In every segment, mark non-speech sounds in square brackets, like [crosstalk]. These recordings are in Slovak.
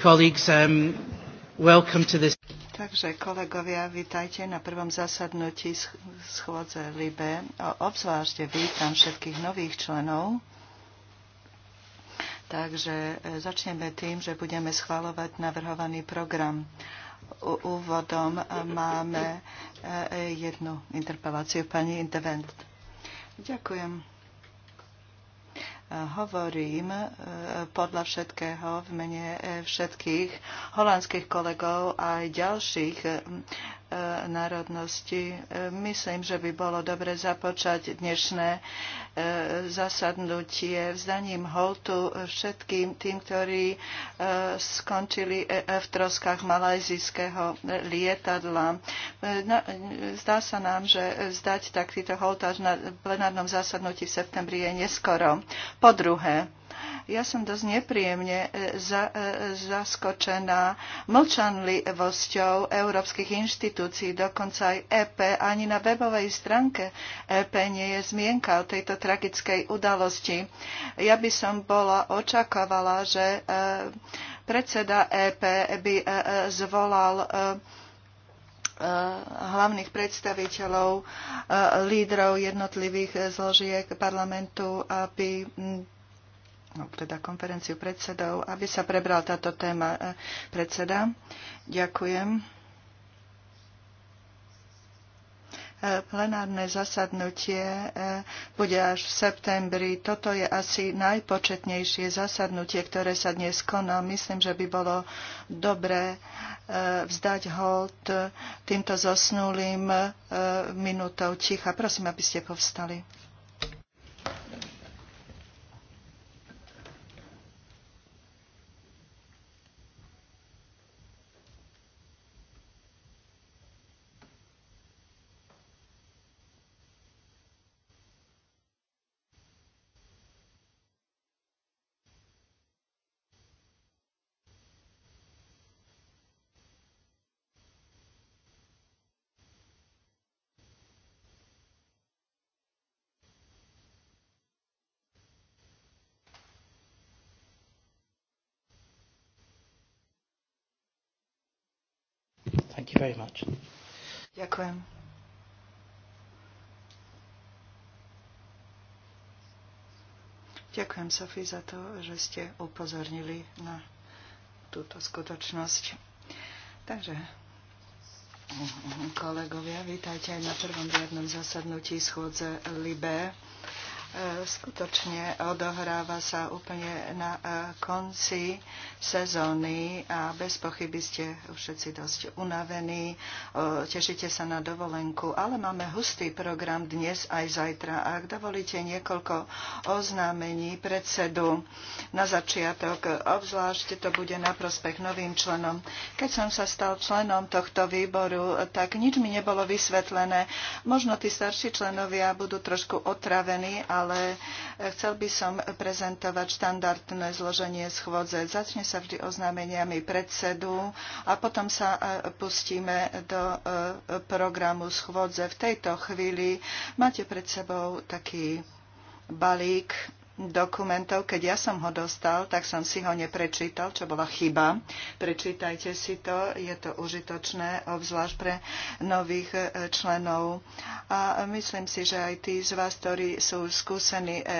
colleagues, um, welcome to this. Takže kolegovia, vítajte na prvom zasadnutí schôdze Libe. Obzvlášte vítam všetkých nových členov. Takže e, začneme tým, že budeme schvalovať navrhovaný program. U- Úvodom e, máme e, jednu interpeláciu pani Intervent. Ďakujem hovorím e, podľa všetkého v mene e, všetkých holandských kolegov a aj ďalších národnosti. Myslím, že by bolo dobre započať dnešné e, zasadnutie vzdaním holtu všetkým tým, ktorí e, skončili e, v troskách malajzijského lietadla. Zdá sa nám, že vzdať takýto holt až na plenárnom zasadnutí v septembri je neskoro. Po druhé, ja som dosť nepríjemne e, za, e, zaskočená mlčanlivosťou európskych inštitúcií, dokonca aj EP. Ani na webovej stránke EP nie je zmienka o tejto tragickej udalosti. Ja by som bola očakávala, že e, predseda EP by zvolal hlavných predstaviteľov, lídrov jednotlivých zložiek parlamentu, aby No, teda konferenciu predsedov, aby sa prebral táto téma e, predseda. Ďakujem. E, plenárne zasadnutie e, bude až v septembri. Toto je asi najpočetnejšie zasadnutie, ktoré sa dnes koná. Myslím, že by bolo dobré vzdať hold týmto zosnulým minútou ticha. Prosím, aby ste povstali. much. Ďakujem. Ďakujem, Sofie, za to, že ste upozornili na túto skutočnosť. Takže, kolegovia, vítajte aj na prvom riadnom zasadnutí schôdze Libé skutočne odohráva sa úplne na e, konci sezóny a bez pochyby ste všetci dosť unavení, e, tešíte sa na dovolenku, ale máme hustý program dnes aj zajtra. Ak dovolíte niekoľko oznámení predsedu na začiatok, obzvlášť to bude na prospech novým členom. Keď som sa stal členom tohto výboru, tak nič mi nebolo vysvetlené. Možno tí starší členovia budú trošku otravení, ale ale e, chcel by som prezentovať štandardné zloženie schôdze. Začne sa vždy oznámeniami predsedu a potom sa e, pustíme do e, programu schôdze. V tejto chvíli máte pred sebou taký balík dokumentov. Keď ja som ho dostal, tak som si ho neprečítal, čo bola chyba. Prečítajte si to, je to užitočné, obzvlášť pre nových e, členov. A myslím si, že aj tí z vás, ktorí sú skúsení e, e,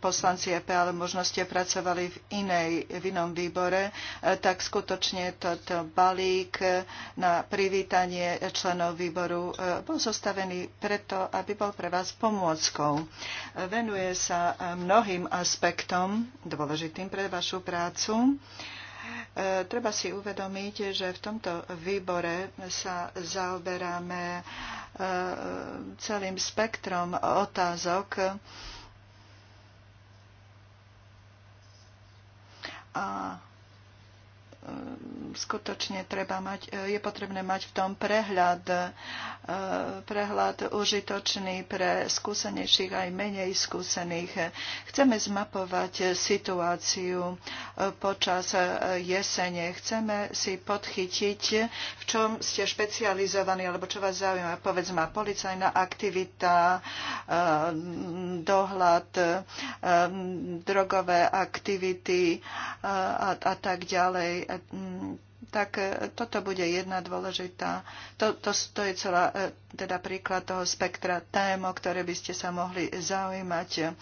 poslanci EP, ale možno ste pracovali v, inej, v inom výbore, tak skutočne toto balík na privítanie členov výboru bol zostavený preto, aby bol pre vás pomôckou. Venuje sa sa mnohým aspektom dôležitým pre vašu prácu e, treba si uvedomiť, že v tomto výbore sa zaoberáme e, celým spektrom otázok a Ehm, skutočne treba mať, e, je potrebné mať v tom prehľad, e, prehľad užitočný pre skúsenejších aj menej skúsených. Chceme zmapovať situáciu e, počas jesene. Chceme si podchytiť, v čom ste špecializovaní, alebo čo vás zaujíma, povedzme, policajná aktivita, ehm, dohľad, ehm, drogové aktivity a, a tak ďalej tak e, toto bude jedna dôležitá. To, to, to je celá, e, teda príklad toho spektra tém, o ktoré by ste sa mohli zaujímať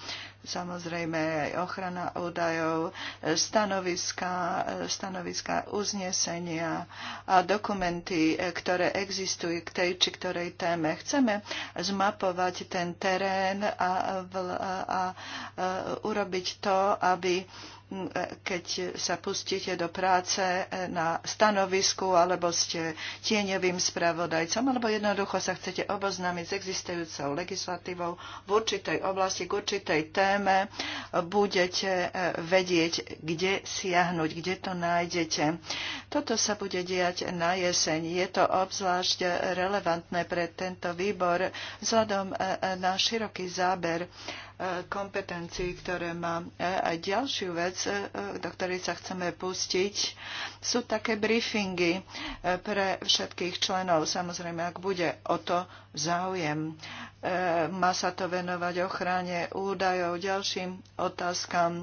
samozrejme aj ochrana údajov, stanoviska, stanoviska uznesenia a dokumenty, ktoré existujú k tej či ktorej téme. Chceme zmapovať ten terén a, a, a e, urobiť to, aby e, keď sa pustíte do práce e, na stanovisku, alebo ste tieňovým spravodajcom, alebo jednoducho sa chcete oboznámiť s existujúcou legislatívou v určitej oblasti, k určitej téme, téme budete e, vedieť, kde siahnuť, kde to nájdete. Toto sa bude diať na jeseň. Je to obzvlášť relevantné pre tento výbor vzhľadom e, e, na široký záber kompetencií, ktoré má. E, a ďalšiu vec, e, do ktorej sa chceme pustiť, sú také briefingy e, pre všetkých členov. Samozrejme, ak bude o to záujem. Má sa to venovať ochrane údajov, ďalším otázkam.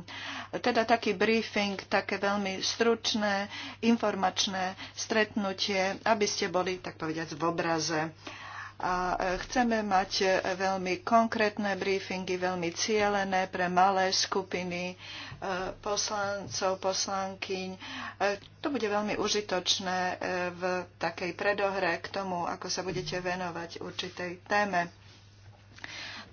Teda taký briefing, také veľmi stručné, informačné stretnutie, aby ste boli, tak povediať, v obraze a e, chceme mať e, veľmi konkrétne briefingy, veľmi cielené pre malé skupiny e, poslancov, poslankyň. To bude veľmi užitočné v takej predohre k tomu, ako sa budete venovať určitej téme.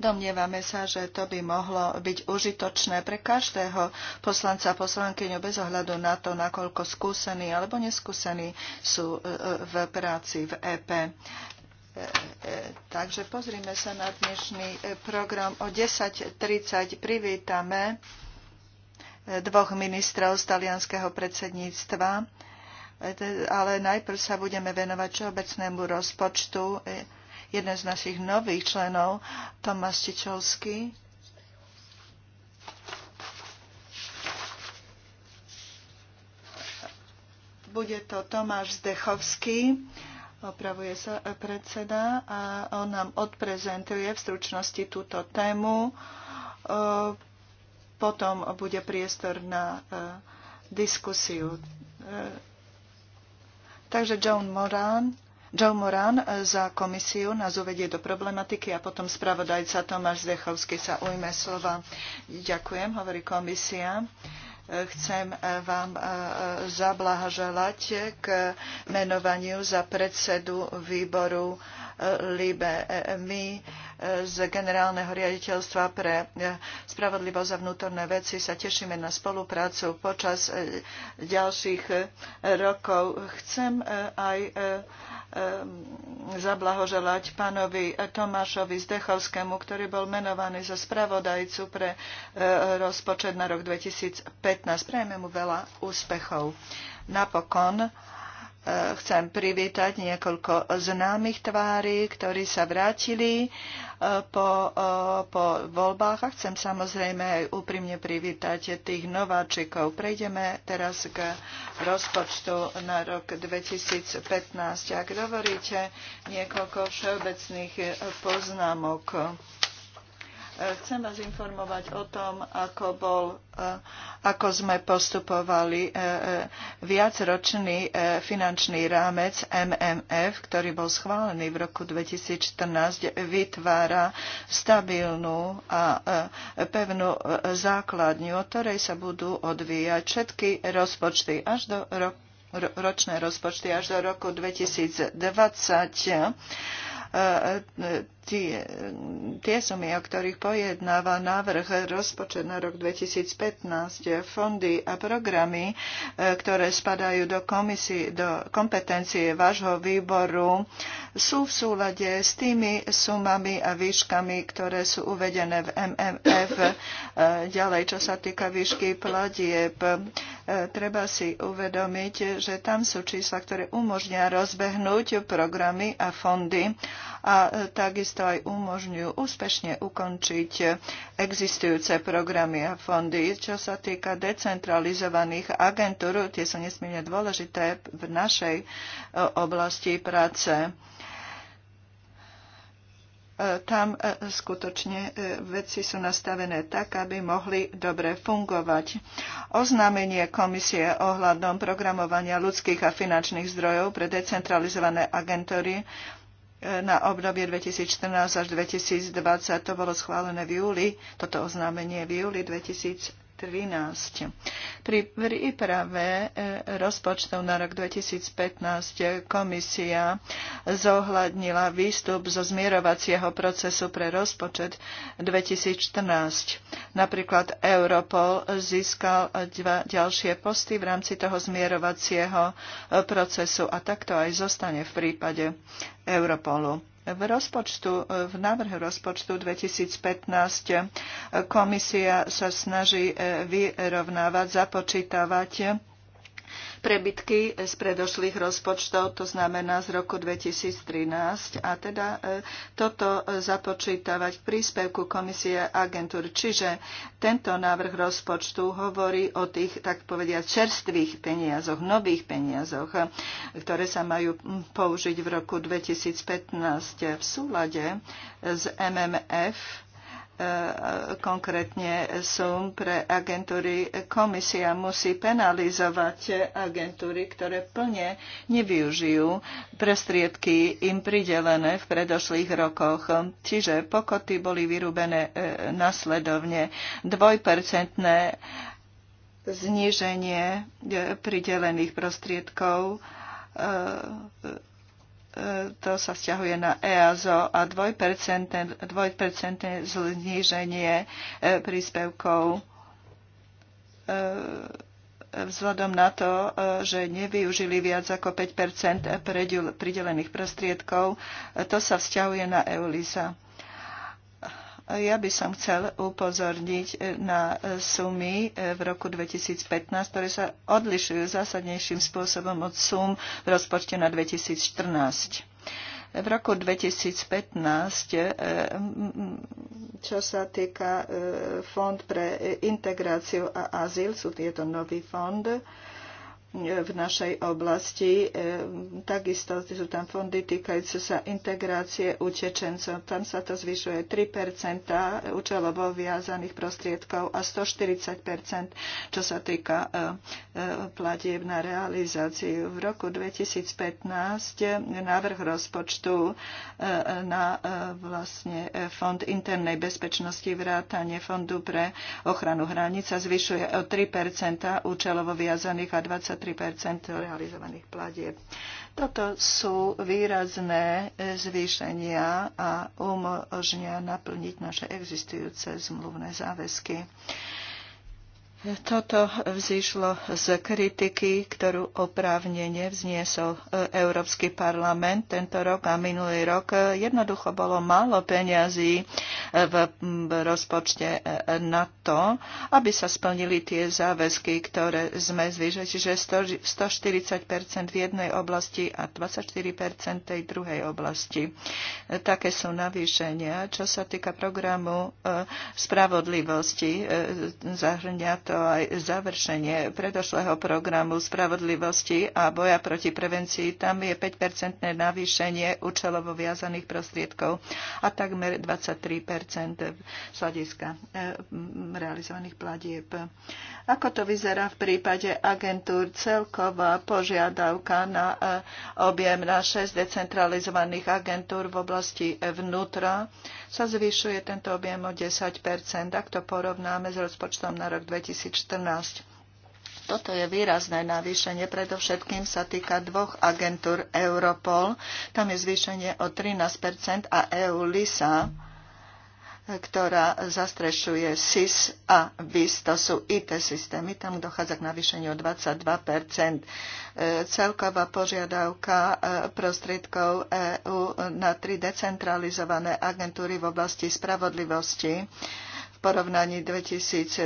Domnievame sa, že to by mohlo byť užitočné pre každého poslanca a poslankyňu bez ohľadu na to, nakoľko skúsení alebo neskúsení sú v práci v EP. Takže pozrime sa na dnešný e, program. O 10.30 privítame e, dvoch ministrov z talianského predsedníctva, e, ale najprv sa budeme venovať všeobecnému rozpočtu. Jeden z našich nových členov, Tomáš Čičovský, bude to Tomáš Zdechovský, opravuje sa e, predseda a on nám odprezentuje v stručnosti túto tému. E, potom bude priestor na e, diskusiu. Takže John Moran, Joe Moran za komisiu nás uvedie do problematiky a potom spravodajca Tomáš Zdechovský sa ujme slova. Ďakujem, hovorí komisia chcem eh, vám eh, zablahoželať k menovaniu za predsedu výboru eh, LIBE. My z generálneho riaditeľstva pre e, spravodlivosť a vnútorné veci sa tešíme na spoluprácu počas e, ďalších e, rokov. Chcem aj zablahoželať pánovi Tomášovi Zdechovskému, ktorý bol menovaný za spravodajcu pre rozpočet na rok 2015. Prajeme mu veľa úspechov. Napokon chcem privítať niekoľko známych tvári, ktorí sa vrátili e, po, e, po voľbách a chcem samozrejme aj úprimne privítať tých nováčikov. Prejdeme teraz k rozpočtu na rok 2015. Ak dovolíte, niekoľko všeobecných poznámok Chcem vás informovať o tom, ako, bol, eh, ako sme postupovali eh, eh, viacročný finančný rámec MMF, ktorý bol schválený v roku 2014, vytvára stabilnú a pevnú základňu, od ktorej sa budú odvíjať všetky rozpočty až do ro ročné rozpočty až do roku 2020 tie, tie sumy, o ktorých pojednáva návrh rozpočet na rok 2015, fondy a programy, e, ktoré spadajú do, komisi, do kompetencie vášho výboru, sú v súlade s tými sumami a výškami, ktoré sú uvedené v MMF. E, ďalej, čo sa týka výšky platieb, e, treba si uvedomiť, že tam sú čísla, ktoré umožnia rozbehnúť programy a fondy a e, takisto aj umožňujú úspešne ukončiť existujúce programy a fondy. Čo sa týka decentralizovaných agentúr, tie sú nesmierne dôležité v našej e, oblasti práce e, tam skutočne veci sú nastavené tak, aby mohli dobre fungovať. Oznámenie komisie ohľadom programovania ľudských a finančných zdrojov pre decentralizované agentúry na obdobie 2014 až 2020. To bolo schválené v júli, toto oznámenie v júli 2020 2013. Pri príprave e, rozpočtov na rok 2015 komisia zohľadnila výstup zo zmierovacieho procesu pre rozpočet 2014. Napríklad Europol získal dva ďalšie posty v rámci toho zmierovacieho e, procesu a takto aj zostane v prípade Europolu v rozpočtu, v návrhu rozpočtu 2015 komisia sa snaží eh, vyrovnávať, započítavať prebytky z predošlých rozpočtov, to znamená z roku 2013, a teda e, toto e, započítavať v príspevku komisie agentúr. Čiže tento návrh rozpočtu hovorí o tých, tak povediať, čerstvých peniazoch, nových peniazoch, ktoré sa majú použiť v roku 2015 v súlade s MMF E, konkrétne sum pre agentúry. Komisia musí penalizovať agentúry, ktoré plne nevyužijú prostriedky im pridelené v predošlých rokoch. Čiže pokoty boli vyrúbené e, nasledovne. Dvojpercentné zníženie e, pridelených prostriedkov to sa vzťahuje na EASO a dvojpercentné, zniženie zníženie e, príspevkov e, vzhľadom na to, e, že nevyužili viac ako 5 pridelených prostriedkov. To sa vzťahuje na EULISA ja by som chcel upozorniť na sumy v roku 2015, ktoré sa odlišujú zásadnejším spôsobom od sum v rozpočte na 2014 v roku 2015, eh, čo sa týka eh, Fond pre integráciu a azyl, sú tieto nový fond, v našej oblasti. Ehm, takisto sú tam fondy týkajúce sa integrácie utečencov. Tam sa to zvyšuje 3 účelovo viazaných prostriedkov a 140 čo sa týka e, e, platieb na realizáciu. V roku 2015 návrh rozpočtu e, na vlastne fond internej bezpečnosti vrátanie fondu pre ochranu hranica zvyšuje o 3 účelovo viazaných a 20 realizovaných platieb. Toto sú výrazné zvýšenia a umožnia naplniť naše existujúce zmluvné záväzky. Toto vzýšlo z kritiky, ktorú oprávnene vzniesol e, Európsky parlament tento rok a minulý rok. Jednoducho bolo málo peňazí e, v rozpočte e, na to, aby sa splnili tie záväzky, ktoré sme zvýšili, čiže 140 v jednej oblasti a 24 tej druhej oblasti. Také sú navýšenia. Čo sa týka programu spravodlivosti, zahrňa to to aj završenie predošlého programu spravodlivosti a boja proti prevencii. Tam je 5-percentné navýšenie účelovo viazaných prostriedkov a takmer 23 z hľadiska eh, realizovaných platieb. Ako to vyzerá v prípade agentúr? Celková požiadavka na eh, objem na 6 decentralizovaných agentúr v oblasti eh, vnútra sa zvyšuje tento objem o 10 Ak to porovnáme s rozpočtom na rok 2010, 2014. Toto je výrazné navýšenie, predovšetkým sa týka dvoch agentúr Europol, tam je zvýšenie o 13 a EU-LISA, ktorá zastrešuje SIS a VIS, to sú IT systémy, tam dochádza k navýšeniu o 22 e, Celková požiadavka e, prostriedkov EU na tri decentralizované agentúry v oblasti spravodlivosti porovnaní 2013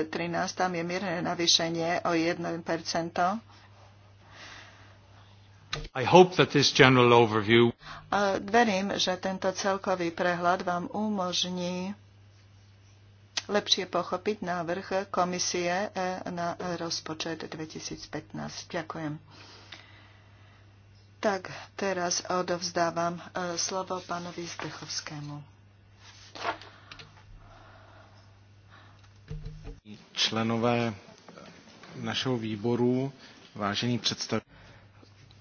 tam je mierne navýšenie o 1%. I hope that this general overview... A verím, že tento celkový prehľad vám umožní lepšie pochopiť návrh komisie e, na rozpočet 2015. Ďakujem. Tak, teraz odovzdávam e, slovo pánovi Zdechovskému. Členové našeho výboru, vážení predstaviteľi.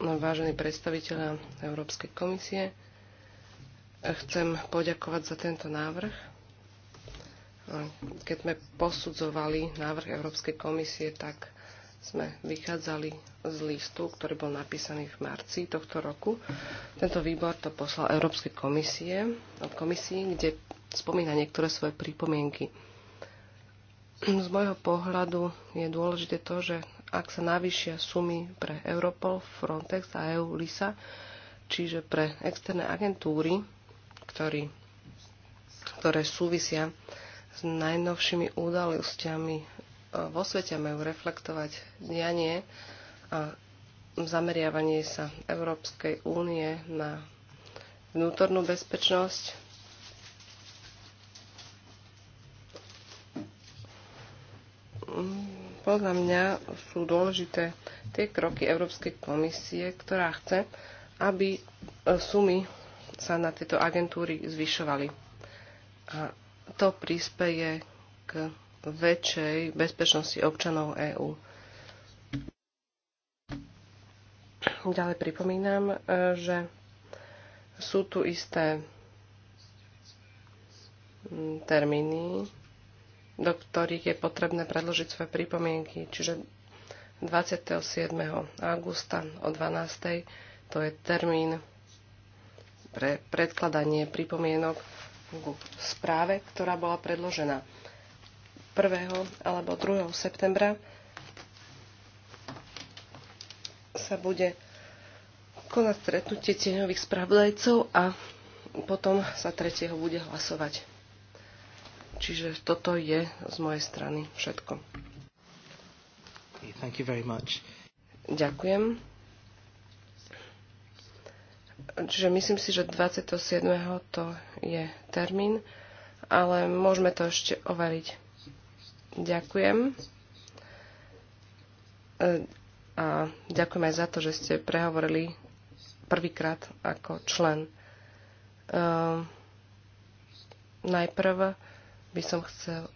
No, vážení predstaviteľa Európskej komisie, chcem poďakovať za tento návrh. Keď sme posudzovali návrh Európskej komisie, tak sme vychádzali z listu, ktorý bol napísaný v marci tohto roku. Tento výbor to poslal Európskej komisie, komisii, kde spomína niektoré svoje pripomienky. Z môjho pohľadu je dôležité to, že ak sa navýšia sumy pre Europol, Frontex a EU-LISA, čiže pre externé agentúry, ktorý, ktoré súvisia s najnovšími udalostiami e, vo svete majú reflektovať dianie a zameriavanie sa Európskej únie na vnútornú bezpečnosť Podľa mňa sú dôležité tie kroky Európskej komisie, ktorá chce, aby e, sumy sa na tieto agentúry zvyšovali. A to prispieje k väčšej bezpečnosti občanov EÚ. Ďalej pripomínam, e, že sú tu isté termíny, do ktorých je potrebné predložiť svoje pripomienky, čiže 27. augusta o 12. to je termín pre predkladanie pripomienok k správe, ktorá bola predložená 1. alebo 2. septembra sa bude konať stretnutie tieňových spravodajcov a potom sa 3. bude hlasovať. Čiže toto je z mojej strany všetko. Thank you very much. Ďakujem. Čiže myslím si, že 27. to je termín, ale môžeme to ešte overiť. Ďakujem. A ďakujem aj za to, že ste prehovorili prvýkrát ako člen. Ehm, najprv by som chcel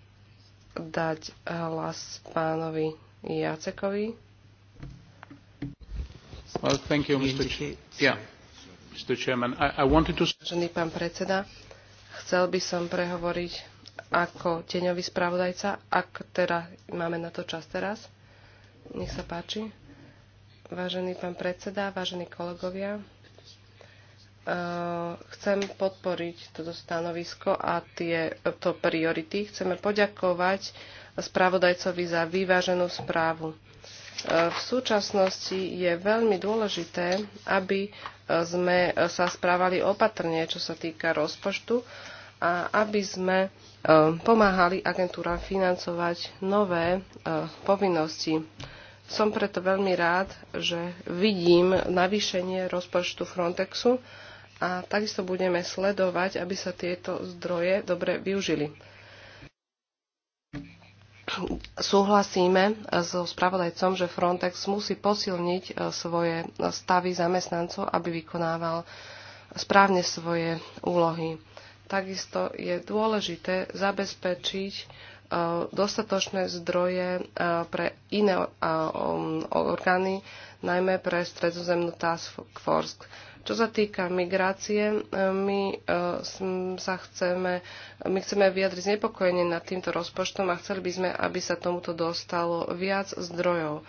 dať hlas pánovi Jacekovi. Well, thank you, Mr. Ch- yeah. Mr. Chairman. I, I wanted to... Vážený pán predseda, chcel by som prehovoriť ako teňový spravodajca, ak teda máme na to čas teraz. Nech sa páči. Vážený pán predseda, vážení kolegovia, Eh, chcem podporiť toto stanovisko a tieto priority. Chceme poďakovať spravodajcovi za vyváženú správu. Eh, v súčasnosti je veľmi dôležité, aby eh, sme sa správali opatrne, čo sa týka rozpočtu a aby sme pomáhali agentúram financovať nové povinnosti. Som preto veľmi rád, že vidím navýšenie rozpočtu Frontexu a takisto budeme sledovať, aby sa tieto zdroje dobre využili. Súhlasíme so spravodajcom, že Frontex musí posilniť e, svoje stavy zamestnancov, aby vykonával správne svoje úlohy. Takisto je dôležité zabezpečiť e, dostatočné zdroje e, pre iné orgány, najmä pre stredozemnú task force čo sa týka migrácie, e, my e, sa chceme, my chceme vyjadriť znepokojenie nad týmto rozpočtom a chceli by sme, aby sa tomuto dostalo viac zdrojov.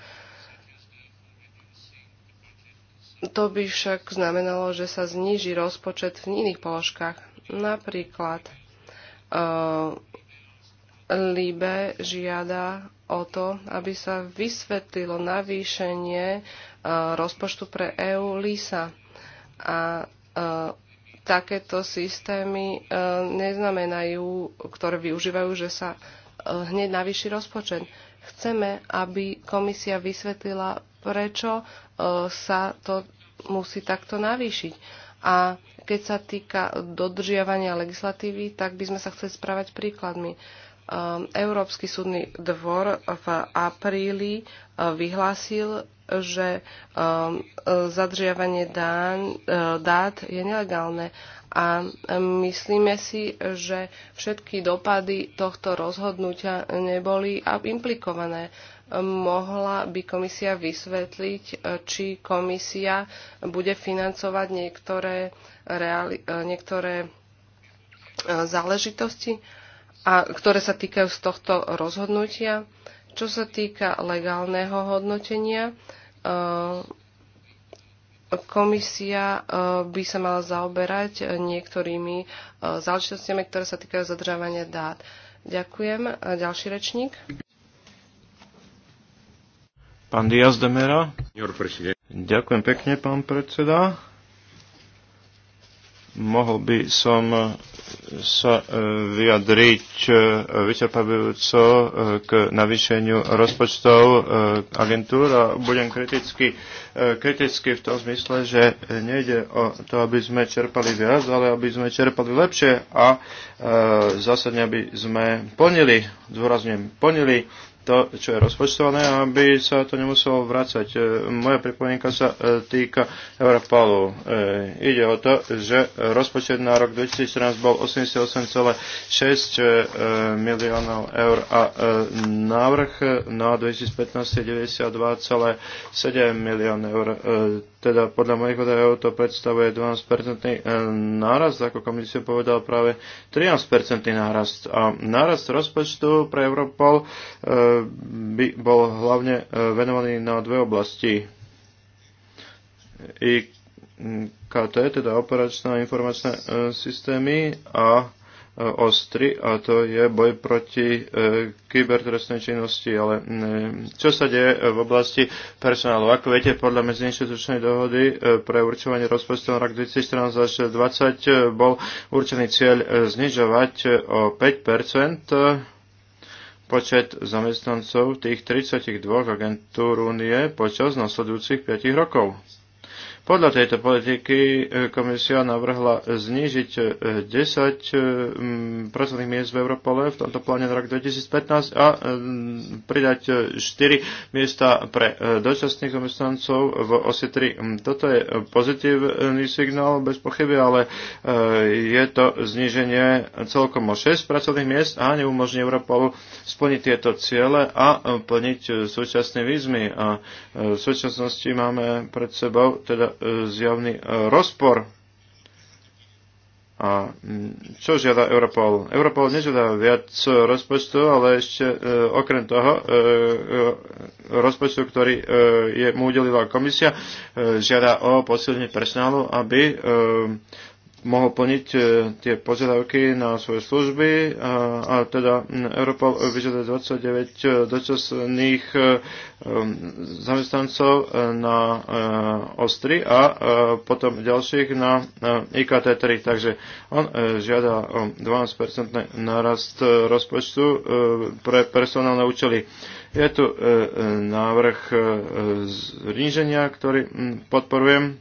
To by však znamenalo, že sa zníži rozpočet v iných položkách. Napríklad uh, e, Libe žiada o to, aby sa vysvetlilo navýšenie uh, rozpočtu pre EU LISA. A e, takéto systémy e, neznamenajú, ktoré využívajú, že sa e, hneď navýši rozpočet. Chceme, aby komisia vysvetlila, prečo sa to musí takto navýšiť. A keď sa týka dodržiavania legislatívy, tak by sme sa chceli správať príkladmi. Um, Európsky súdny dvor v apríli uh, vyhlásil, že um, zadržiavanie uh, dát je nelegálne a um, myslíme si, že všetky dopady tohto rozhodnutia neboli implikované. Mohla by komisia vysvetliť, uh, či komisia bude financovať niektoré, reali- niektoré záležitosti? a ktoré sa týkajú z tohto rozhodnutia. Čo sa týka legálneho hodnotenia, e, komisia e, by sa mala zaoberať niektorými e, záležitostiami, ktoré sa týkajú zadržávania dát. Ďakujem. Ďalší rečník. Pán Diaz de Mera. Ďakujem pekne, pán predseda mohol by som sa e, vyjadriť e, vyčerpávajúco e, k navýšeniu rozpočtov agentúr a budem kriticky, kriticky v tom zmysle, že nejde o to, aby sme čerpali viac, ale aby sme čerpali lepšie a zásadne, aby sme plnili, zdôrazňujem, plnili to, čo je rozpočtované, aby sa to nemuselo vrácať. E, moja pripomienka sa e, týka Europalu. E, ide o to, že rozpočet na rok 2014 bol 88,6 miliónov eur a návrh na 2015 je 92,7 milión eur. Teda podľa mojich údajov to predstavuje 12-percentný nárast, ako komisia povedal práve 13-percentný nárast. A nárast rozpočtu pre Europol e, by bol hlavne e, venovaný na dve oblasti. IKT, teda operačné a informačné e, systémy a e, ostri, a to je boj proti kybertrestnej činnosti. Ale čo sa deje v oblasti personálu? Ako viete, podľa medziinstitučnej dohody pre určovanie rozpočtu na rok 2014 až 2020 bol určený cieľ znižovať o 5 počet zamestnancov tých 32 agentúr únie počas nasledujúcich 5 rokov. Podľa tejto politiky e, komisia navrhla znížiť 10 e, e, pracovných miest v Europole v tomto pláne na rok 2015 a pridať 4 miesta pre dočasných zamestnancov v osi 3. Toto je pozitívny signál bez pochyby, ale je to zníženie celkom o 6 pracovných miest a neumožní Europolu splniť tieto ciele a plniť súčasné výzmy. A v súčasnosti máme pred sebou teda zjavný e, rozpor. A čo žiada Europol? Europol nežiada viac rozpočtu, ale ešte e, okrem toho e, e, rozpočtu, ktorý e, je, mu udelila komisia, e, žiada o posilnenie personálu, aby e, mohol plniť e, tie požiadavky na svoje služby a, e, a teda Europol vyžaduje 29 e, dočasných zamestnancov na Ostri a potom ďalších na IKT3. Takže on žiada o 12% narast rozpočtu pre personálne účely. Je tu návrh zníženia, ktorý podporujem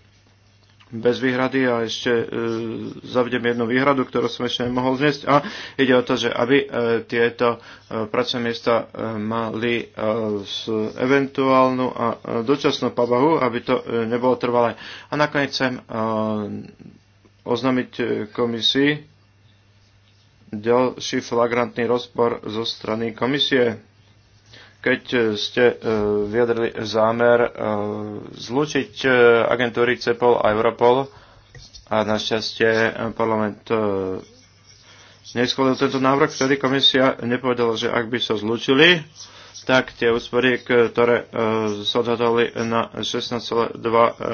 bez výhrady a ešte e, zavedem jednu výhradu, ktorú som ešte nemohol zniesť. A ide o to, že aby e, tieto e, pracovné miesta e, mali e, s eventuálnu a e, dočasnú pavahu, aby to e, nebolo trvalé. A nakoniec chcem e, oznámiť e, komisii ďalší flagrantný rozpor zo strany komisie keď e, ste e, vyjadrili zámer e, zlučiť agentúry CEPOL a Europol a našťastie parlament neschválil tento návrh, vtedy komisia nepovedala, že ak by sa zlučili, tak tie úspory, ktoré sa odhadali na 16,2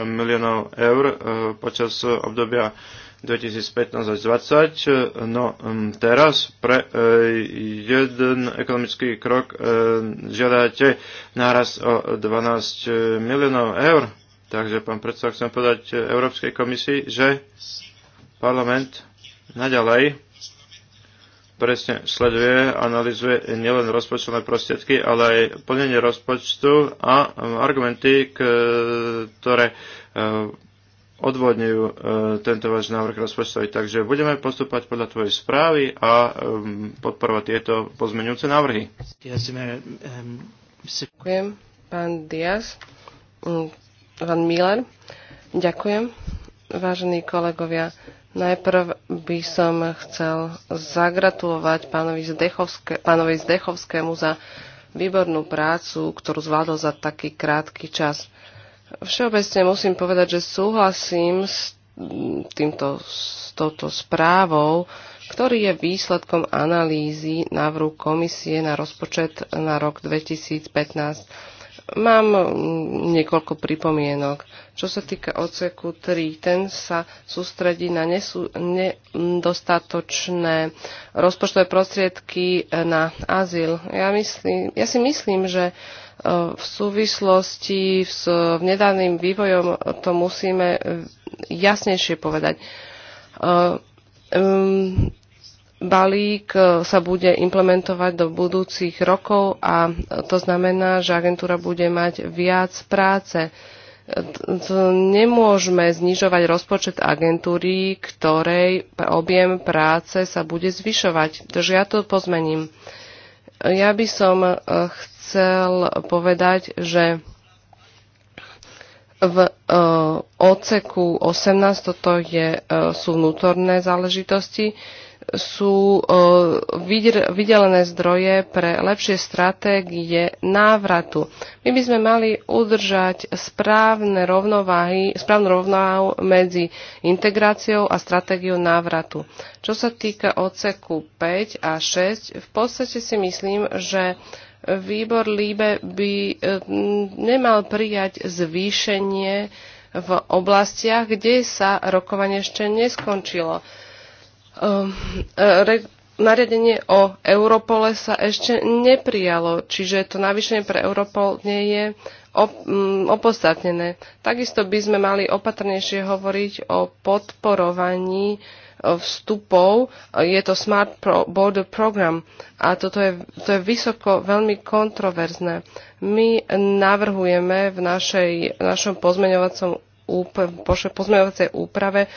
miliónov eur počas obdobia 2015 až 2020. Eh, no mm, teraz pre eh, jeden ekonomický krok eh, žiadate náraz o 12 miliónov eur. Takže, pán predseda, chcem povedať Európskej komisii, že parlament naďalej presne sleduje, analizuje nielen rozpočtové prostriedky, ale aj plnenie rozpočtu a argumenty, ktoré odvodňujú e, tento váš návrh rozpočtový. Takže budeme postúpať podľa tvojej správy a podporovať tieto pozmeňujúce návrhy. Ďakujem, pán Diaz, mm, pán Miller. Ďakujem, vážení kolegovia. Najprv by som chcel zagratulovať pánovi, Zdechovské, pánovi Zdechovskému za výbornú prácu, ktorú zvládol za taký krátky čas Všeobecne musím povedať, že súhlasím s, týmto, s touto správou, ktorý je výsledkom analýzy návrhu komisie na rozpočet na rok 2015. Mám niekoľko pripomienok. Čo sa týka oceku 3, ten sa sústredí na nesú, nedostatočné rozpočtové prostriedky na azyl. Ja, myslím, ja si myslím, že v súvislosti s nedaným vývojom to musíme e, jasnejšie povedať. E, balík e, sa bude implementovať do budúcich rokov a to znamená, že agentúra bude mať viac práce. Nemôžeme znižovať rozpočet agentúry, ktorej objem práce sa bude zvyšovať. Takže ja to pozmením. Ja by som eh, chcel povedať, že v eh, odseku 18 toto je, eh, sú vnútorné záležitosti sú e, vydelené zdroje pre lepšie stratégie návratu. My by sme mali udržať správne rovnováhy, správnu rovnováhu medzi integráciou a stratégiou návratu. Čo sa týka odseku 5 a 6, v podstate si myslím, že výbor Líbe by e, nemal prijať zvýšenie v oblastiach, kde sa rokovanie ešte neskončilo Ehm, e, nariadenie o Europole sa ešte neprijalo, čiže to navýšenie pre Europol nie je mm, opodstatnené. Takisto by sme mali opatrnejšie hovoriť o podporovaní e, vstupov. Je to Smart Border Program a toto je, to je vysoko veľmi kontroverzné. My navrhujeme v našej, našom pozmeňovacom pozmeňovacej úprave e,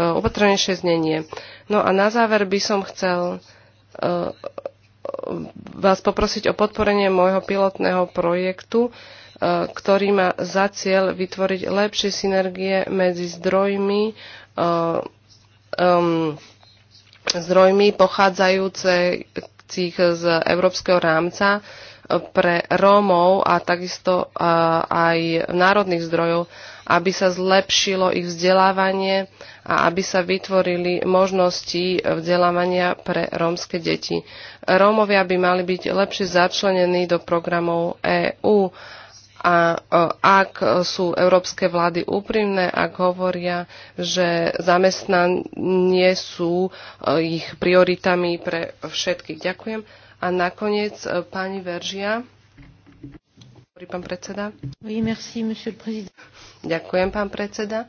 opatrnejšie znenie. No a na záver by som chcel e, vás poprosiť o podporenie môjho pilotného projektu, e, ktorý má za cieľ vytvoriť lepšie synergie medzi zdrojmi, zdrojmi pochádzajúcich z európskeho rámca, pre Rómov a takisto e, aj národných zdrojov, aby sa zlepšilo ich vzdelávanie a aby sa vytvorili možnosti vzdelávania pre rómske deti. Rómovia by mali byť lepšie začlenení do programov EÚ a e, ak sú európske vlády úprimné, ak hovoria, že zamestnanie sú e, ich prioritami pre všetkých. Ďakujem. A nakoniec e, pani Veržia. Pán predseda. Oui, merci, Ďakujem, pán predseda.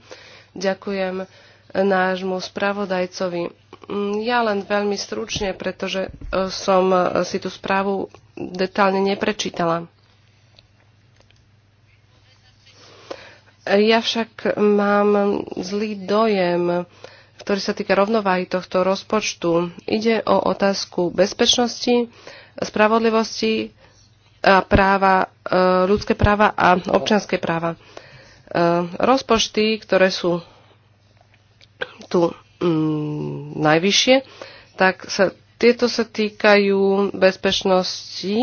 Ďakujem e, nášmu spravodajcovi. Mm, ja len veľmi stručne, pretože e, som si tú správu detálne neprečítala. Ja však mám zlý dojem, ktorý sa týka rovnováhy tohto rozpočtu. Ide o otázku bezpečnosti, spravodlivosti a práva, e, ľudské práva a občianské práva. E, rozpočty, ktoré sú tu mm, najvyššie, tak sa, tieto sa týkajú bezpečnosti,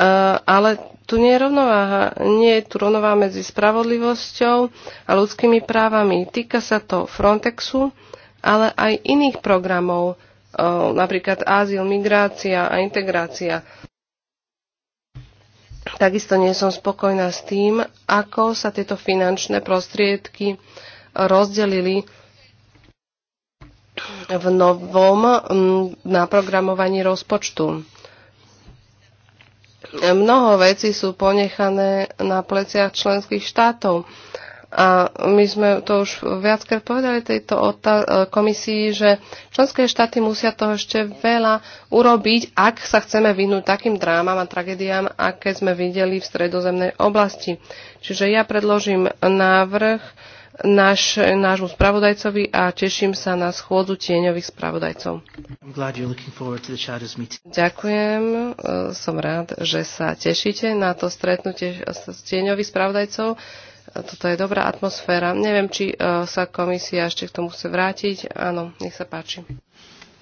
Eh, ale tu nie je rovnováha. Nie je tu rovnováha medzi spravodlivosťou a ľudskými právami. Týka sa to Frontexu, ale aj iných programov, eh, napríklad azyl, migrácia a integrácia. Takisto nie som spokojná s tým, ako sa tieto finančné prostriedky rozdelili v novom mm, naprogramovaní rozpočtu mnoho vecí sú ponechané na pleciach členských štátov. A my sme to už viackrát povedali tejto komisii, že členské štáty musia toho ešte veľa urobiť, ak sa chceme vyhnúť takým drámam a tragédiám, aké sme videli v stredozemnej oblasti. Čiže ja predložím návrh, náš, nášmu spravodajcovi a teším sa na schôdzu tieňových spravodajcov. Ďakujem, som rád, že sa tešíte na to stretnutie s tieňových spravodajcov. Toto je dobrá atmosféra. Neviem, či e, sa komisia ešte k tomu chce vrátiť. Áno, nech sa páči.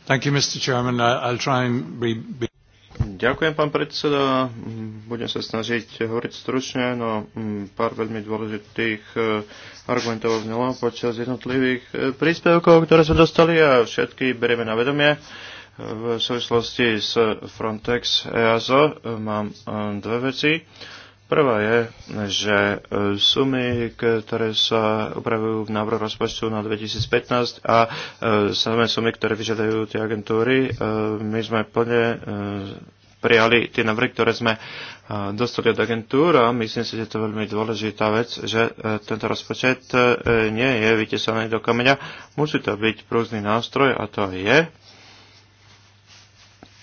Thank you, Mr. Chairman. I'll try and be, be... Ďakujem, pán predseda. Budem sa snažiť hovoriť stručne, no mm, pár veľmi dôležitých e, argumentov vznelo počas jednotlivých e, príspevkov, ktoré sme dostali a všetky berieme na vedomie. V súvislosti s Frontex EASO e, mám dve veci. Prvá je, že e, sumy, ktoré sa upravujú v návrhu rozpočtu na 2015 a e, samé sumy, ktoré vyžadajú tie agentúry, e, my sme plne prijali tie návrhy, ktoré sme dostali od agentúr a myslím si, že to je to veľmi dôležitá vec, že tento rozpočet nie je vytesaný do kameňa. Musí to byť prúzný nástroj a to je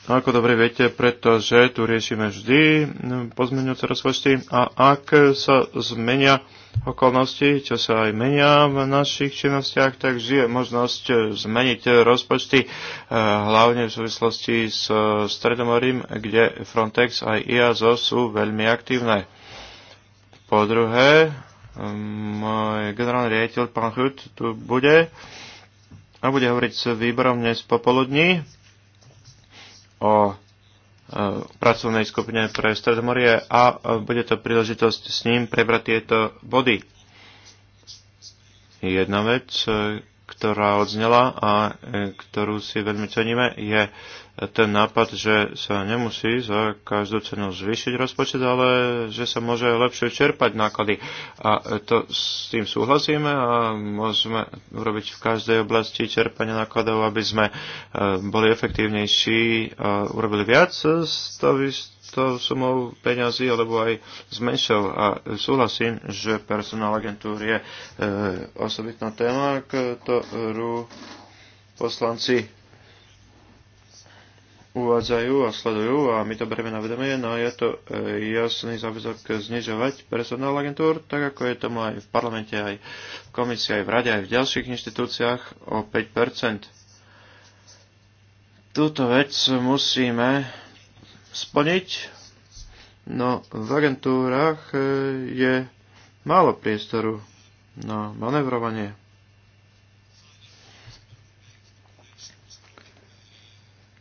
No, ako dobre viete, pretože tu riešime vždy no, pozmeňujúce rozpočty a ak sa zmenia okolnosti, čo sa aj menia v našich činnostiach, tak vždy je možnosť zmeniť rozpočty, eh, hlavne v súvislosti s Stredomorím, kde Frontex a IAZO sú veľmi aktívne. Po druhé, môj generálny riaditeľ, pán Hud, tu bude a bude hovoriť s výborom dnes popoludní o e, pracovnej skupine pre Stredomorie a e, bude to príležitosť s ním prebrať tieto body. Jedna vec, e, ktorá odznela a e, ktorú si veľmi ceníme, je ten nápad, že sa nemusí za každú cenu zvýšiť rozpočet, ale že sa môže lepšie čerpať náklady. A e, to s tým súhlasíme a môžeme urobiť v každej oblasti čerpanie nákladov, aby sme e, boli efektívnejší a urobili viac z toho tou sumou peňazí alebo aj s menšou. A súhlasím, že personál agentúr je e, osobitná téma, ktorú poslanci uvádzajú a sledujú a my to berieme na vedomie, no je to e, jasný záväzok znižovať personál agentúr, tak ako je tomu aj v parlamente, aj v komisii, aj v rade, aj v ďalších inštitúciách o 5%. Túto vec musíme splniť. No v agentúrach e, je málo priestoru na manevrovanie.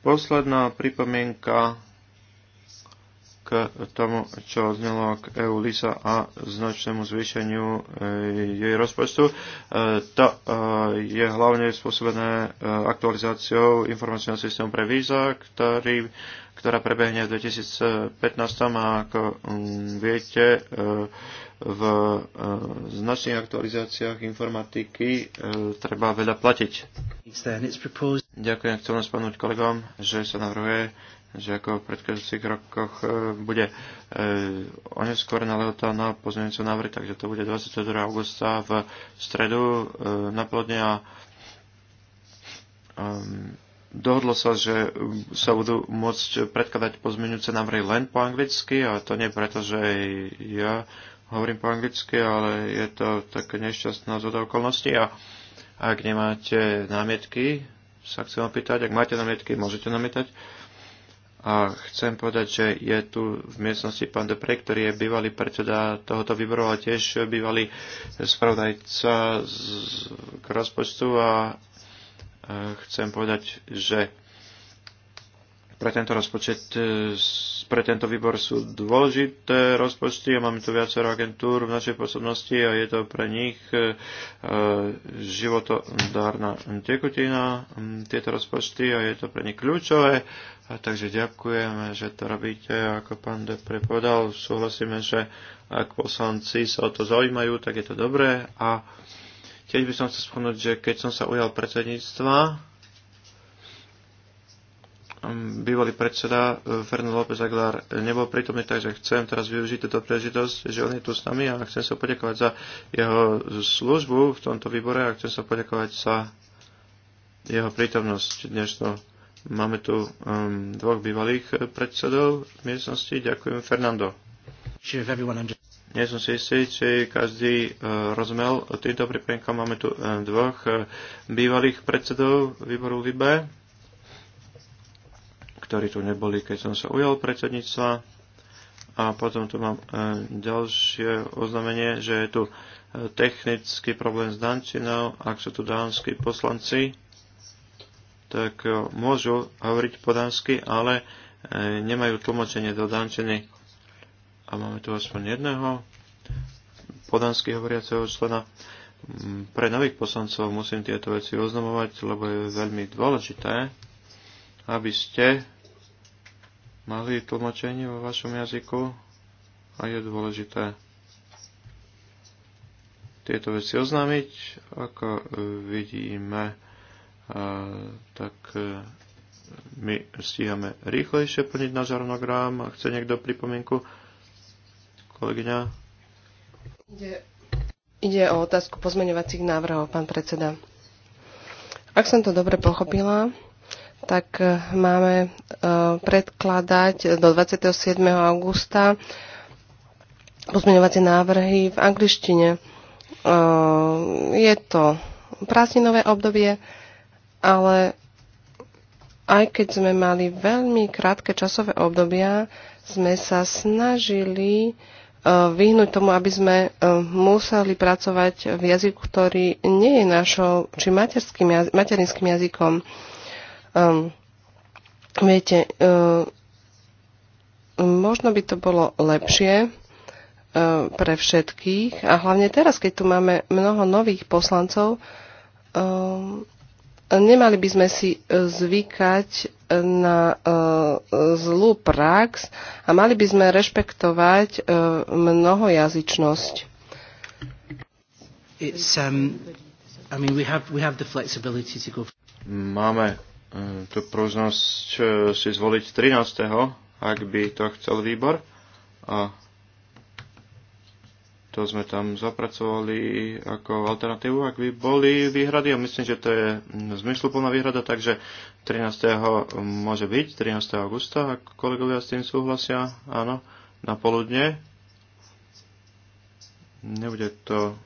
Posledná pripomienka k tomu, čo odznelo k EU LISA a značnému zvýšeniu e, jej rozpočtu. E, to e, je hlavne spôsobené aktualizáciou informačného systému pre víza, ktorý, ktorá prebehne v 2015 a ako mm, viete, v značných aktualizáciách informatiky treba veľa platiť. Ďakujem, chcem spomenúť kolegom, že sa navrhuje že ako v predchádzajúcich rokoch e, bude e, oneskorená lehota na pozmeňujúce návrhy, takže to bude 22. augusta v stredu e, na plodne a ehm, dohodlo sa, že sa budú môcť predkladať pozmeňujúce návrhy len po anglicky a to nie preto, že ja hovorím po anglicky, ale je to také nešťastná zhoda okolností a ak nemáte námietky, sa chcem opýtať, ak máte námietky, môžete namietať. A chcem povedať, že je tu v miestnosti pán Depre, ktorý je bývalý predseda tohoto výboru, a tiež bývalý spravodajca z, k rozpočtu a e, chcem povedať, že pre tento rozpočet, e, pre tento výbor sú dôležité rozpočty a máme tu viacero agentúr v našej posobnosti a je to pre nich e, životodárna tekutina, tieto rozpočty a je to pre nich kľúčové a takže ďakujem, že to robíte. Ako pán Depre povedal, súhlasíme, že ak poslanci sa o to zaujímajú, tak je to dobré. A tiež by som chcel spomenúť, že keď som sa ujal predsedníctva, bývalý predseda e, Fernando López Aguilar nebol prítomný, takže chcem teraz využiť túto príležitosť, že on je tu s nami a chcem sa poďakovať za jeho službu v tomto výbore a chcem sa poďakovať za jeho prítomnosť dnešného Máme tu um, dvoch bývalých eh, predsedov v miestnosti. Ďakujem, Fernando. Nie som si istý, či každý uh, rozumel týmto pripomienkam. Máme tu uh, dvoch uh, bývalých predsedov výboru VIBE, ktorí tu neboli, keď som sa ujal predsedníctva. A potom tu mám uh, ďalšie oznámenie, že je tu technický problém s Dančinou, ak sú tu dánsky poslanci tak e, môžu hovoriť po dánsky, ale e, nemajú tlmočenie do dánčiny. A máme tu aspoň jedného podansky hovoriaceho člena. Mm, pre nových poslancov musím tieto veci oznamovať, lebo je veľmi dôležité, aby ste mali tlmočenie vo vašom jazyku a je dôležité tieto veci oznámiť, ako e, vidíme tak e, my stíhame rýchlejšie plniť náš harmonogram. Chce niekto pripomienku? Kolegyňa? Ide, ide o otázku pozmeňovacích návrhov, pán predseda. Ak som to dobre pochopila, tak e, máme e, predkladať do 27. augusta pozmeňovacie návrhy v angličtine. Je to prázdninové obdobie, ale aj keď sme mali veľmi krátke časové obdobia, sme sa snažili e, vyhnúť tomu, aby sme e, museli pracovať v jazyku, ktorý nie je našou, či materským, materinským jazykom. Um, viete, um, možno by to bolo lepšie um, pre všetkých a hlavne teraz, keď tu máme mnoho nových poslancov, um, Nemali by sme si e, zvykať e, na e, zlú prax a mali by sme rešpektovať mnohojazyčnosť. Um, Máme tú prúznosť si zvoliť 13. ak by to chcel výbor. A to sme tam zapracovali ako alternatívu, ak by boli výhrady a myslím, že to je zmysluplná výhrada, takže 13. môže byť, 13. augusta, ak kolegovia s tým súhlasia, áno, na poludne. Nebude to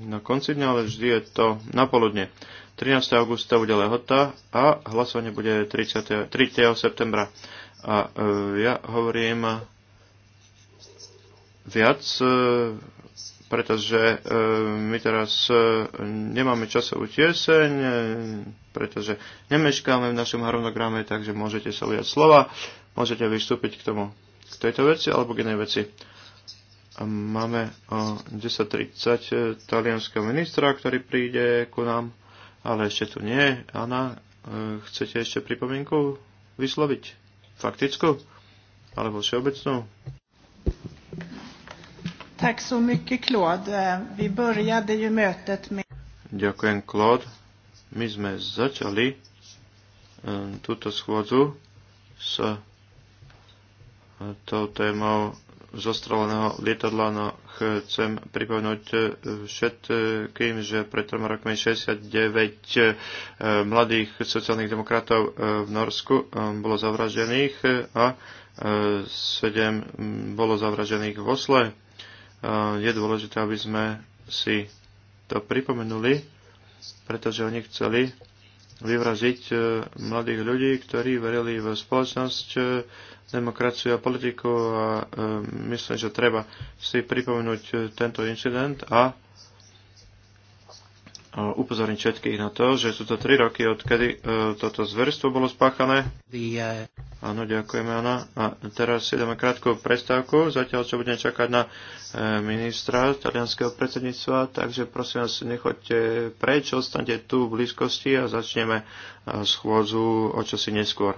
na konci dňa, ale vždy je to na poludne. 13. augusta bude lehota a hlasovanie bude 30. 3. septembra. A e, ja hovorím viac, e, pretože e, my teraz e, nemáme časovú tieseň, pretože nemeškáme v našom harmonograme, takže môžete sa ujať slova, môžete vystúpiť k tomu, k tejto veci alebo k inej veci. Máme o 10.30 talianského ministra, ktorý príde ku nám, ale ešte tu nie. Ana, chcete ešte pripomienku vysloviť? Faktickú? Alebo všeobecnú? Tack så mycket Claude. Eh, vi började ju mötet med... Ďakujem Claude. My sme začali eh, túto schôdzu s eh, tou témou zostrelaného lietadla, no chcem pripomenúť všetkým, že pred troma rokmi 69 mladých sociálnych demokratov v Norsku bolo zavražených a 7 mm, bolo zavražených v Osle je dôležité, aby sme si to pripomenuli, pretože oni chceli vyvraziť e, mladých ľudí, ktorí verili v spoločnosť, e, demokraciu a politiku a e, myslím, že treba si pripomenúť tento incident a upozorniť všetkých na to, že sú to tri roky, odkedy e, toto zverstvo bolo spáchané. Áno, ďakujeme, Anna. A teraz si dáme krátku prestávku, zatiaľ čo budeme čakať na e, ministra talianského predsedníctva, takže prosím vás, nechoďte preč, ostanete tu v blízkosti a začneme e, schôdzu o čosi neskôr.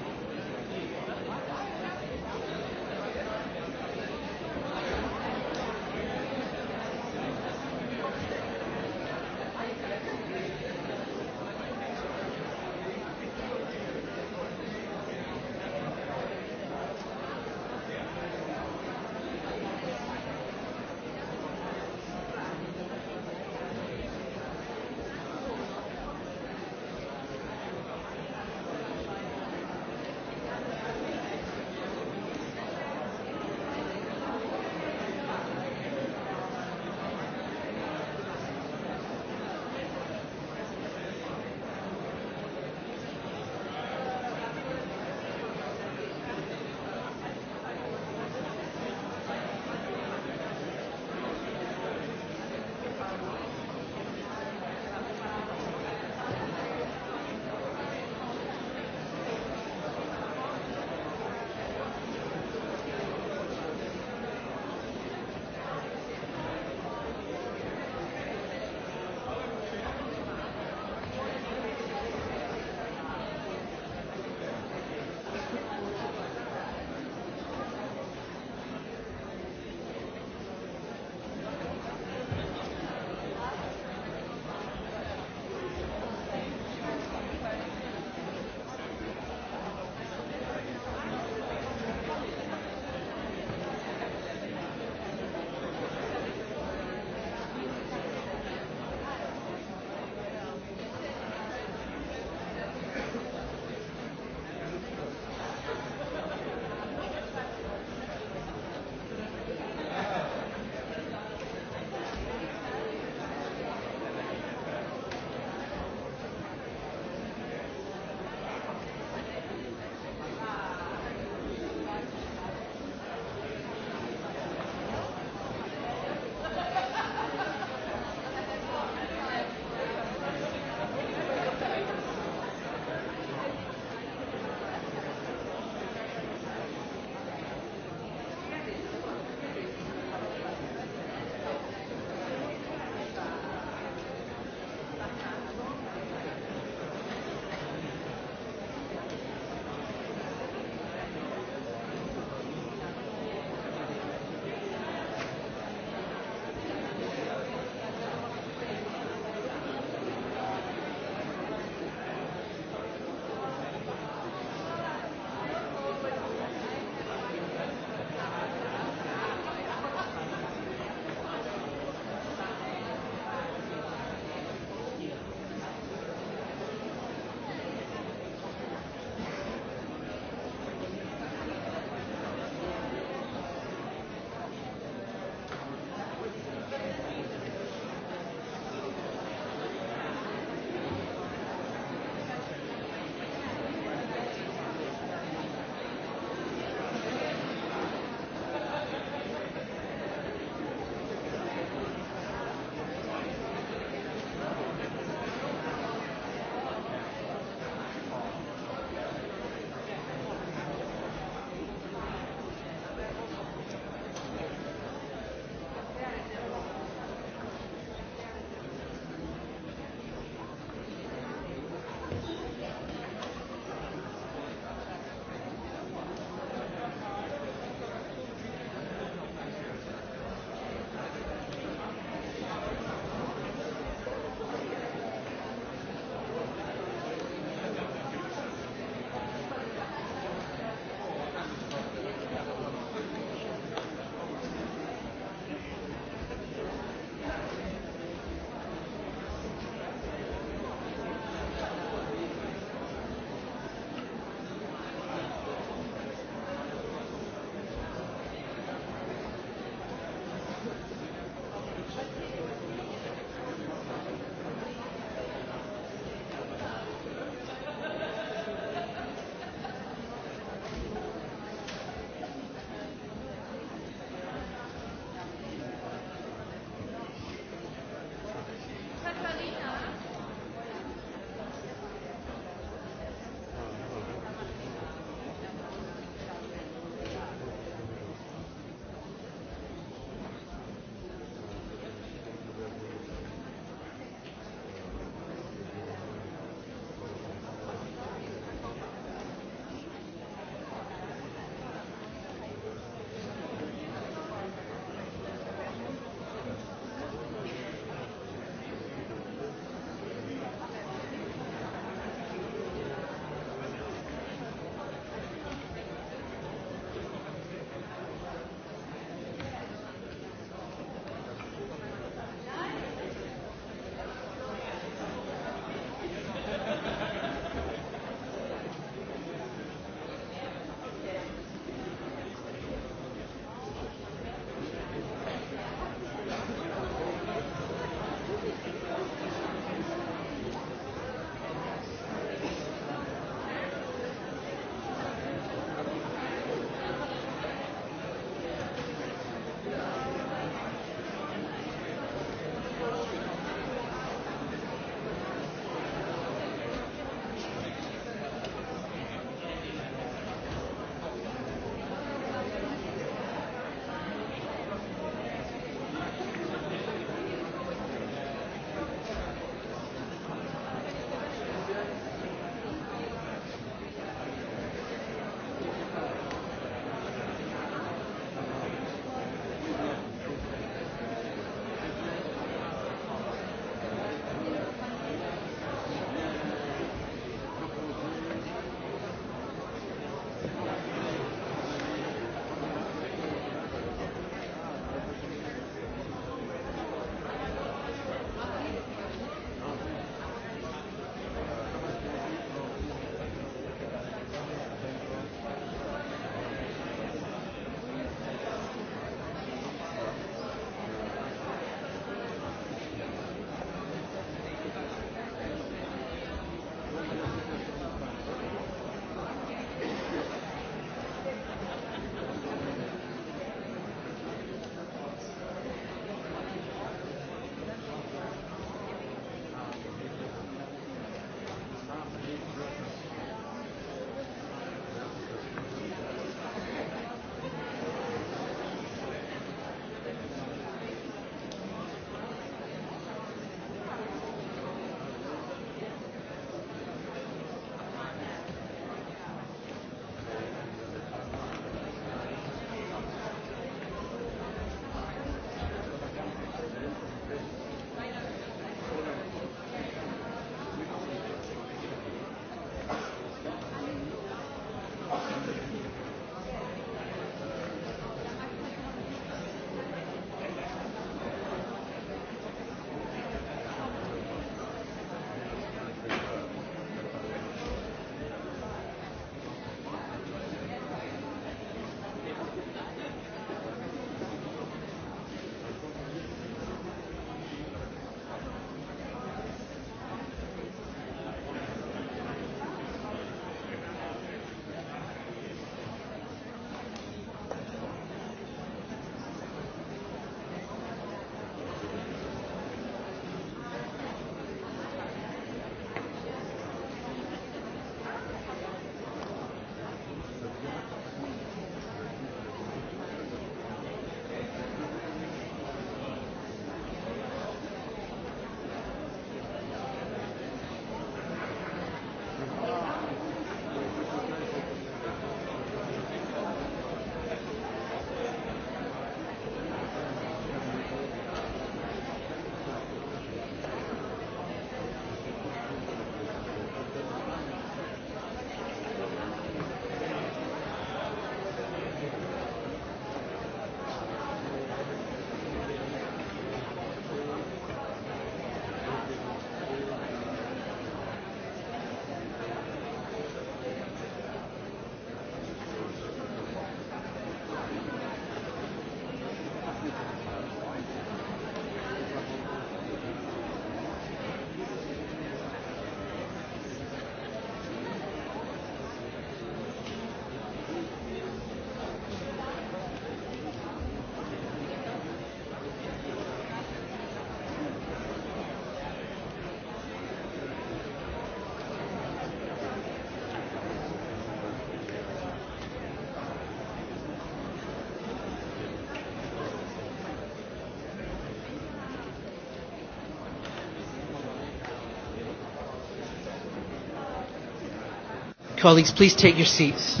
Colleagues, please take your seats.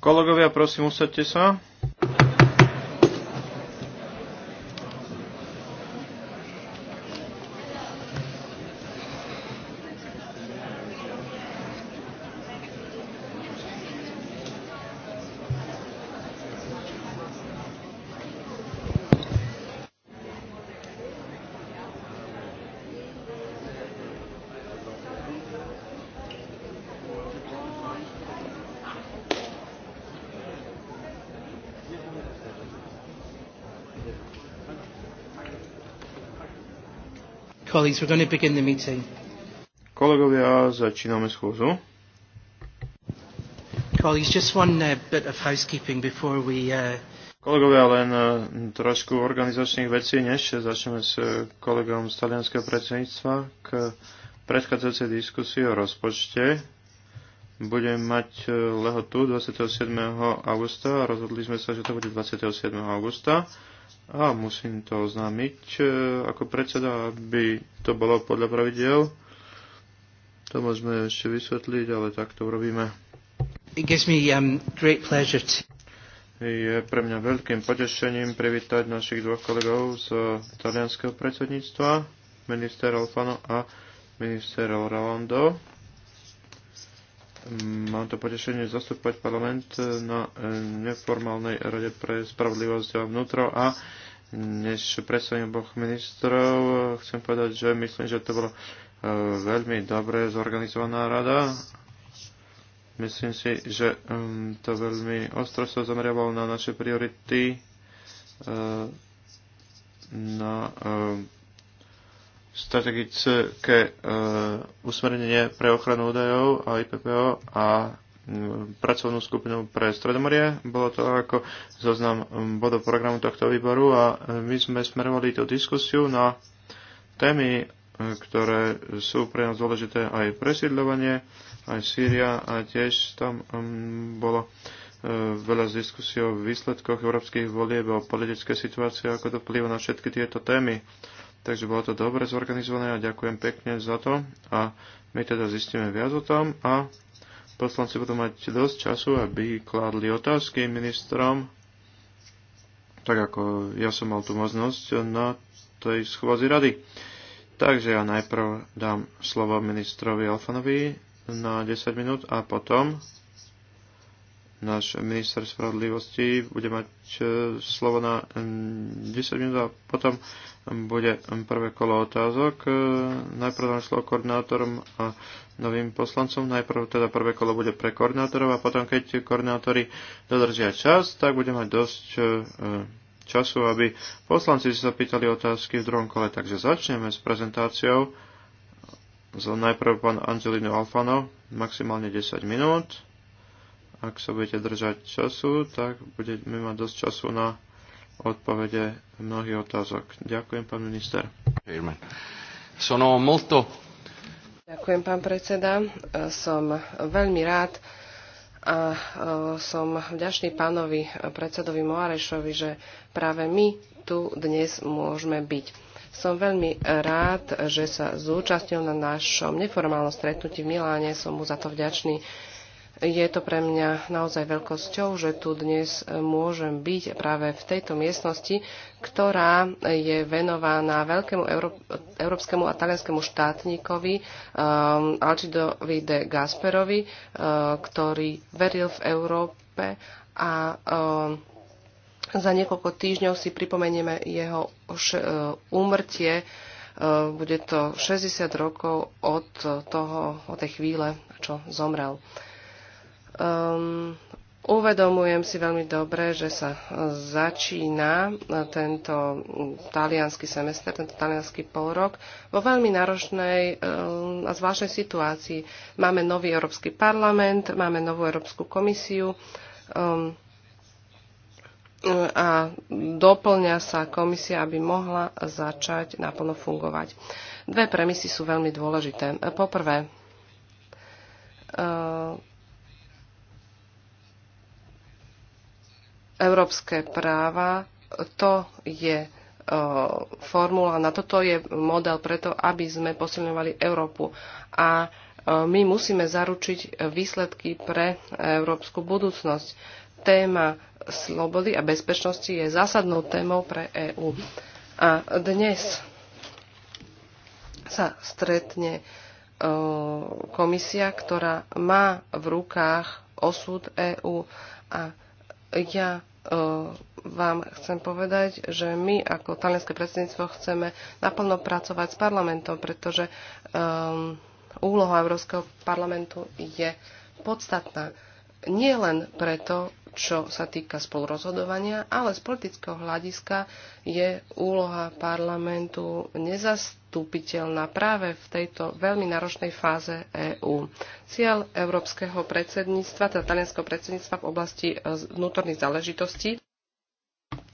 Kolegovia, prosím, usadte sa. colleagues, we're going to begin the meeting. Kolegovia, začíname schôzu. Colleagues, just one uh, bit of housekeeping before we... Uh... Kolegovia, len uh, trošku organizačných vecí, než začneme s uh, kolegom z talianského predsedníctva k predchádzajúcej diskusii o rozpočte. Budem mať uh, lehotu 27. augusta a rozhodli sme sa, že to bude 27. augusta a musím to oznámiť e, ako predseda, aby to bolo podľa pravidel. To môžeme ešte vysvetliť, ale tak to urobíme. It gives me, um, great pleasure to... Je pre mňa veľkým potešením privítať našich dvoch kolegov z talianského predsedníctva, minister Alfano a minister Rolando. Mám to potešenie zastupovať parlament na e, neformálnej rade pre spravodlivosť a vnútro a než predstavím oboch ministrov, chcem povedať, že myslím, že to bolo e, veľmi dobre zorganizovaná rada. Myslím si, že to veľmi ostro sa zameriavalo na naše priority, e, na strategické eh, usmernenie pre ochranu údajov a IPPO a mm, pracovnú skupinu pre Stredomorie. Bolo to ako zoznam mm, bodov programu tohto výboru a eh, my sme smerovali tú diskusiu na témy, eh, ktoré sú pre nás dôležité aj presídľovanie, aj Sýria a tiež tam mm, bolo veľa z diskusí o výsledkoch európskych volieb, o politické situácie, ako to vplyva na všetky tieto témy. Takže bolo to dobre zorganizované a ďakujem pekne za to. A my teda zistíme viac o tom a poslanci budú mať dosť času, aby kládli otázky ministrom, tak ako ja som mal tú možnosť na tej schôdzi rady. Takže ja najprv dám slovo ministrovi Alfanovi na 10 minút a potom náš minister spravodlivosti bude mať e, slovo na 10 e, minút a potom bude prvé kolo otázok. E, najprv dám slovo koordinátorom a novým poslancom. Najprv teda prvé kolo bude pre koordinátorov a potom, keď koordinátori dodržia čas, tak bude mať dosť času, aby poslanci si zapýtali otázky v druhom kole. Takže začneme s prezentáciou. Najprv pán Angelino Alfano, maximálne 10 minút ak sa budete držať času, tak budeme mať dosť času na odpovede mnohých otázok. Ďakujem, pán minister. Ďakujem, pán predseda. Som veľmi rád a e, som vďačný pánovi predsedovi Moarešovi, že práve my tu dnes môžeme byť. Som veľmi rád, že sa zúčastnil na našom neformálnom stretnutí v Miláne. Som mu za to vďačný. Je to pre mňa naozaj veľkosťou, že tu dnes môžem byť práve v tejto miestnosti, ktorá je venovaná veľkému Euró- európskemu a talianskému štátnikovi um, Alcidovi de Gasperovi, uh, ktorý veril v Európe a um, za niekoľko týždňov si pripomenieme jeho uh, úmrtie. Uh, bude to 60 rokov od, toho, od tej chvíle, čo zomrel. Um, uvedomujem si veľmi dobre, že sa e, začína e, tento talianský semester, tento talianský polrok vo veľmi náročnej um, a zvláštnej situácii. Máme nový Európsky parlament, máme novú Európsku komisiu. Um, a doplňa sa komisia, aby mohla začať naplno fungovať. Dve premisy sú veľmi dôležité. Poprvé, európske práva, to je e, formula, na toto je model preto, aby sme posilňovali Európu. A e, my musíme zaručiť výsledky pre európsku budúcnosť. Téma slobody a bezpečnosti je zásadnou témou pre EÚ. A dnes sa stretne e, komisia, ktorá má v rukách osud EÚ a ja Ehm, vám chcem povedať, že my ako talianské predsedníctvo chceme naplno pracovať s parlamentom, pretože um, úloha Európskeho parlamentu je podstatná. Nie len preto, čo sa týka spolurozhodovania, ale z politického hľadiska je úloha parlamentu nezas, nezastúpiteľná práve v tejto veľmi náročnej fáze EÚ. Cieľ európskeho predsedníctva, teda talianského predsedníctva v oblasti e, vnútorných záležitostí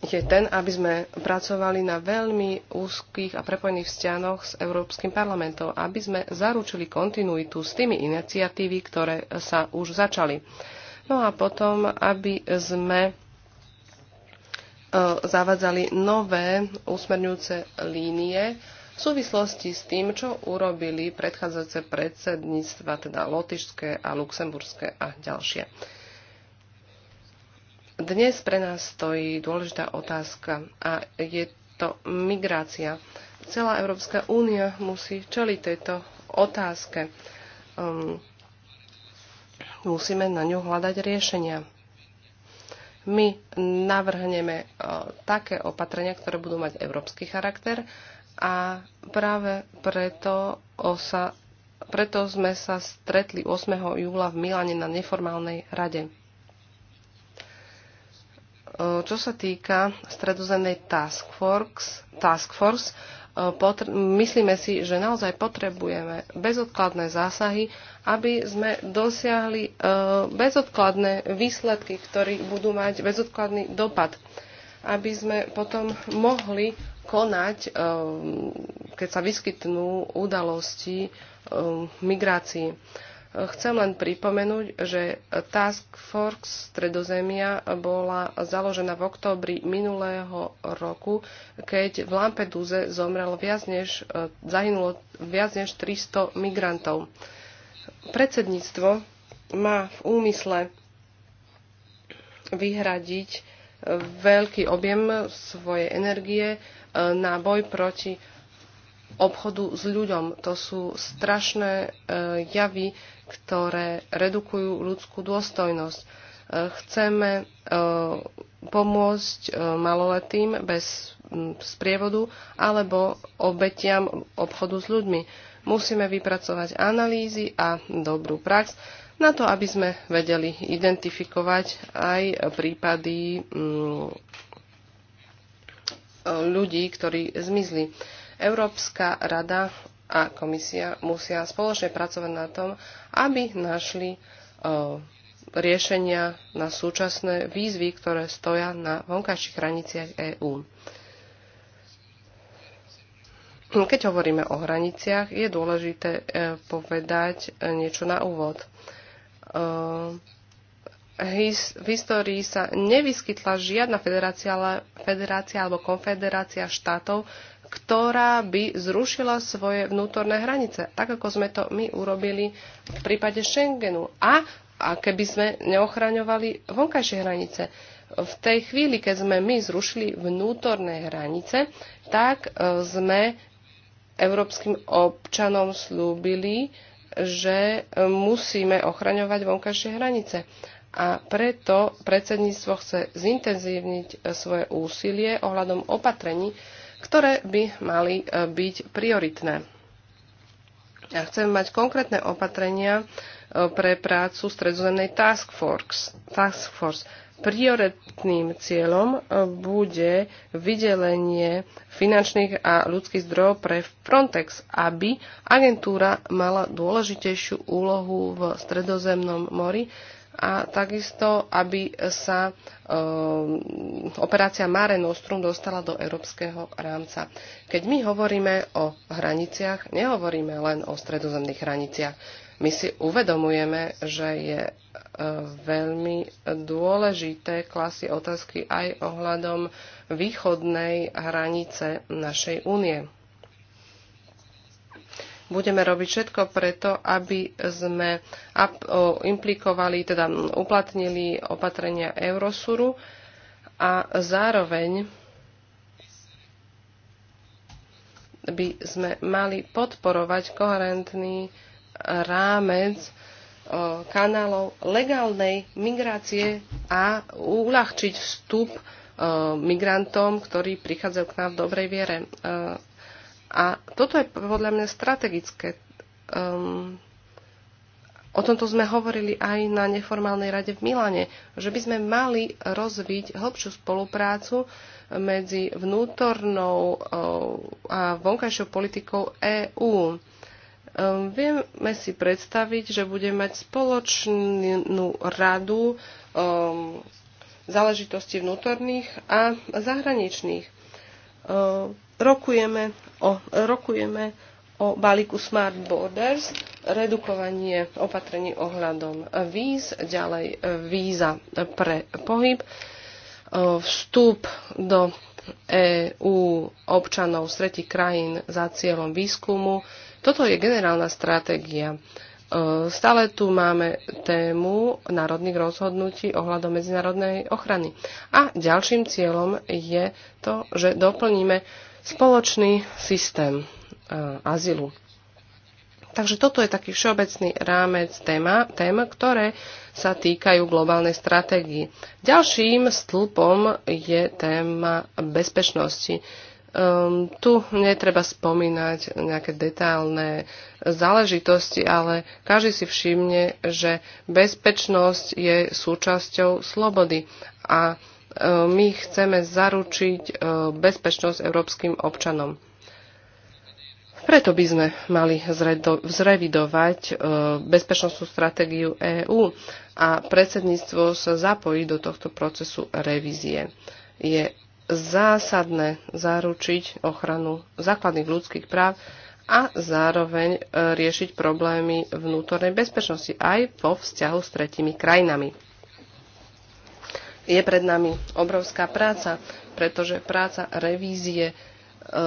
je ten, aby sme pracovali na veľmi úzkých a prepojených vzťanoch s Európskym parlamentom, aby sme zaručili kontinuitu s tými iniciatívy, ktoré e, sa už začali. No a potom, aby sme e, zavadzali nové usmerňujúce línie v súvislosti s tým, čo urobili predchádzajúce predsedníctva, teda lotyšské a luxemburské a ďalšie. Dnes pre nás stojí dôležitá otázka a je to migrácia. Celá Európska únia musí čeliť tejto otázke. Um, musíme na ňu hľadať riešenia. My navrhneme uh, také opatrenia, ktoré budú mať európsky charakter a práve preto, osa, preto sme sa stretli 8. júla v Milane na neformálnej rade. E, čo sa týka stredozemnej task force, task force e, myslíme si, že naozaj potrebujeme bezodkladné zásahy, aby sme dosiahli e, bezodkladné výsledky, ktoré budú mať bezodkladný dopad aby sme potom mohli konať, ehm, keď sa vyskytnú udalosti ehm, migrácií. Chcem len pripomenúť, že Task Force Stredozemia bola založená v októbri minulého roku, keď v Lampeduze zomrelo viac než, e, zahynulo viac než 300 migrantov. Predsedníctvo má v úmysle vyhradiť e, veľký objem svojej energie na boj proti obchodu s ľuďom. To sú strašné e, javy, ktoré redukujú ľudskú dôstojnosť. E, chceme e, pomôcť maloletým bez sprievodu alebo obetiam obchodu s ľuďmi. Musíme vypracovať analýzy a dobrú prax na to, aby sme vedeli identifikovať aj prípady ľudí, ktorí zmizli. Európska rada a komisia musia spoločne pracovať na tom, aby našli e, riešenia na súčasné výzvy, ktoré stoja na vonkajších hraniciach EÚ. Keď hovoríme o hraniciach, je dôležité e, povedať e, niečo na úvod his, v histórii sa nevyskytla žiadna federácia, ale, federácia alebo konfederácia štátov, ktorá by zrušila svoje vnútorné hranice, tak ako sme to my urobili v prípade Schengenu. A, a keby sme neochraňovali vonkajšie hranice. V tej chvíli, keď sme my zrušili vnútorné hranice, tak e, sme európskym občanom slúbili, že e, musíme ochraňovať vonkajšie hranice a preto predsedníctvo chce zintenzívniť e, svoje úsilie ohľadom opatrení, ktoré by mali e, byť prioritné. Ja chcem mať konkrétne opatrenia e, pre prácu stredozemnej task force. Task force. Prioritným cieľom bude vydelenie finančných a ľudských zdrojov pre Frontex, aby agentúra mala dôležitejšiu úlohu v stredozemnom mori a takisto, aby sa e, operácia Mare Nostrum dostala do európskeho rámca. Keď my hovoríme o hraniciach, nehovoríme len o stredozemných hraniciach. My si uvedomujeme, že je e, veľmi dôležité klasy otázky aj ohľadom východnej hranice našej únie budeme robiť všetko preto, aby sme implikovali, teda uplatnili opatrenia Eurosuru a zároveň by sme mali podporovať koherentný rámec kanálov legálnej migrácie a uľahčiť vstup migrantom, ktorí prichádzajú k nám v dobrej viere. E, a toto je podľa mňa strategické. Um, o tomto sme hovorili aj na neformálnej rade v Milane, že by sme mali rozviť hĺbšiu spoluprácu medzi vnútornou ehm, a vonkajšou politikou EÚ. Ehm, vieme si predstaviť, že budeme mať spoločnú radu záležitosti vnútorných a zahraničných rokujeme o, rokujeme o balíku Smart Borders, redukovanie opatrení ohľadom víz, ďalej víza pre pohyb, vstup do EÚ občanov z tretich krajín za cieľom výskumu. Toto je generálna stratégia. Stále tu máme tému národných rozhodnutí ohľadom medzinárodnej ochrany. A ďalším cieľom je to, že doplníme spoločný systém e, azylu. Takže toto je taký všeobecný rámec téma, tém, ktoré sa týkajú globálnej stratégii. Ďalším stĺpom je téma bezpečnosti. Um, tu netreba spomínať nejaké detailné záležitosti, ale každý si všimne, že bezpečnosť je súčasťou slobody a E, my chceme zaručiť e, bezpečnosť európskym občanom. Preto by sme mali zrevidovať e, bezpečnostnú stratégiu EÚ a predsedníctvo sa zapojí do tohto procesu revízie. Je zásadné zaručiť ochranu základných ľudských práv a zároveň riešiť problémy vnútornej bezpečnosti aj vo vzťahu s tretimi krajinami je pred nami obrovská práca, pretože práca revízie e,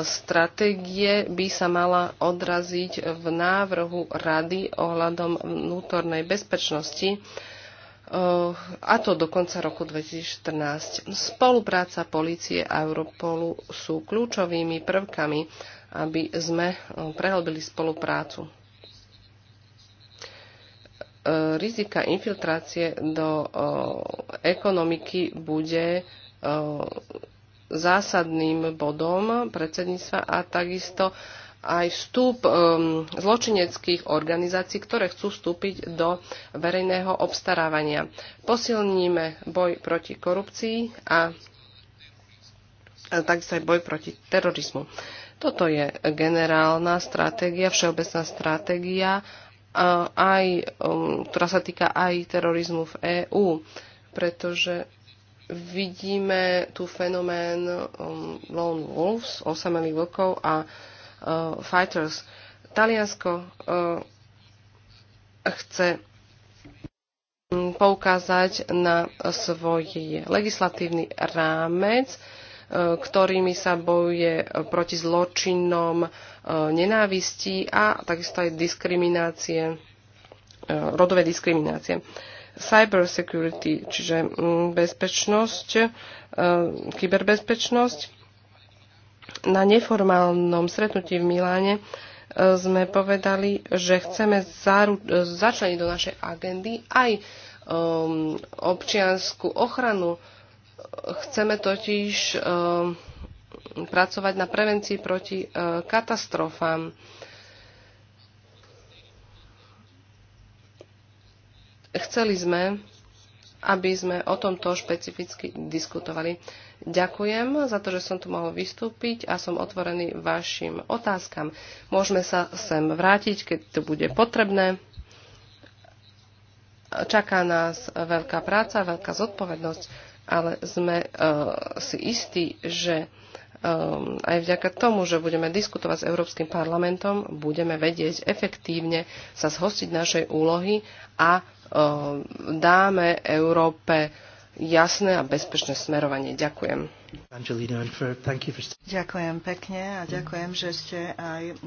stratégie by sa mala odraziť v návrhu rady ohľadom vnútornej bezpečnosti e, a to do konca roku 2014. Spolupráca policie a Europolu sú kľúčovými prvkami, aby sme e, prehlbili spoluprácu. E, rizika infiltrácie do e, ekonomiky bude e, zásadným bodom predsedníctva a takisto aj vstup zločineckých organizácií, ktoré chcú vstúpiť do verejného obstarávania. Posilníme boj proti korupcii a takisto aj boj proti terorizmu. Toto je generálna stratégia, všeobecná stratégia aj, um, ktorá sa týka aj terorizmu v EÚ, pretože vidíme tu fenomén um, lone wolves, osamelých vlkov a uh, fighters. Taliansko uh, chce um, poukázať na svoj legislatívny rámec, ktorými sa bojuje proti zločinom e, nenávisti a takisto aj diskriminácie, e, rodové diskriminácie. Cyber security, čiže mm, bezpečnosť, e, kyberbezpečnosť. Na neformálnom stretnutí v Miláne sme povedali, že chceme zaru- začleniť do našej agendy aj um, občianskú ochranu uh, Chceme totiž eh, pracovať na prevencii proti eh, katastrofám. Chceli sme, aby sme o tomto špecificky diskutovali. Ďakujem za to, že som tu mohol vystúpiť a som otvorený vašim otázkam. Môžeme sa sem vrátiť, keď to bude potrebné. Čaká nás veľká práca, veľká zodpovednosť ale sme eh, si istí, že eh, aj vďaka tomu, že budeme diskutovať s Európskym parlamentom, budeme vedieť efektívne sa zhostiť našej úlohy a eh, dáme Európe jasné a bezpečné smerovanie. Ďakujem. Ďakujem pekne a ďakujem, že ste aj mm,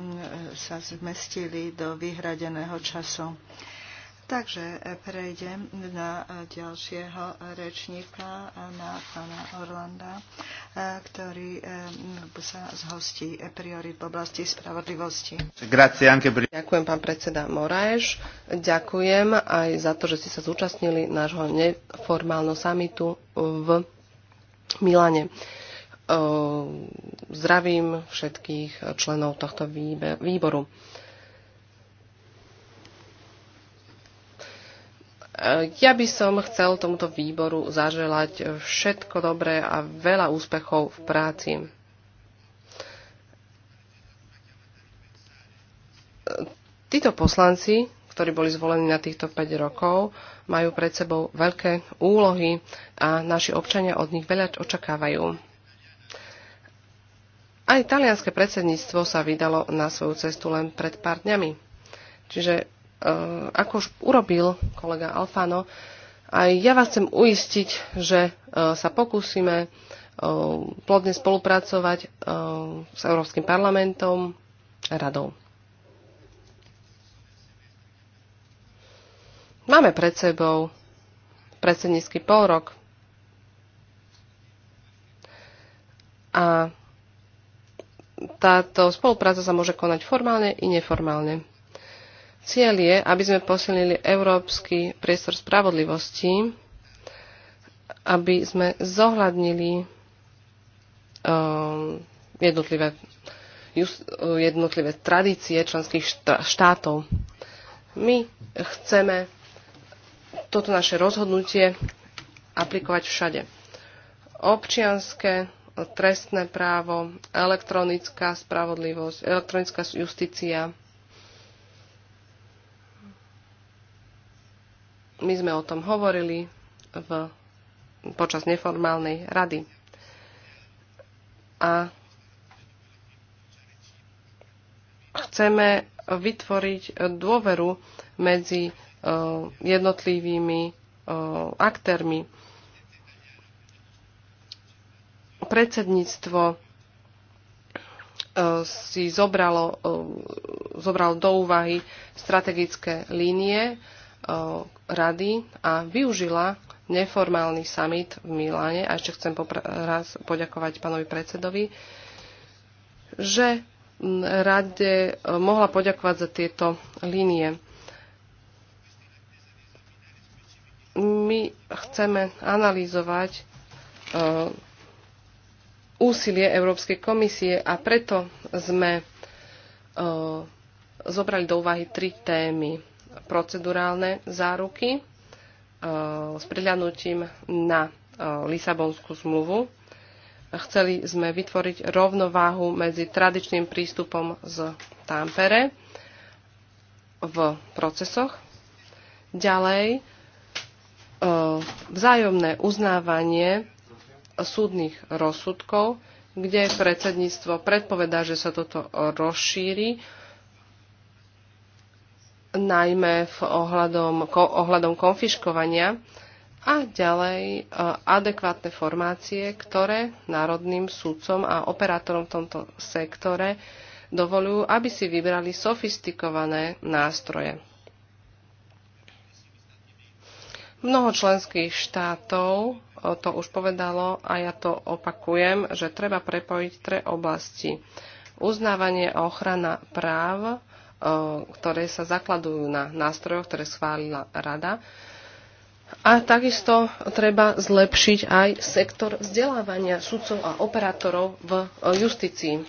sa zmestili do vyhradeného času. Takže eh, prejdem na eh, ďalšieho rečníka, eh, na pána Orlanda, ktorý sa zhostí priorit v oblasti spravodlivosti. Ďakujem, pán predseda Moraeš. Ďakujem aj za to, že ste sa zúčastnili nášho neformálneho samitu v Milane. Zdravím všetkých členov tohto výboru. Ja by som chcel tomuto výboru zaželať všetko dobré a veľa úspechov v práci. Títo poslanci, ktorí boli zvolení na týchto 5 rokov, majú pred sebou veľké úlohy a naši občania od nich veľa očakávajú. Aj talianské predsedníctvo sa vydalo na svoju cestu len pred pár dňami. Čiže Eh, ako už urobil kolega Alfano, aj ja vás chcem uistiť, že eh, sa pokúsime eh, plodne spolupracovať s Európskym parlamentom a radou. Máme pred sebou predsednícky pôrok a táto spolupráca sa môže konať formálne i neformálne. Cieľ je, aby sme posilnili európsky priestor spravodlivosti, aby sme zohľadnili um, jednotlivé, just, jednotlivé tradície členských štátov. My chceme toto naše rozhodnutie aplikovať všade. Občianské, trestné právo, elektronická spravodlivosť, elektronická justícia, My sme o tom hovorili v, počas neformálnej rady. A chceme vytvoriť dôveru medzi e, jednotlivými e, aktérmi. Predsedníctvo e, si zobralo, zobralo do úvahy strategické línie, Eh, rady a využila neformálny summit v Miláne, a ešte chcem raz poďakovať pánovi predsedovi, že rade eh, mohla poďakovať za tieto línie. My chceme analyzovať eh, úsilie Európskej komisie a preto sme zobrali do úvahy tri témy procedurálne záruky e, s prihľadnutím na e, Lisabonskú zmluvu. Chceli sme vytvoriť rovnováhu medzi tradičným prístupom z Tampere v procesoch, ďalej e, vzájomné uznávanie súdnych rozsudkov, kde predsedníctvo predpovedá, že sa toto rozšíri najmä v ohľadom, ohľadom konfiškovania a ďalej e, adekvátne formácie, ktoré národným súdcom a operátorom v tomto sektore dovolujú, aby si vybrali sofistikované nástroje. Mnoho členských štátov e, to už povedalo a ja to opakujem, že treba prepojiť tre oblasti. Uznávanie a ochrana práv Eh, ktoré sa zakladujú na nástrojoch, ktoré schválila rada. A takisto treba zlepšiť aj sektor vzdelávania sudcov a operátorov v eh, justícii. Eh,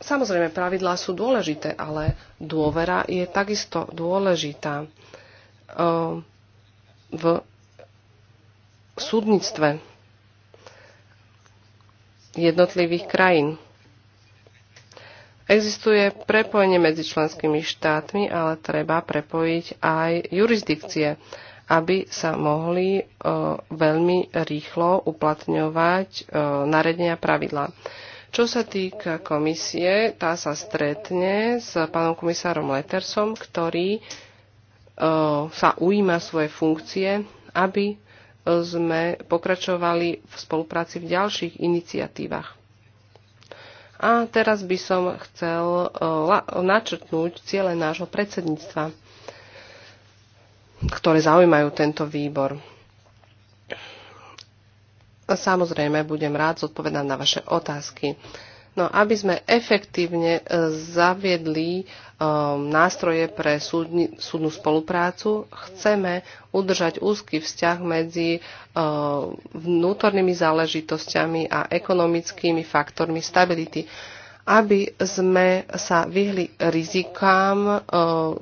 samozrejme, pravidlá sú dôležité, ale dôvera je takisto dôležitá v súdnictve jednotlivých krajín. Existuje prepojenie medzi členskými štátmi, ale treba prepojiť aj jurisdikcie, aby sa mohli e, veľmi rýchlo uplatňovať e, naredenia pravidla. Čo sa týka komisie, tá sa stretne s pánom komisárom Letersom, ktorý e, sa ujíma svoje funkcie, aby sme pokračovali v spolupráci v ďalších iniciatívach. A teraz by som chcel e, načrtnúť ciele nášho predsedníctva, ktoré zaujímajú tento výbor. Samozrejme, budem rád zodpovedať na vaše otázky. No, aby sme efektívne e, zaviedli Um, nástroje pre súdni, súdnu spoluprácu. Chceme udržať úzky vzťah medzi uh, vnútornými záležitosťami a ekonomickými faktormi stability, aby sme sa vyhli rizikám uh,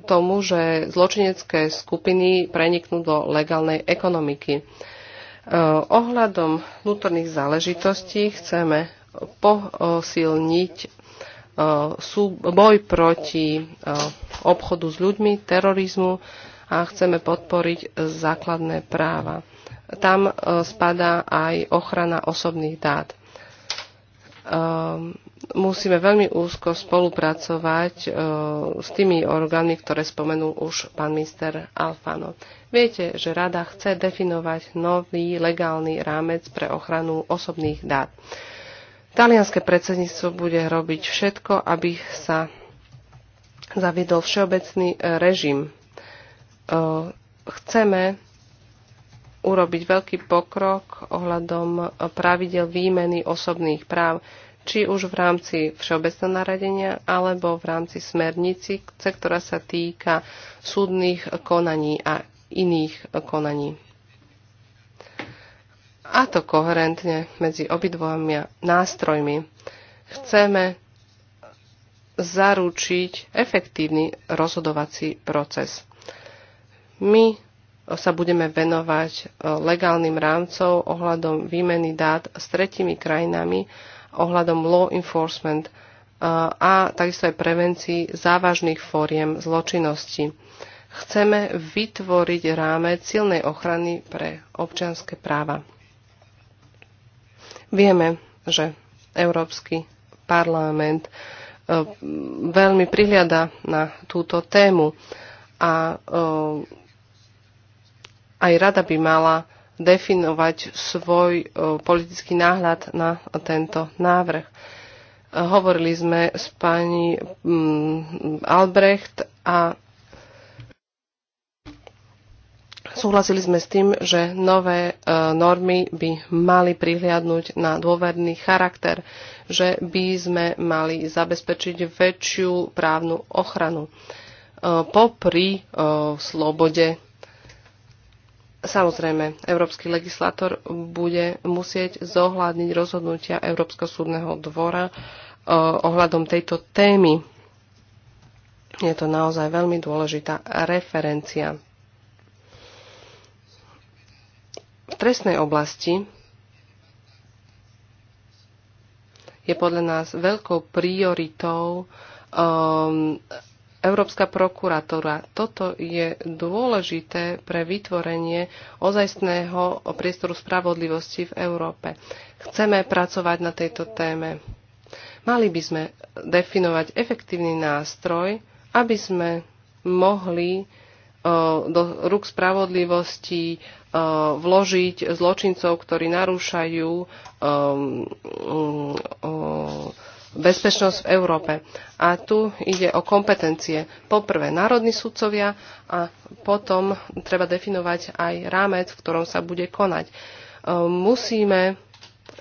tomu, že zločinecké skupiny preniknú do legálnej ekonomiky. Uh, ohľadom vnútorných záležitostí chceme posilniť sú boj proti obchodu s ľuďmi, terorizmu a chceme podporiť základné práva. Tam spadá aj ochrana osobných dát. Musíme veľmi úzko spolupracovať s tými orgánmi, ktoré spomenul už pán minister Alfano. Viete, že rada chce definovať nový legálny rámec pre ochranu osobných dát. Talianské predsedníctvo bude robiť všetko, aby sa zaviedol všeobecný e, režim. E, chceme urobiť veľký pokrok ohľadom e, pravidel výmeny osobných práv, či už v rámci všeobecného naradenia alebo v rámci smernici, ktorá sa týka súdnych konaní a iných konaní a to koherentne medzi obidvomi nástrojmi. Chceme zaručiť efektívny rozhodovací proces. My sa budeme venovať e, legálnym rámcov ohľadom výmeny dát s tretimi krajinami, ohľadom law enforcement e, a takisto aj prevencii závažných fóriem zločinnosti. Chceme vytvoriť rámec silnej ochrany pre občianske práva. Vieme, že Európsky parlament e, veľmi prihliada na túto tému a e, aj rada by mala definovať svoj e, politický náhľad na tento návrh. Hovorili sme s pani Albrecht a Súhlasili sme s tým, že nové e, normy by mali prihliadnúť na dôverný charakter, že by sme mali zabezpečiť väčšiu právnu ochranu e, popri e, slobode. Samozrejme, európsky legislátor bude musieť zohľadniť rozhodnutia Európskeho súdneho dvora ohľadom tejto témy. Je to naozaj veľmi dôležitá referencia. trestnej oblasti je podľa nás veľkou prioritou um, Európska prokuratúra. Toto je dôležité pre vytvorenie ozajstného priestoru spravodlivosti v Európe. Chceme pracovať na tejto téme. Mali by sme definovať efektívny nástroj, aby sme mohli E, do rúk spravodlivosti e, vložiť zločincov, ktorí narúšajú e, bezpečnosť v Európe. A tu ide o kompetencie. Poprvé národní sudcovia a potom treba definovať aj rámec, v ktorom sa bude konať. Musíme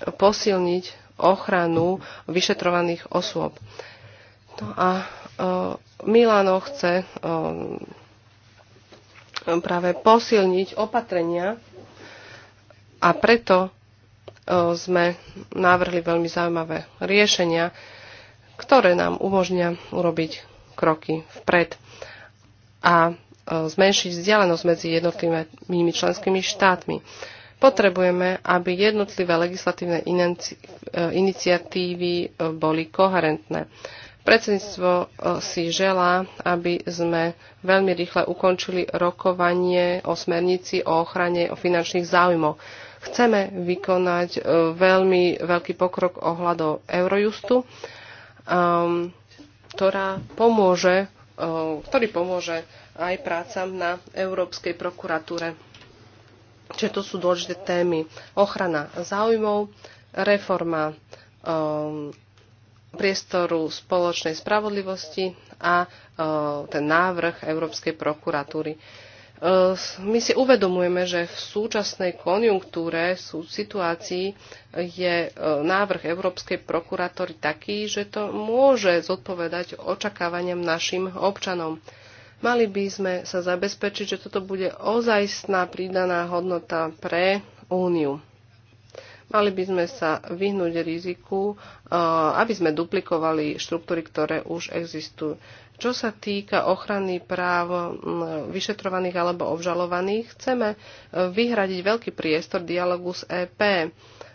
posilniť ochranu vyšetrovaných osôb. No a Milano chce práve posilniť opatrenia a preto e, sme navrhli veľmi zaujímavé riešenia, ktoré nám umožnia urobiť kroky vpred a e, zmenšiť vzdialenosť medzi jednotlivými členskými štátmi. Potrebujeme, aby jednotlivé legislatívne e, iniciatívy boli koherentné. Predsedníctvo eh, si želá, aby sme veľmi rýchle ukončili rokovanie o smernici o ochrane o finančných záujmov. Chceme vykonať eh, veľmi veľký pokrok ohľadom Eurojustu, ehm, ktorá pomôže, eh, ktorý pomôže aj prácam na Európskej prokuratúre. Čiže to sú dôležité témy. Ochrana záujmov, reforma ehm, priestoru spoločnej spravodlivosti a e, ten návrh Európskej prokuratúry. E, my si uvedomujeme, že v súčasnej konjunktúre, sú situácii je e, návrh Európskej prokuratúry taký, že to môže zodpovedať očakávaniam našim občanom. Mali by sme sa zabezpečiť, že toto bude ozajstná pridaná hodnota pre Úniu. Mali by sme sa vyhnúť riziku, aby sme duplikovali štruktúry, ktoré už existujú. Čo sa týka ochrany práv vyšetrovaných alebo obžalovaných, chceme e, vyhradiť veľký priestor dialogu s EP, e,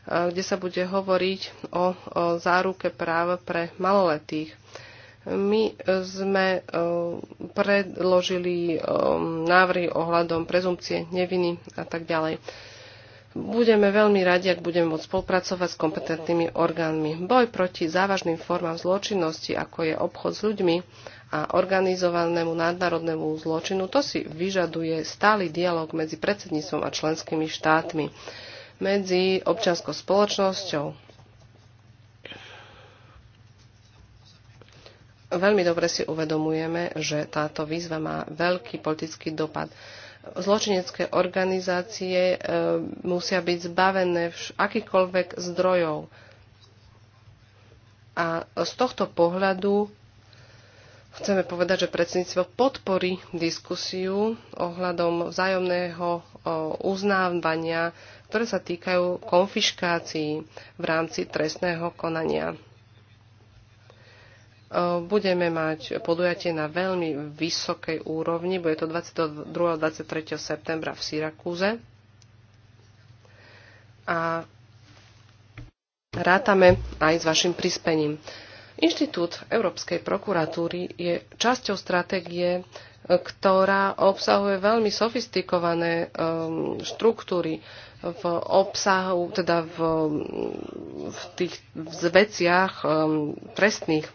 kde sa bude hovoriť o, o záruke práv pre maloletých. My sme e, predložili návrhy ohľadom prezumcie neviny a tak ďalej budeme veľmi radi, ak budeme môcť spolupracovať s kompetentnými orgánmi. Boj proti závažným formám zločinnosti, ako je obchod s ľuďmi a organizovanému nadnárodnému zločinu, to si vyžaduje stály dialog medzi predsedníctvom a členskými štátmi, medzi občianskou spoločnosťou. Veľmi dobre si uvedomujeme, že táto výzva má veľký politický dopad zločinecké organizácie e, musia byť zbavené akýkoľvek zdrojov. A z tohto pohľadu chceme povedať, že predsedníctvo podporí diskusiu ohľadom vzájomného e, uznávania, ktoré sa týkajú konfiškácií v rámci trestného konania budeme mať podujatie na veľmi vysokej úrovni, bude to 22. a 23. septembra v Syrakúze. A rátame aj s vašim prispením. Inštitút Európskej prokuratúry je časťou stratégie, ktorá obsahuje veľmi sofistikované ehm, štruktúry v obsahu, teda v, v tých veciach ehm, trestných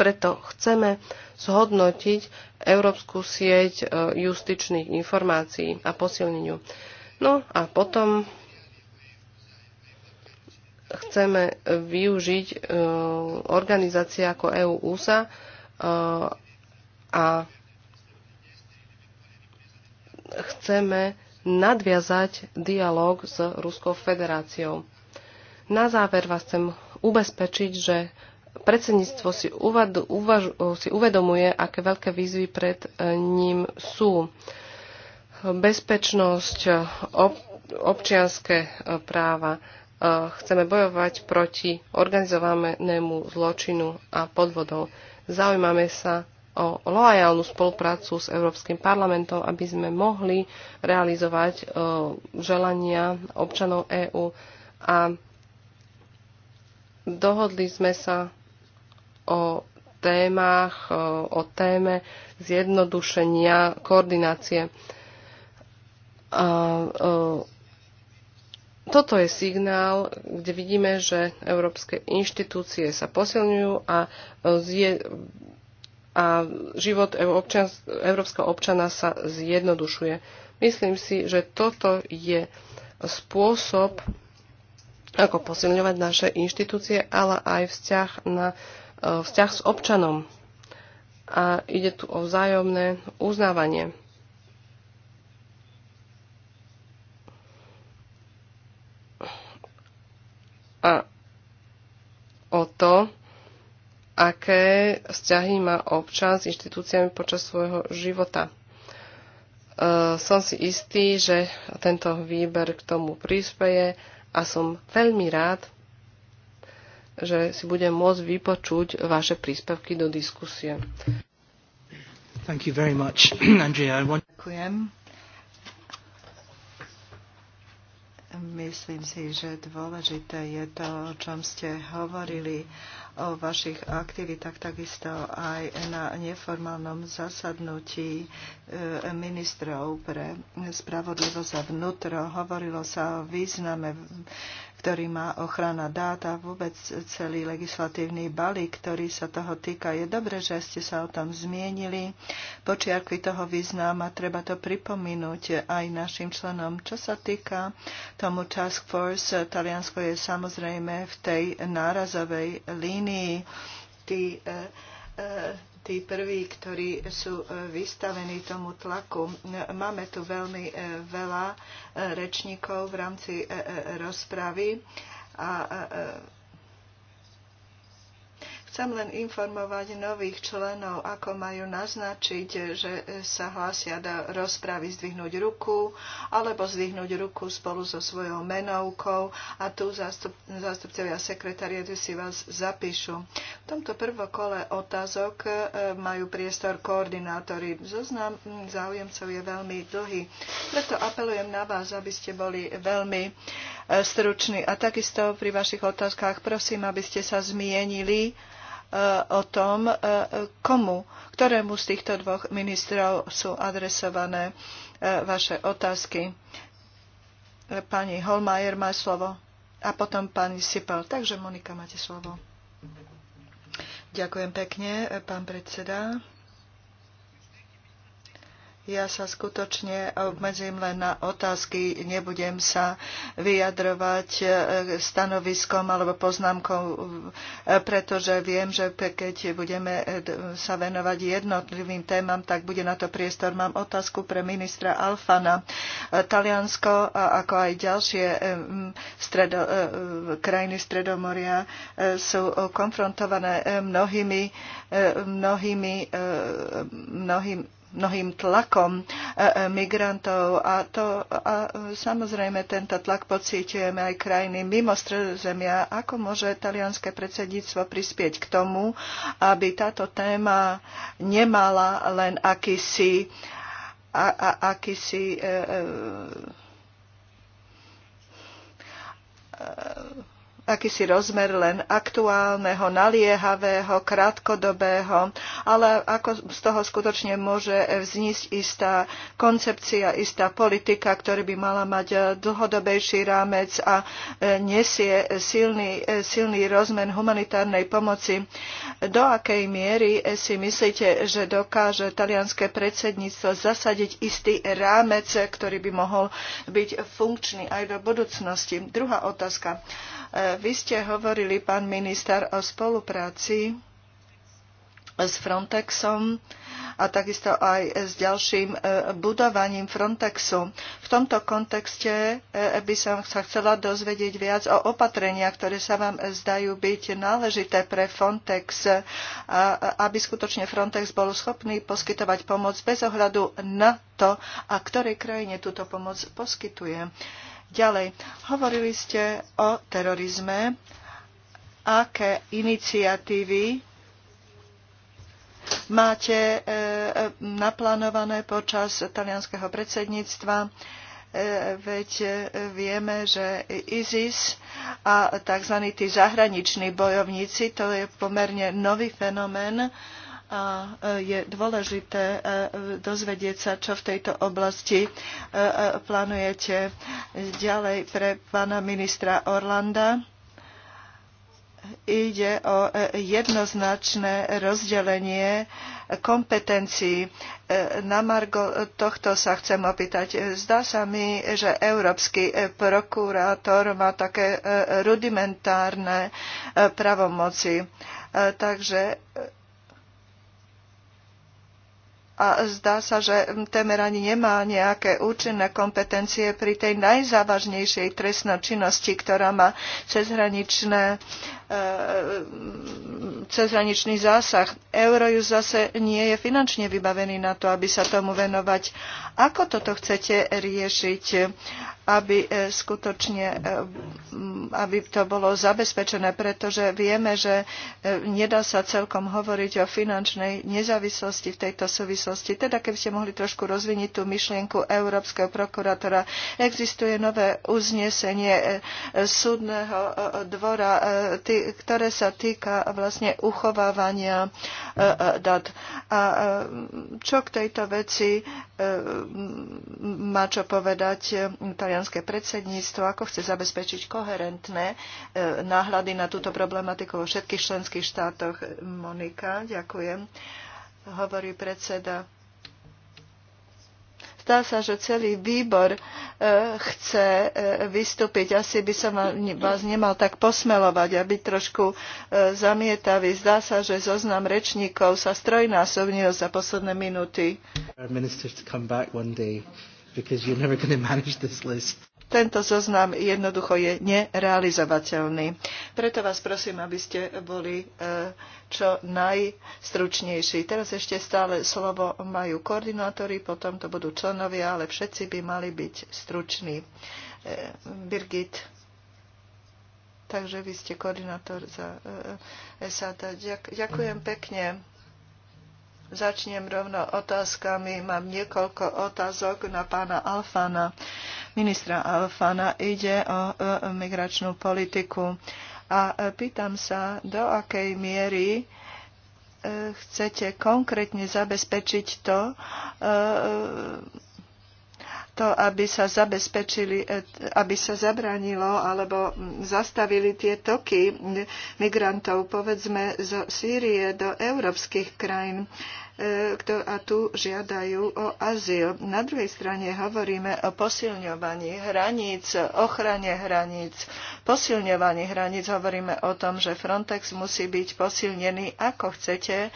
preto chceme zhodnotiť Európsku sieť e, justičných informácií a posilniť No a potom chceme využiť e, organizácie ako EU USA e, a chceme nadviazať dialog s Ruskou federáciou. Na záver vás chcem ubezpečiť, že predsedníctvo si, si uvedomuje, aké veľké výzvy pred e, ním sú. Bezpečnosť, ob, občianské e, práva. E, chceme bojovať proti organizovanému zločinu a podvodov. Zaujímame sa o loajálnu spoluprácu s Európskym parlamentom, aby sme mohli realizovať želania občanov EÚ a dohodli sme sa o témach, o téme zjednodušenia, koordinácie. A, toto je signál, kde vidíme, že európske inštitúcie sa posilňujú a, e, zje, a život občan, európskeho občana sa zjednodušuje. Myslím si, že toto je spôsob, ako posilňovať naše inštitúcie, ale aj vzťah na Eh, vzťah s občanom. A ide tu o vzájomné uznávanie. A o to, aké vzťahy má občan s inštitúciami počas svojho života eh, som si istý, že tento výber k tomu prispieje a som veľmi rád, že si budem môcť vypočuť vaše príspevky do diskusie. Thank you very much, [clears throat] Andrea. I want... Ďakujem. Myslím si, že dôležité je to, o čom ste hovorili, o vašich aktivitách, takisto aj na neformálnom zasadnutí e, ministrov pre spravodlivosť a vnútro. Hovorilo sa o význame, ktorý má ochrana dát vôbec celý legislatívny balík, ktorý sa toho týka. Je dobré, že ste sa o tom zmienili. Počiarky toho význam a treba to pripomínuť aj našim členom. Čo sa týka tomu Task Force, Taliansko je samozrejme v tej nárazovej línii my, Tí, e, e, tí prví, ktorí sú e, vystavení tomu tlaku. Máme tu veľmi veľa rečníkov v rámci rozpravy a Chcem len informovať nových členov, ako majú naznačiť, že sa hlásia do rozpravy zdvihnúť ruku alebo zdvihnúť ruku spolu so svojou menovkou a tu zastup, zástupcovia sekretariatu si vás zapíšu. V tomto prvokole otázok e, majú priestor koordinátori. Zoznam záujemcov je veľmi dlhý, preto apelujem na vás, aby ste boli veľmi e, struční. A takisto pri vašich otázkach prosím, aby ste sa zmienili o tom, e, komu, ktorému z týchto dvoch ministrov sú adresované e, vaše otázky. E, pani Holmajer má slovo a potom pani Sipal. Takže Monika, máte slovo. Ďakujem pekne, pán predseda. Ja sa skutočne obmedzím len na otázky, nebudem sa vyjadrovať e, stanoviskom alebo poznámkom, e, pretože viem, že keď budeme e, sa venovať jednotlivým témam, tak bude na to priestor. Mám otázku pre ministra Alfana. Taliansko, ako aj ďalšie stredo, krajiny Stredomoria, sú konfrontované mnohými, mnohými, mnohými mnohým tlakom e, e, migrantov a, to, a e, samozrejme tento tlak pocítujeme aj krajiny mimo stredozemia. Ako môže talianské predsedníctvo prispieť k tomu, aby táto téma nemala len akýsi, a, a, akýsi e, e, akýsi rozmer len aktuálneho, naliehavého, krátkodobého, ale ako z toho skutočne môže vznísť istá koncepcia, istá politika, ktorá by mala mať dlhodobejší rámec a e, nesie silný, e, silný rozmen humanitárnej pomoci. Do akej miery e, si myslíte, že dokáže talianské predsedníctvo zasadiť istý rámec, ktorý by mohol byť funkčný aj do budúcnosti? Druhá otázka. E, vy ste hovorili, pán minister, o spolupráci s Frontexom a takisto aj s ďalším e, budovaním Frontexu. V tomto kontexte e, by som sa chcela dozvedieť viac o opatreniach, ktoré sa vám zdajú byť náležité pre Frontex, aby skutočne Frontex bol schopný poskytovať pomoc bez ohľadu na to, a ktorej krajine túto pomoc poskytuje. Ďalej, hovorili ste o terorizme. Aké iniciatívy máte e, e, naplánované počas talianského predsedníctva? E, veď vieme, že ISIS a tzv. tí zahraniční bojovníci, to je pomerne nový fenomén, a e, je dôležité e, e, dozvedieť sa, čo v tejto oblasti plánujete ďalej pre pána ministra Orlanda. Ide o jednoznačné rozdelenie kompetencií. Na margo tohto sa chcem opýtať. Zdá sa mi, že európsky prokurátor má také rudimentárne pravomoci. Takže a zdá sa, že temer ani nemá nejaké účinné kompetencie pri tej najzávažnejšej trestnej činnosti, ktorá má cezhraničné, eh, cezhraničný zásah. Eurojust zase nie je finančne vybavený na to, aby sa tomu venovať. Ako toto chcete riešiť? aby e, skutočne e, aby to bolo zabezpečené, pretože vieme, že e, nedá sa celkom hovoriť o finančnej nezávislosti v tejto súvislosti. Teda keby ste mohli trošku rozviniť tú myšlienku Európskeho prokurátora. Existuje nové uznesenie súdneho dvora, ktoré sa týka vlastne uchovávania dat. A čo k tejto veci Ehm, má čo povedať ehm, talianské predsedníctvo, ako chce zabezpečiť koherentné ehm, náhľady na túto problematiku vo všetkých členských štátoch. Monika, ďakujem. Hovorí predseda Zdá sa, že celý výbor e, chce e, vystúpiť. Asi by som vás nemal tak posmelovať a byť trošku e, zamietavý. Zdá sa, že zoznam rečníkov sa strojnásobnil za posledné minúty tento zoznam jednoducho je nerealizovateľný. Preto vás prosím, aby ste boli e, čo najstručnejší. Teraz ešte stále slovo majú koordinátori, potom to budú členovia, ale všetci by mali byť struční. E, Birgit. Takže vy ste koordinátor za e, SAD. Ďakujem pekne. Začnem rovno otázkami. Mám niekoľko otázok na pána Alfana, ministra Alfana. Ide o e, migračnú politiku. A e, pýtam sa, do akej miery e, chcete konkrétne zabezpečiť to, to, aby sa, zabezpečili, e, aby sa zabranilo alebo zastavili tie toky migrantov, povedzme, zo Sýrie do európskych krajín e, a tu žiadajú o azyl. Na druhej strane hovoríme o posilňovaní hraníc, ochrane hraníc, posilňovaní hraníc. Hovoríme o tom, že Frontex musí byť posilnený. Ako chcete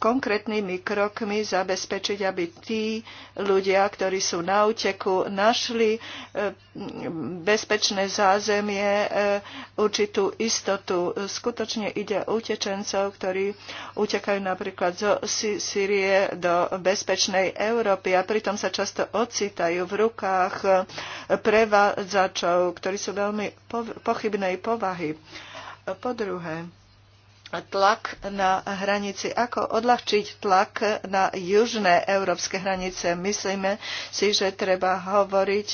konkrétnymi krokmi zabezpečiť, aby tí ľudia, ktorí sú na úteku, našli e, bezpečné zázemie, e, určitú istotu. Skutočne ide o utečencov, ktorí utekajú napríklad zo Sýrie do bezpečnej Európy a pritom sa často ocitajú v rukách e, prevádzačov, ktorí sú veľmi pochybnej povahy. Po druhé, tlak na hranici, ako odľahčiť tlak na južné európske hranice. Myslíme si, že treba hovoriť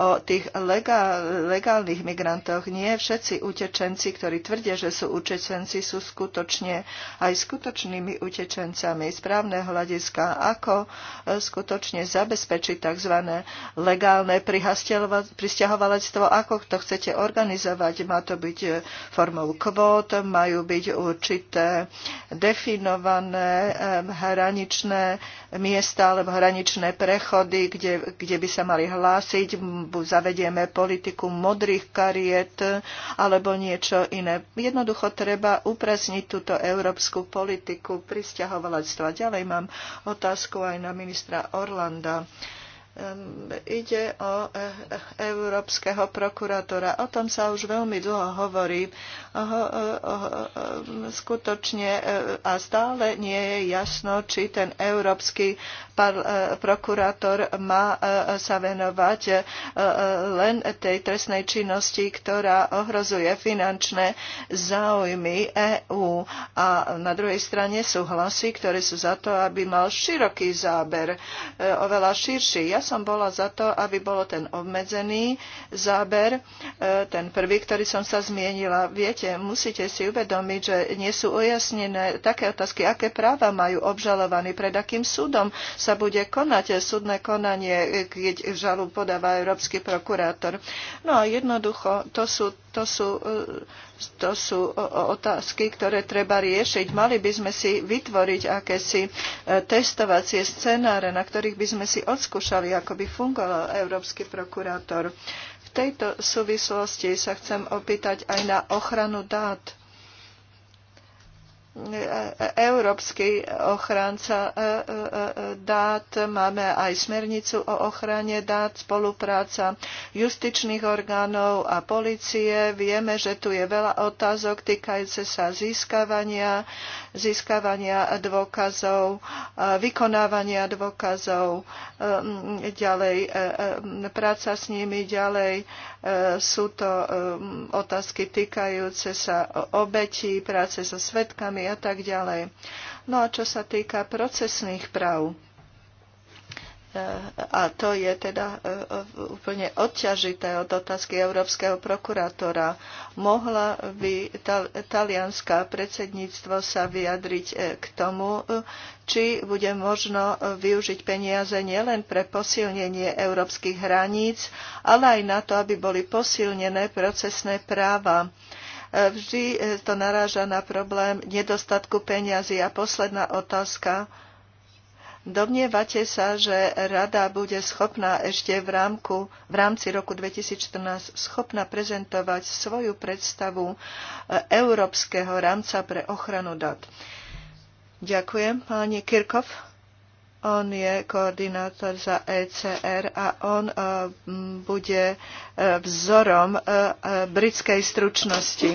o tých legál, legálnych migrantoch. Nie všetci utečenci, ktorí tvrdia, že sú utečenci, sú skutočne aj skutočnými utečencami. Správne hľadiska, ako e, skutočne zabezpečiť tzv. legálne pristahovalectvo, ako to chcete organizovať. Má to byť e, formou kvót, majú byť určité definované hraničné miesta alebo hraničné prechody, kde, kde by sa mali hlásiť. Zavedieme politiku modrých kariet alebo niečo iné. Jednoducho treba upresniť túto európsku politiku pristahovalectva. Ďalej mám otázku aj na ministra Orlanda ide o eh, európskeho prokurátora. O tom sa už veľmi dlho hovorí. Skutočne eh, a stále nie je jasno, či ten európsky eh, prokurátor má sa venovať len tej trestnej činnosti, ktorá ohrozuje finančné záujmy EÚ. A na druhej strane sú hlasy, ktoré sú za to, aby mal široký záber, oveľa širší. Ja som bola za to, aby bolo ten obmedzený záber, e, ten prvý, ktorý som sa zmienila. Viete, musíte si uvedomiť, že nie sú ujasnené také otázky, aké práva majú obžalovaní, pred akým súdom sa bude konať súdne konanie, keď žalu podáva Európsky prokurátor. No a jednoducho, to sú to sú, e, to sú e, otázky, ktoré treba riešiť. Mali by sme si vytvoriť akési e, testovacie scenáre, na ktorých by sme si odskúšali, ako by fungoval Európsky prokurátor. V tejto súvislosti sa chcem opýtať aj na ochranu dát európsky ochránca e, e, e, dát, máme aj smernicu o ochrane dát, spolupráca justičných orgánov a policie. Vieme, že tu je veľa otázok týkajúce sa získavania, získavania dôkazov, vykonávania dôkazov, ďalej práca s nimi, ďalej E, sú to e, otázky týkajúce sa obetí, práce so svetkami a tak ďalej. No a čo sa týka procesných práv, Eh, a to je teda eh, úplne odťažité od otázky Európskeho prokurátora. Mohla by talianská predsedníctvo sa vyjadriť eh, k tomu, či bude možno využiť peniaze nielen pre posilnenie európskych hraníc, ale aj na to, aby boli posilnené procesné práva vždy to naráža na problém nedostatku peniazy A posledná otázka Domnievate sa, že rada bude schopná ešte v, rámku, v rámci roku 2014 schopná prezentovať svoju predstavu e, európskeho rámca pre ochranu dat. Ďakujem, páni Kirkov. On je koordinátor za ECR a on e, bude e, vzorom britskej stručnosti.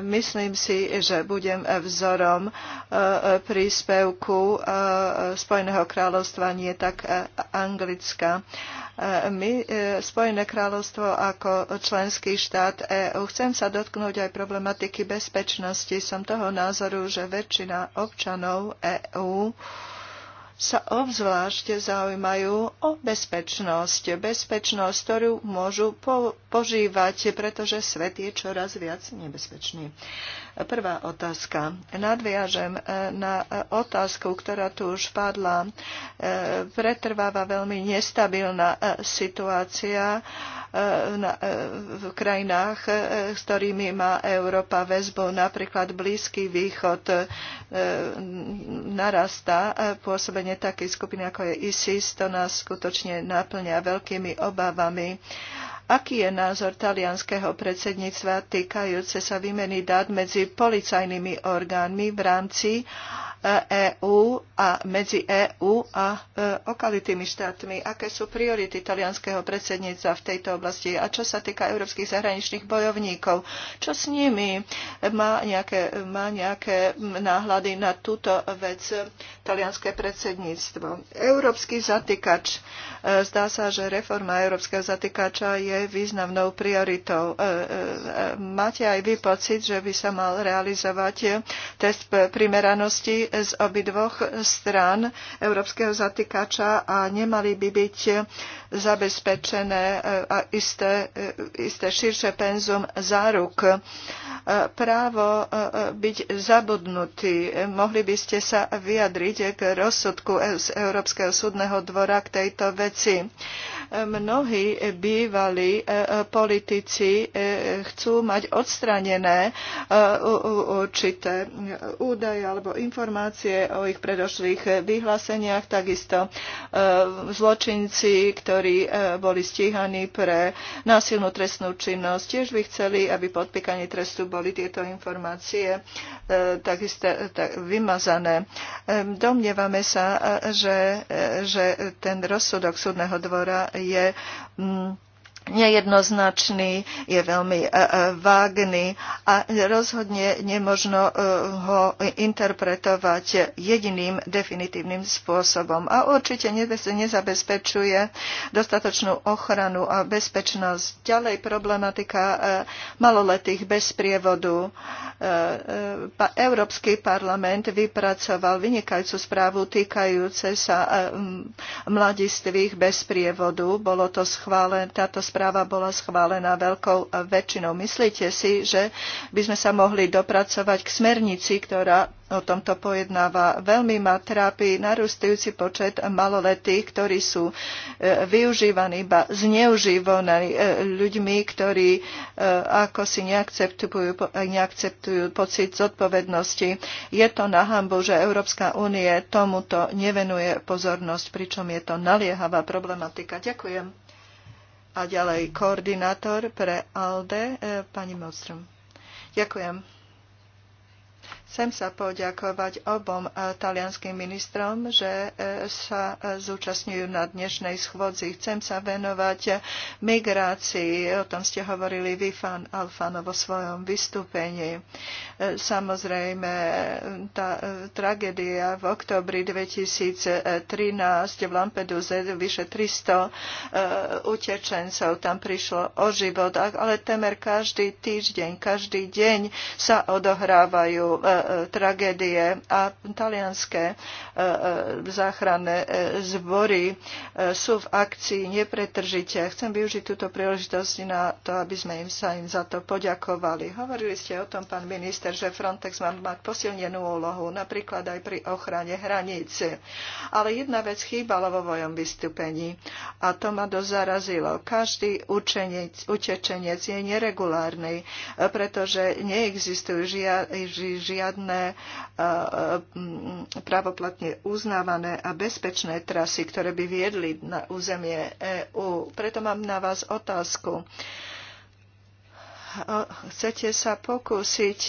Myslím si, že budem vzorom e, e, príspevku e, Spojeného kráľovstva, nie tak Anglicka. My, Spojené kráľovstvo ako členský štát EU, chcem sa dotknúť aj problematiky bezpečnosti. Som toho názoru, že väčšina občanov EU sa obzvlášť zaujímajú o bezpečnosť. Bezpečnosť, ktorú môžu po- požívať, pretože svet je čoraz viac nebezpečný. Prvá otázka. Nadviažem e, na otázku, ktorá tu už padla. E, pretrváva veľmi nestabilná e, situácia v krajinách, s ktorými má Európa väzbu, napríklad Blízky východ narastá pôsobenie šírenie takej skupiny, ako je ISIS, to nás skutočne naplňa veľkými obávami. Aký je názor talianského predsedníctva týkajúce sa výmeny dát medzi policajnými orgánmi v rámci uh, EÚ e a medzi EÚ a e, okolitými štátmi. Aké sú priority talianského predsedníctva v tejto oblasti? A čo sa týka európskych zahraničných bojovníkov? Čo s nimi? Má nejaké, má nejaké náhľady na túto vec talianské predsedníctvo? Európsky zatýkač. E, zdá sa, že reforma európskeho zatýkača je významnou prioritou. Máte aj vy pocit, že by sa mal realizovať test primeranosti z obidvoch strán európskeho zatýkača a nemali by byť zabezpečené e, a isté, e, isté širšie penzum záruk. E, právo byť zabudnutý. Mohli by ste sa vyjadriť k rozsudku z Európskeho súdneho dvora k tejto veci mnohí bývalí e, e, politici e, chcú mať odstranené určité údaje alebo informácie o ich predošlých vyhláseniach. Takisto zločinci, ktorí boli stíhaní pre násilnú trestnú činnosť, tiež by chceli, aby po odpíkaní trestu boli tieto informácie takisto tak vymazané. Domnievame sa, že, že ten rozsudok súdneho dvora je mm, nejednoznačný, je veľmi e, e, vágný a rozhodne nemožno e, ho interpretovať jediným definitívnym spôsobom. A určite nezabezpečuje dostatočnú ochranu a bezpečnosť. Ďalej problematika maloletých bez prievodu. Európsky parlament vypracoval vynikajúcu správu týkajúce sa mladistvých bez prievodu. Bolo to schválené, táto správa správa bola schválená veľkou väčšinou. Myslíte si, že by sme sa mohli dopracovať k smernici, ktorá o tomto pojednáva. Veľmi ma trápi narústujúci počet maloletých, ktorí sú e, využívaní, iba zneužívaní e, ľuďmi, ktorí e, ako si neakceptujú, neakceptujú pocit zodpovednosti. Je to na hambu, že Európska únie tomuto nevenuje pozornosť, pričom je to naliehavá problematika. Ďakujem. A ďalej koordinátor pre ALDE, e, pani Mostrom. Ďakujem. Chcem sa poďakovať obom e, talianským ministrom, že e, sa e, zúčastňujú na dnešnej schôdzi. Chcem sa venovať migrácii, o tom ste hovorili vy, fan Alfano, vo svojom vystúpení. Samozrejme, tá tragédia v oktobri 2013 v Lampeduze vyše 300 utečencov tam prišlo o život, ale temer každý týždeň, každý deň sa odohrávajú tragédie a talianské E, e, záchranné e, zbory sú v akcii nepretržite. Chcem využiť túto príležitosť na to, aby sme im sa im za to poďakovali. Hovorili ste o tom, pán minister, že Frontex má mať posilnenú úlohu, napríklad aj pri ochrane hranice. Ale jedna vec chýbala vo vojom vystúpení a to ma dosť zarazilo. Každý učenec, utečenec je neregulárny, pretože neexistujú žiadne právoplatné medzinárodne uznávané a bezpečné trasy, ktoré by viedli na územie EÚ. Preto mám na vás otázku chcete sa pokúsiť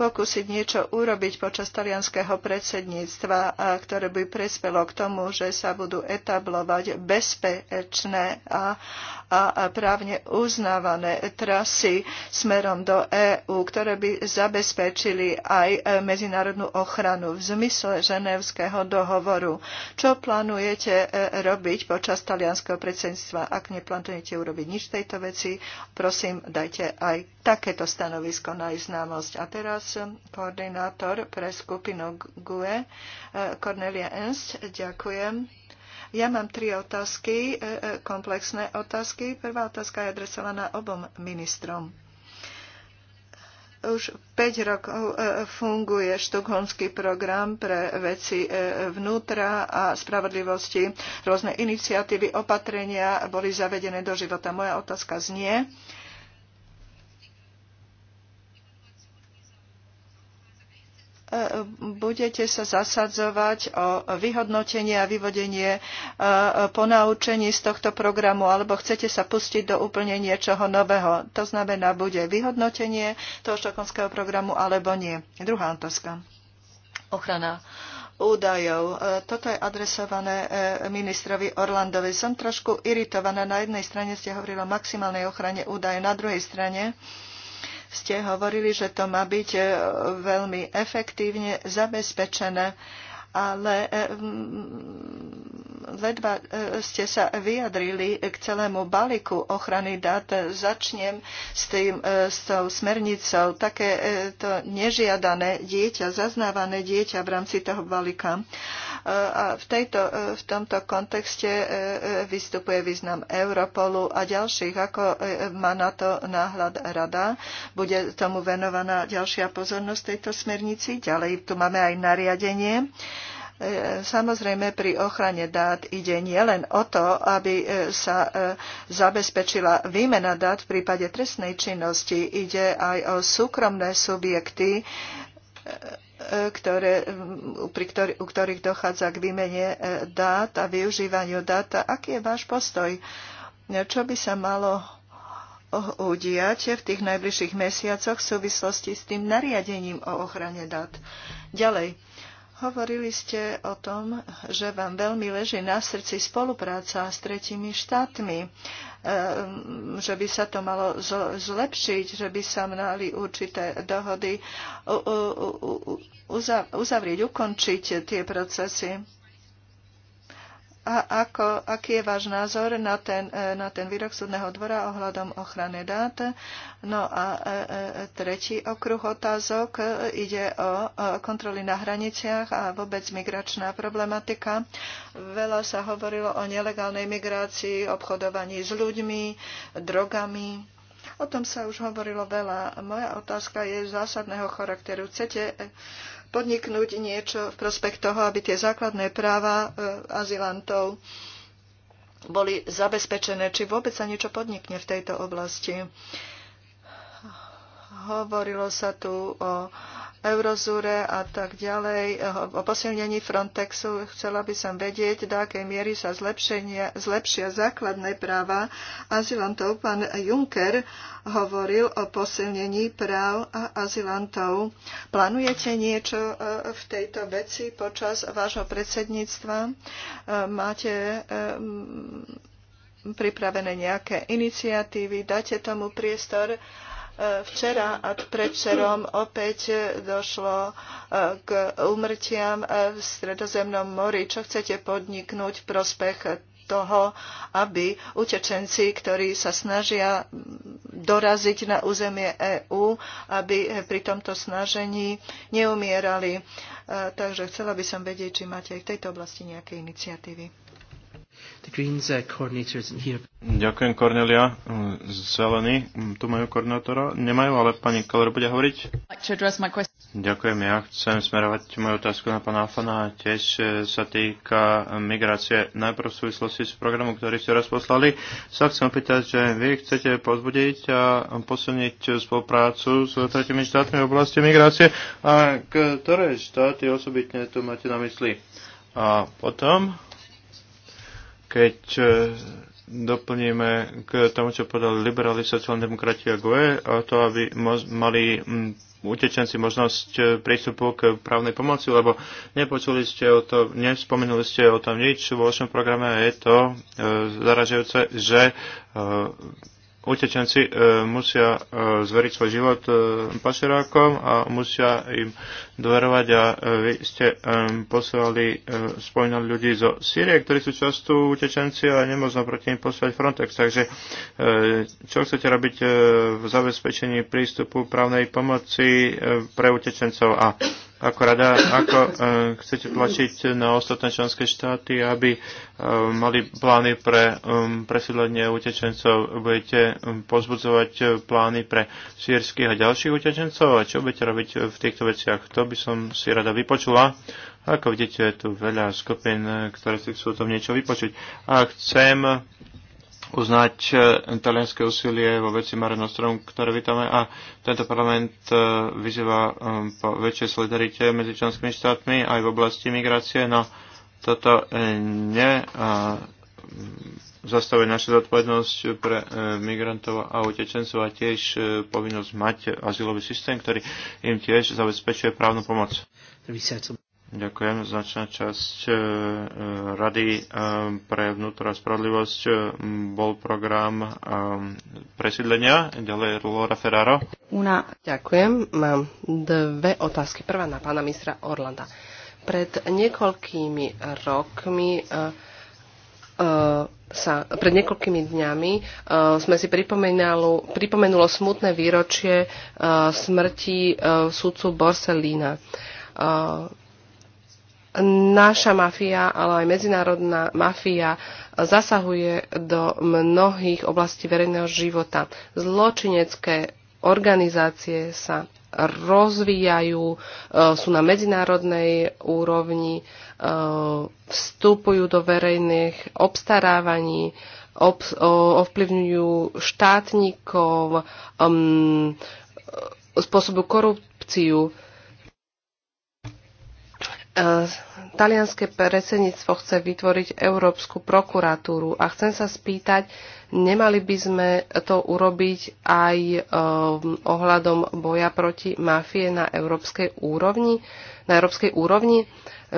pokúsiť niečo urobiť počas talianského predsedníctva, ktoré by prispelo k tomu, že sa budú etablovať bezpečné a, a právne uznávané trasy smerom do EÚ, ktoré by zabezpečili aj e, medzinárodnú ochranu v zmysle Ženevského dohovoru. Čo plánujete e, robiť počas talianského predsedníctva? Ak neplánujete urobiť nič v tejto veci, prosím, dajte aj takéto stanovisko na známosť. A teraz koordinátor pre skupinu GUE, Cornelia Ernst, ďakujem. Ja mám tri otázky, e, e, komplexné otázky. Prvá otázka je adresovaná obom ministrom už 5 rokov e, funguje štokholmský program pre veci vnútra a spravodlivosti. Rôzne iniciatívy, opatrenia boli zavedené do života. Moja otázka znie, budete sa zasadzovať o vyhodnotenie a vyvodenie e, ponaučení z tohto programu, alebo chcete sa pustiť do úplne niečoho nového. To znamená, bude vyhodnotenie toho štokonského programu, alebo nie. Druhá otázka. Ochrana údajov. E, toto je adresované e, ministrovi Orlandovi. Som trošku iritovaná. Na jednej strane ste hovorili o maximálnej ochrane údajov, na druhej strane ste hovorili, že to má byť e, veľmi efektívne zabezpečené, ale e, ledva e, ste sa vyjadrili k celému balíku ochrany dát. Začnem s, tým, s tou smernicou. Také to nežiadané dieťa, zaznávané dieťa v rámci toho balíka. A v, tejto, e, v tomto kontexte e, e, vystupuje význam Europolu a ďalších, ako má na to náhľad rada. Bude tomu venovaná ďalšia pozornosť tejto smernici. Ďalej tu máme aj nariadenie. Samozrejme, pri ochrane dát ide nielen o to, aby sa zabezpečila výmena dát v prípade trestnej činnosti, ide aj o súkromné subjekty, ktoré, pri ktorý, u ktorých dochádza k výmene e, dát a využívaniu dát. Aký je váš postoj? Čo by sa malo udiať v tých najbližších mesiacoch v súvislosti s tým nariadením o ochrane dát? Ďalej Hovorili ste o tom, že vám veľmi leží na srdci spolupráca s tretími štátmi, e, že by sa to malo zlepšiť, že by sa mali určité dohody uzavrieť, ukončiť tie procesy a ako, aký je váš názor na ten, e, na ten výrok súdneho dvora ohľadom ochrany dát? No a e, e, tretí okruh otázok ide o kontroly na hraniciach a vôbec migračná problematika. Veľa sa hovorilo o nelegálnej migrácii, obchodovaní s ľuďmi, drogami. O tom sa už hovorilo veľa. Moja otázka je zásadného charakteru. Chcete podniknúť niečo v prospech toho, aby tie základné práva e, azylantov boli zabezpečené, či vôbec sa niečo podnikne v tejto oblasti. Hovorilo sa tu o Eurozúre a tak ďalej, o posilnení Frontexu. Chcela by som vedieť, do akej miery sa zlepšia základné práva azylantov. Pán Juncker hovoril o posilnení práv a azylantov. Plánujete niečo e, v tejto veci počas vášho predsedníctva? E, máte e, pripravené nejaké iniciatívy? Dáte tomu priestor? Včera a predvčerom opäť došlo e, k úmrtiam v Stredozemnom mori. Čo chcete podniknúť v prospech toho, aby utečenci, ktorí sa snažia doraziť na územie EÚ, aby pri tomto snažení neumierali. E, takže chcela by som vedieť, či máte aj v tejto oblasti nejaké iniciatívy. Greens uh, coordinator isn't here. Ďakujem, Cornelia. Mm, Zelený, mm, tu majú koordinátora. Nemajú, ale pani Keller bude hovoriť. Ďakujem, ja chcem smerovať moju otázku na pana Afana. Tiež e, sa týka e, migrácie. Najprv v súvislosti s programom, ktorý ste rozposlali, sa chcem opýtať, že vy chcete pozbudiť a posilniť spoluprácu s tretimi štátmi v oblasti migrácie. A ktoré štáty osobitne tu máte na mysli? A potom keď e, doplníme k tomu, čo povedali liberáli, sociálne demokrati a GOE, a to, aby mali utečenci možnosť e, prístupu k právnej pomoci, lebo nepočuli ste o to, nespomenuli ste o tom nič vo vašom programe a je to e, zaražujúce, že e, utečenci e, musia e, zveriť svoj život e, pašerákom a musia im dôverovať a e, vy ste e, posielali, e, spomínali ľudí zo Sýrie, ktorí sú často utečenci a nemôžno proti im posielať Frontex. Takže e, čo chcete robiť e, v zabezpečení prístupu právnej pomoci e, pre utečencov a ako rada, ako e, chcete tlačiť na ostatné členské štáty, aby e, mali plány pre um, presídlenie utečencov? Budete um, pozbudzovať e, plány pre sírskych a ďalších utečencov? A čo budete robiť v týchto veciach? To by som si rada vypočula. Ako vidíte, je tu veľa skupín, ktoré si chcú o tom niečo vypočuť. A chcem uznať eh, talianské úsilie vo veci Mare Nostrum, ktoré vítame a tento parlament eh, vyzýva eh, po väčšej solidarite medzi členskými štátmi aj v oblasti migrácie, no toto ne mm, zastaviť našu zodpovednosť pre migrantov a utečencov a tiež povinnosť mať azylový systém, ktorý im tiež zabezpečuje právnu pomoc. Ďakujem. Značná časť e, e, Rady e, pre vnútro a spravodlivosť bol program presídlenia. Ďalej Laura Ferraro. Una. Ďakujem. Mám dve otázky. Prvá na pána ministra Orlanda. Pred niekoľkými rokmi sa, pred niekoľkými dňami uh, sme si pripomenulo smutné výročie uh, smrti uh, sudcu Borselína. Uh, naša mafia, ale aj medzinárodná mafia zasahuje do mnohých oblastí verejného života. Zločinecké organizácie sa rozvíjajú, e, sú na medzinárodnej úrovni, e, vstupujú do verejných obstarávaní, ovplyvňujú štátnikov, mm, e, spôsobujú korupciu, E, talianské predsedníctvo chce vytvoriť Európsku prokuratúru a chcem sa spýtať, nemali by sme to urobiť aj e, ohľadom boja proti mafie na európskej úrovni? Na európskej úrovni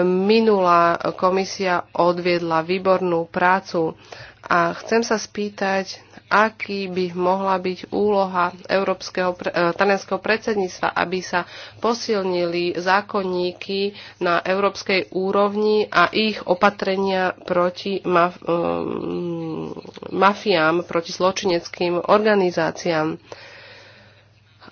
minulá komisia odviedla výbornú prácu a chcem sa spýtať, aký by mohla byť úloha európskeho, e, talianského predsedníctva, aby sa posilnili zákonníky na európskej úrovni a ich opatrenia proti maf- mm, mafiám, proti zločineckým organizáciám.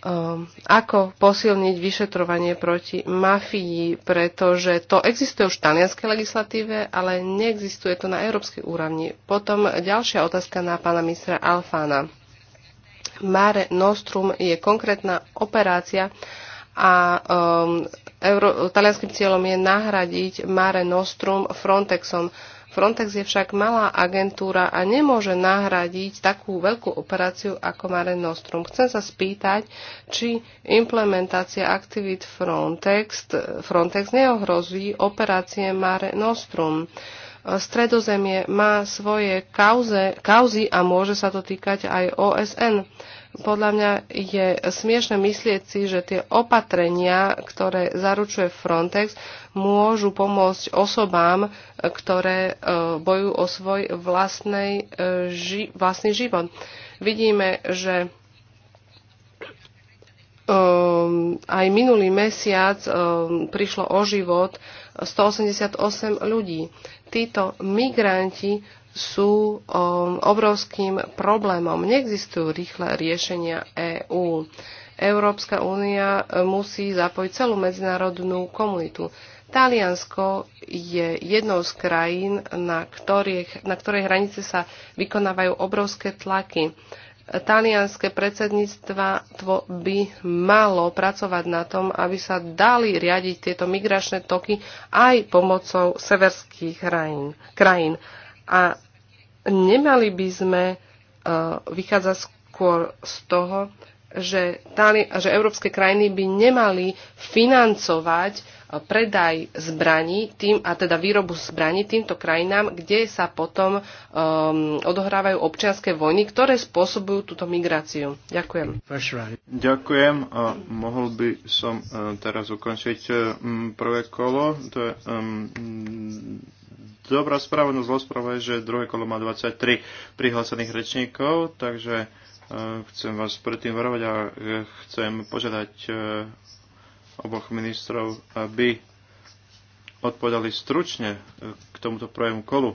Um, ako posilniť vyšetrovanie proti mafii, pretože to existuje už v talianskej legislatíve, ale neexistuje to na európskej úrovni. Potom ďalšia otázka na pána ministra Alfána. Mare Nostrum je konkrétna operácia a um, euro, talianským cieľom je nahradiť Mare Nostrum Frontexom. Uh, Frontex je však malá agentúra a nemôže nahradiť takú veľkú operáciu ako Mare Nostrum. Chcem sa spýtať, či implementácia aktivít Frontex, Frontex neohrozí operácie Mare Nostrum. Stredozemie má svoje kauze, kauzy a môže sa to týkať aj OSN. Podľa mňa je smiešne myslieť si, že tie opatrenia, ktoré zaručuje Frontex, môžu pomôcť osobám, ktoré e, bojujú o svoj vlastnej, e, ži, vlastný život. Vidíme, že um, aj minulý mesiac um, prišlo o život 188 ľudí. Títo migranti sú um, obrovským problémom. Neexistujú rýchle riešenia EÚ. Európska únia e, musí zapojiť celú medzinárodnú komunitu. Taliansko je jednou z krajín, na, ktorých, na ktorej hranice sa vykonávajú obrovské tlaky. Talianské predsedníctvo by malo pracovať na tom, aby sa dali riadiť tieto migračné toky aj pomocou severských krajín. krajín. A nemali by sme uh, vychádzať skôr z toho, že, Tali- že európske krajiny by nemali financovať predaj zbraní tým, a teda výrobu zbraní týmto krajinám, kde sa potom um, odohrávajú občianské vojny, ktoré spôsobujú túto migráciu. Ďakujem. Ďakujem. A mohol by som e, teraz ukončiť e, prvé kolo. To je, um, dobrá správa, no zlosprava je, že druhé kolo má 23 prihlásených rečníkov, takže chcem vás predtým varovať a chcem požiadať oboch ministrov, aby odpovedali stručne e, k tomuto projemu kolu.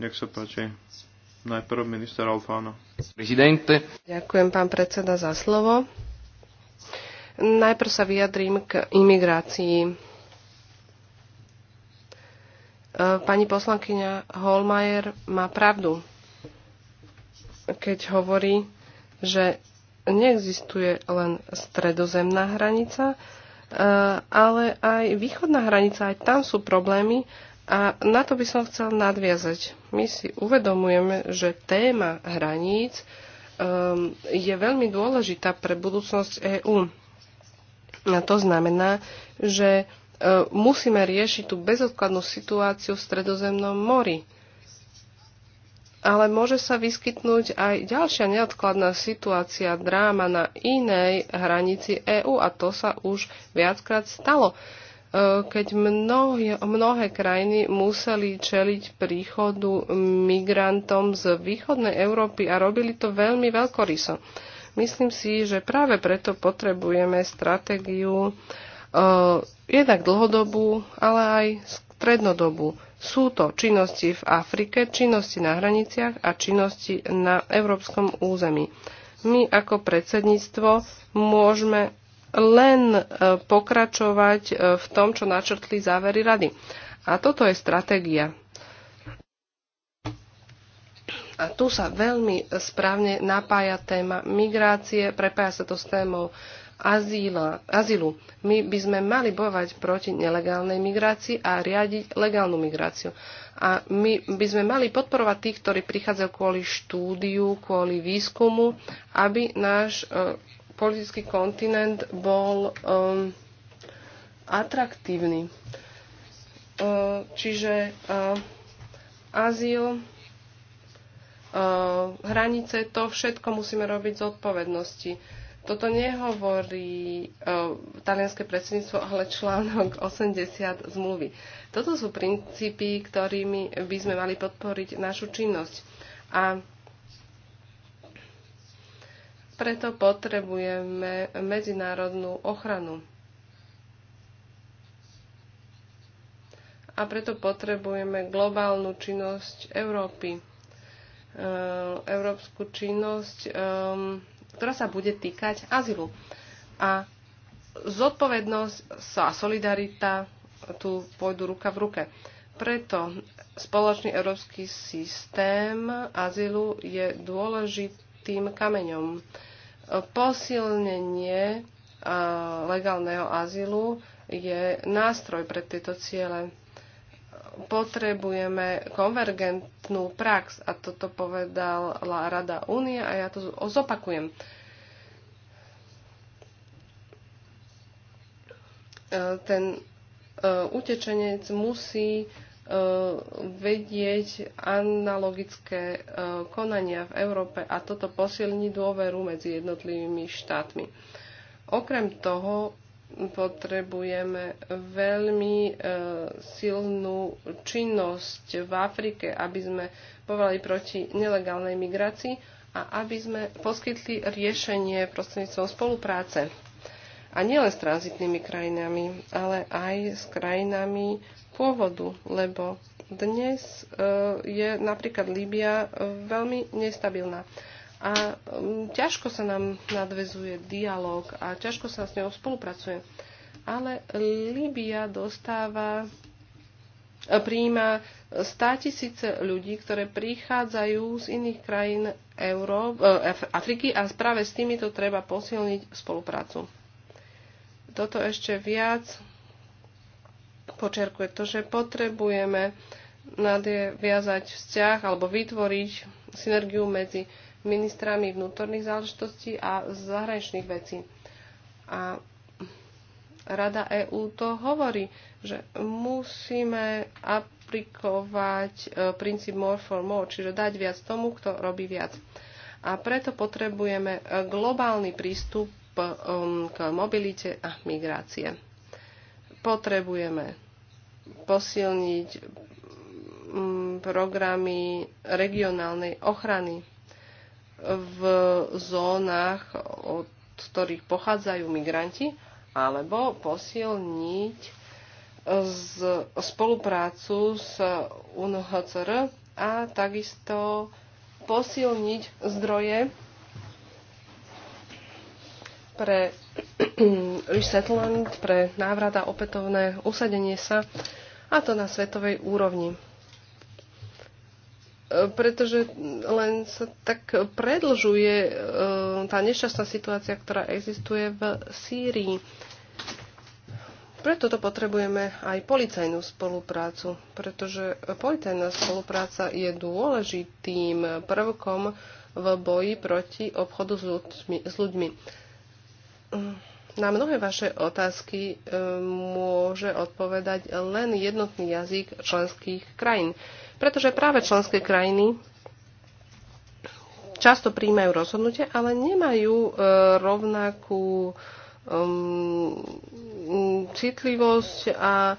Nech sa páči. Najprv minister Alfano. Prezidente. Ďakujem, pán predseda, za slovo. Najprv sa vyjadrím k imigrácii. E, pani poslankyňa Holmajer má pravdu, keď hovorí, že neexistuje len stredozemná hranica, e, ale aj východná hranica, aj tam sú problémy a na to by som chcel nadviazať. My si uvedomujeme, že téma hraníc e, je veľmi dôležitá pre budúcnosť EÚ. A to znamená, že e, musíme riešiť tú bezodkladnú situáciu v Stredozemnom mori. Ale môže sa vyskytnúť aj ďalšia neodkladná situácia, dráma na inej hranici EÚ a to sa už viackrát stalo, e, keď mnohé, mnohé krajiny museli čeliť príchodu migrantom z východnej Európy a robili to veľmi veľkoryso. Myslím si, že práve preto potrebujeme stratégiu e, jednak dlhodobú, ale aj strednodobú sú to činnosti v Afrike, činnosti na hraniciach a činnosti na európskom území. My ako predsedníctvo môžeme len e, pokračovať e, v tom, čo načrtli závery rady. A toto je stratégia. A tu sa veľmi správne napája téma migrácie, prepája sa to s témou azíla, azylu. My by sme mali bojovať proti nelegálnej migrácii a riadiť legálnu migráciu. A my by sme mali podporovať tých, ktorí prichádzajú kvôli štúdiu, kvôli výskumu, aby náš e, politický kontinent bol e, atraktívny. E, čiže e, azyl, e, hranice, to všetko musíme robiť z odpovednosti. Toto nehovorí uh, e, talianské predsedníctvo, ale článok 80 zmluvy. Toto sú princípy, ktorými by sme mali podporiť našu činnosť. A preto potrebujeme medzinárodnú ochranu. A preto potrebujeme globálnu činnosť Európy. E, európsku činnosť um, ktorá sa bude týkať azylu. A zodpovednosť sa a solidarita tu pôjdu ruka v ruke. Preto spoločný európsky systém azylu je dôležitým kameňom. Posilnenie legálneho azylu je nástroj pre tieto ciele potrebujeme konvergentnú prax a toto povedala Rada únie a ja to zopakujem. E, ten e, utečenec musí e, vedieť analogické konania v Európe a toto posilní dôveru medzi jednotlivými štátmi. Okrem toho potrebujeme veľmi e, silnú činnosť v Afrike, aby sme povali proti nelegálnej migrácii a aby sme poskytli riešenie prostredníctvom spolupráce. A nielen s tranzitnými krajinami, ale aj s krajinami pôvodu, lebo dnes e, je napríklad Líbia veľmi nestabilná a mm, ťažko sa nám nadvezuje dialog a ťažko sa s ňou spolupracuje. Ale Líbia dostáva, e, príjima 100 tisíce ľudí, ktoré prichádzajú z iných krajín Euró- e, Afriky a práve s týmito treba posilniť spoluprácu. Toto ešte viac počerkuje to, že potrebujeme nadviazať vzťah alebo vytvoriť synergiu medzi ministrami vnútorných záležitostí a zahraničných vecí. A Rada EÚ to hovorí, že musíme aplikovať e, princíp more for more, čiže dať viac tomu, kto robí viac. A preto potrebujeme e, globálny prístup e, um, k mobilite a migrácie. Potrebujeme posilniť mm, programy regionálnej ochrany v zónach, od ktorých pochádzajú migranti, alebo posilniť z spoluprácu s UNHCR a takisto posilniť zdroje pre [clears throat] resettlement, pre návrat a opätovné usadenie sa, a to na svetovej úrovni pretože len sa tak predlžuje e, tá nešťastná situácia, ktorá existuje v Sýrii. Preto to potrebujeme aj policajnú spoluprácu, pretože policajná spolupráca je dôležitým prvkom v boji proti obchodu s ľuďmi. S ľuďmi na mnohé vaše otázky e, môže odpovedať len jednotný jazyk členských krajín, pretože práve členské krajiny často príjmajú rozhodnutie, ale nemajú e, rovnakú citlivosť a e,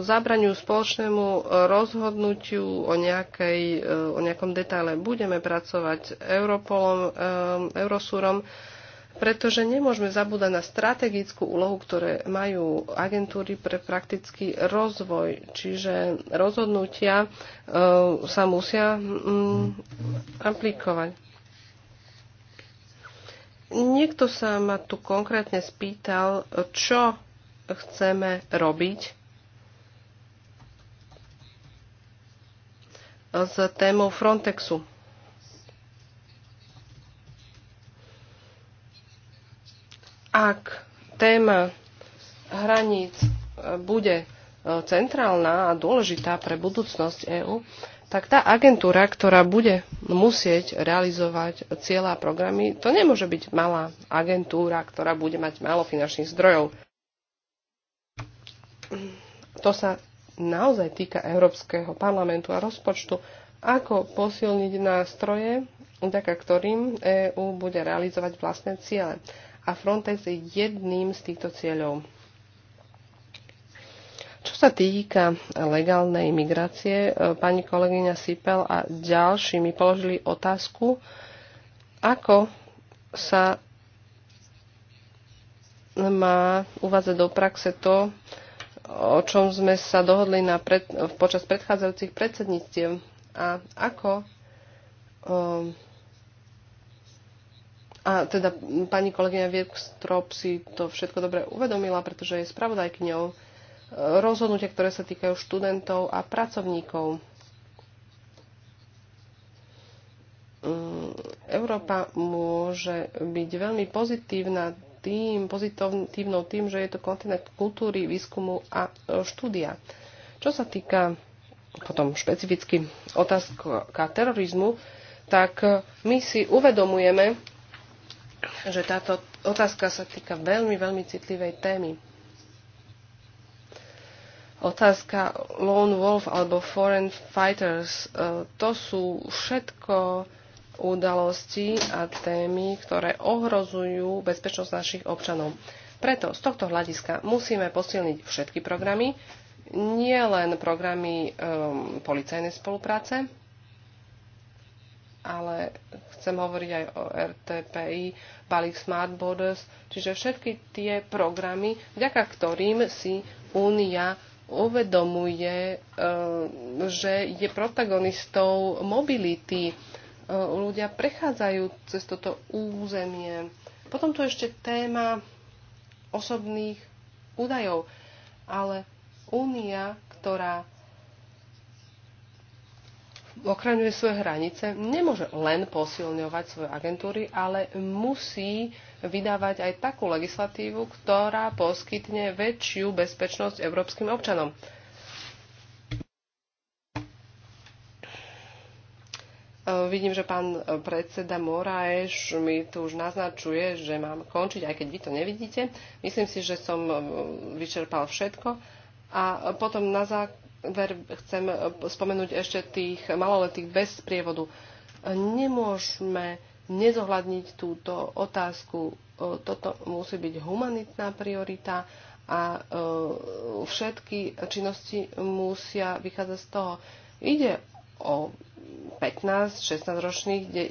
zabraňujú spoločnému rozhodnutiu o, nejakej, o nejakom detaile. Budeme pracovať Europolom, Eurosúrom, pretože nemôžeme zabúdať na strategickú úlohu, ktoré majú agentúry pre praktický rozvoj. Čiže rozhodnutia e, sa musia mm, aplikovať. Niekto sa ma tu konkrétne spýtal, čo chceme robiť s témou Frontexu. Ak téma hraníc e, bude e, centrálna a dôležitá pre budúcnosť EÚ, tak tá agentúra, ktorá bude musieť realizovať cieľa a programy, to nemôže byť malá agentúra, ktorá bude mať málo finančných zdrojov. To sa naozaj týka Európskeho parlamentu a rozpočtu, ako posilniť nástroje, vďaka ktorým EÚ bude realizovať vlastné ciele a Frontex je jedným z týchto cieľov. Čo sa týka legálnej migrácie, e, pani kolegyňa Sipel a ďalší mi položili otázku, ako sa má uvádzať do praxe to, o čom sme sa dohodli na pred, počas predchádzajúcich predsedníctiev a ako um, a teda pani kolegyňa Vierkstrop si to všetko dobre uvedomila, pretože je spravodajkňou rozhodnutia, ktoré sa týkajú študentov a pracovníkov. Mm, Európa môže byť veľmi pozitívna tým, pozitívnou tým, že je to kontinent kultúry, výskumu a e, štúdia. Čo sa týka potom špecificky otázka terorizmu, tak my si uvedomujeme, že táto otázka sa týka veľmi, veľmi citlivej témy. Otázka Lone Wolf alebo Foreign Fighters, e, to sú všetko udalosti a témy, ktoré ohrozujú bezpečnosť našich občanov. Preto z tohto hľadiska musíme posilniť všetky programy, nie len programy um, policajnej spolupráce, ale chcem hovoriť aj o RTPI, balík Smart Borders, čiže všetky tie programy, vďaka ktorým si Únia uvedomuje, e, že je protagonistou mobility. E, ľudia prechádzajú cez toto územie. Potom tu ešte téma osobných údajov, ale Únia, ktorá ochraňuje svoje hranice, nemôže len posilňovať svoje agentúry, ale musí vydávať aj takú legislatívu, ktorá poskytne väčšiu bezpečnosť európskym občanom. E, vidím, že pán e, predseda Moraeš mi tu už naznačuje, že mám končiť, aj keď vy to nevidíte. Myslím si, že som e, vyčerpal všetko. A potom na základe chcem eh, spomenúť ešte tých maloletých bez sprievodu. Nemôžeme nezohľadniť túto otázku. Toto musí byť humanitná priorita a eh, všetky činnosti musia vychádzať z toho. Ide o 15-16 ročných eh,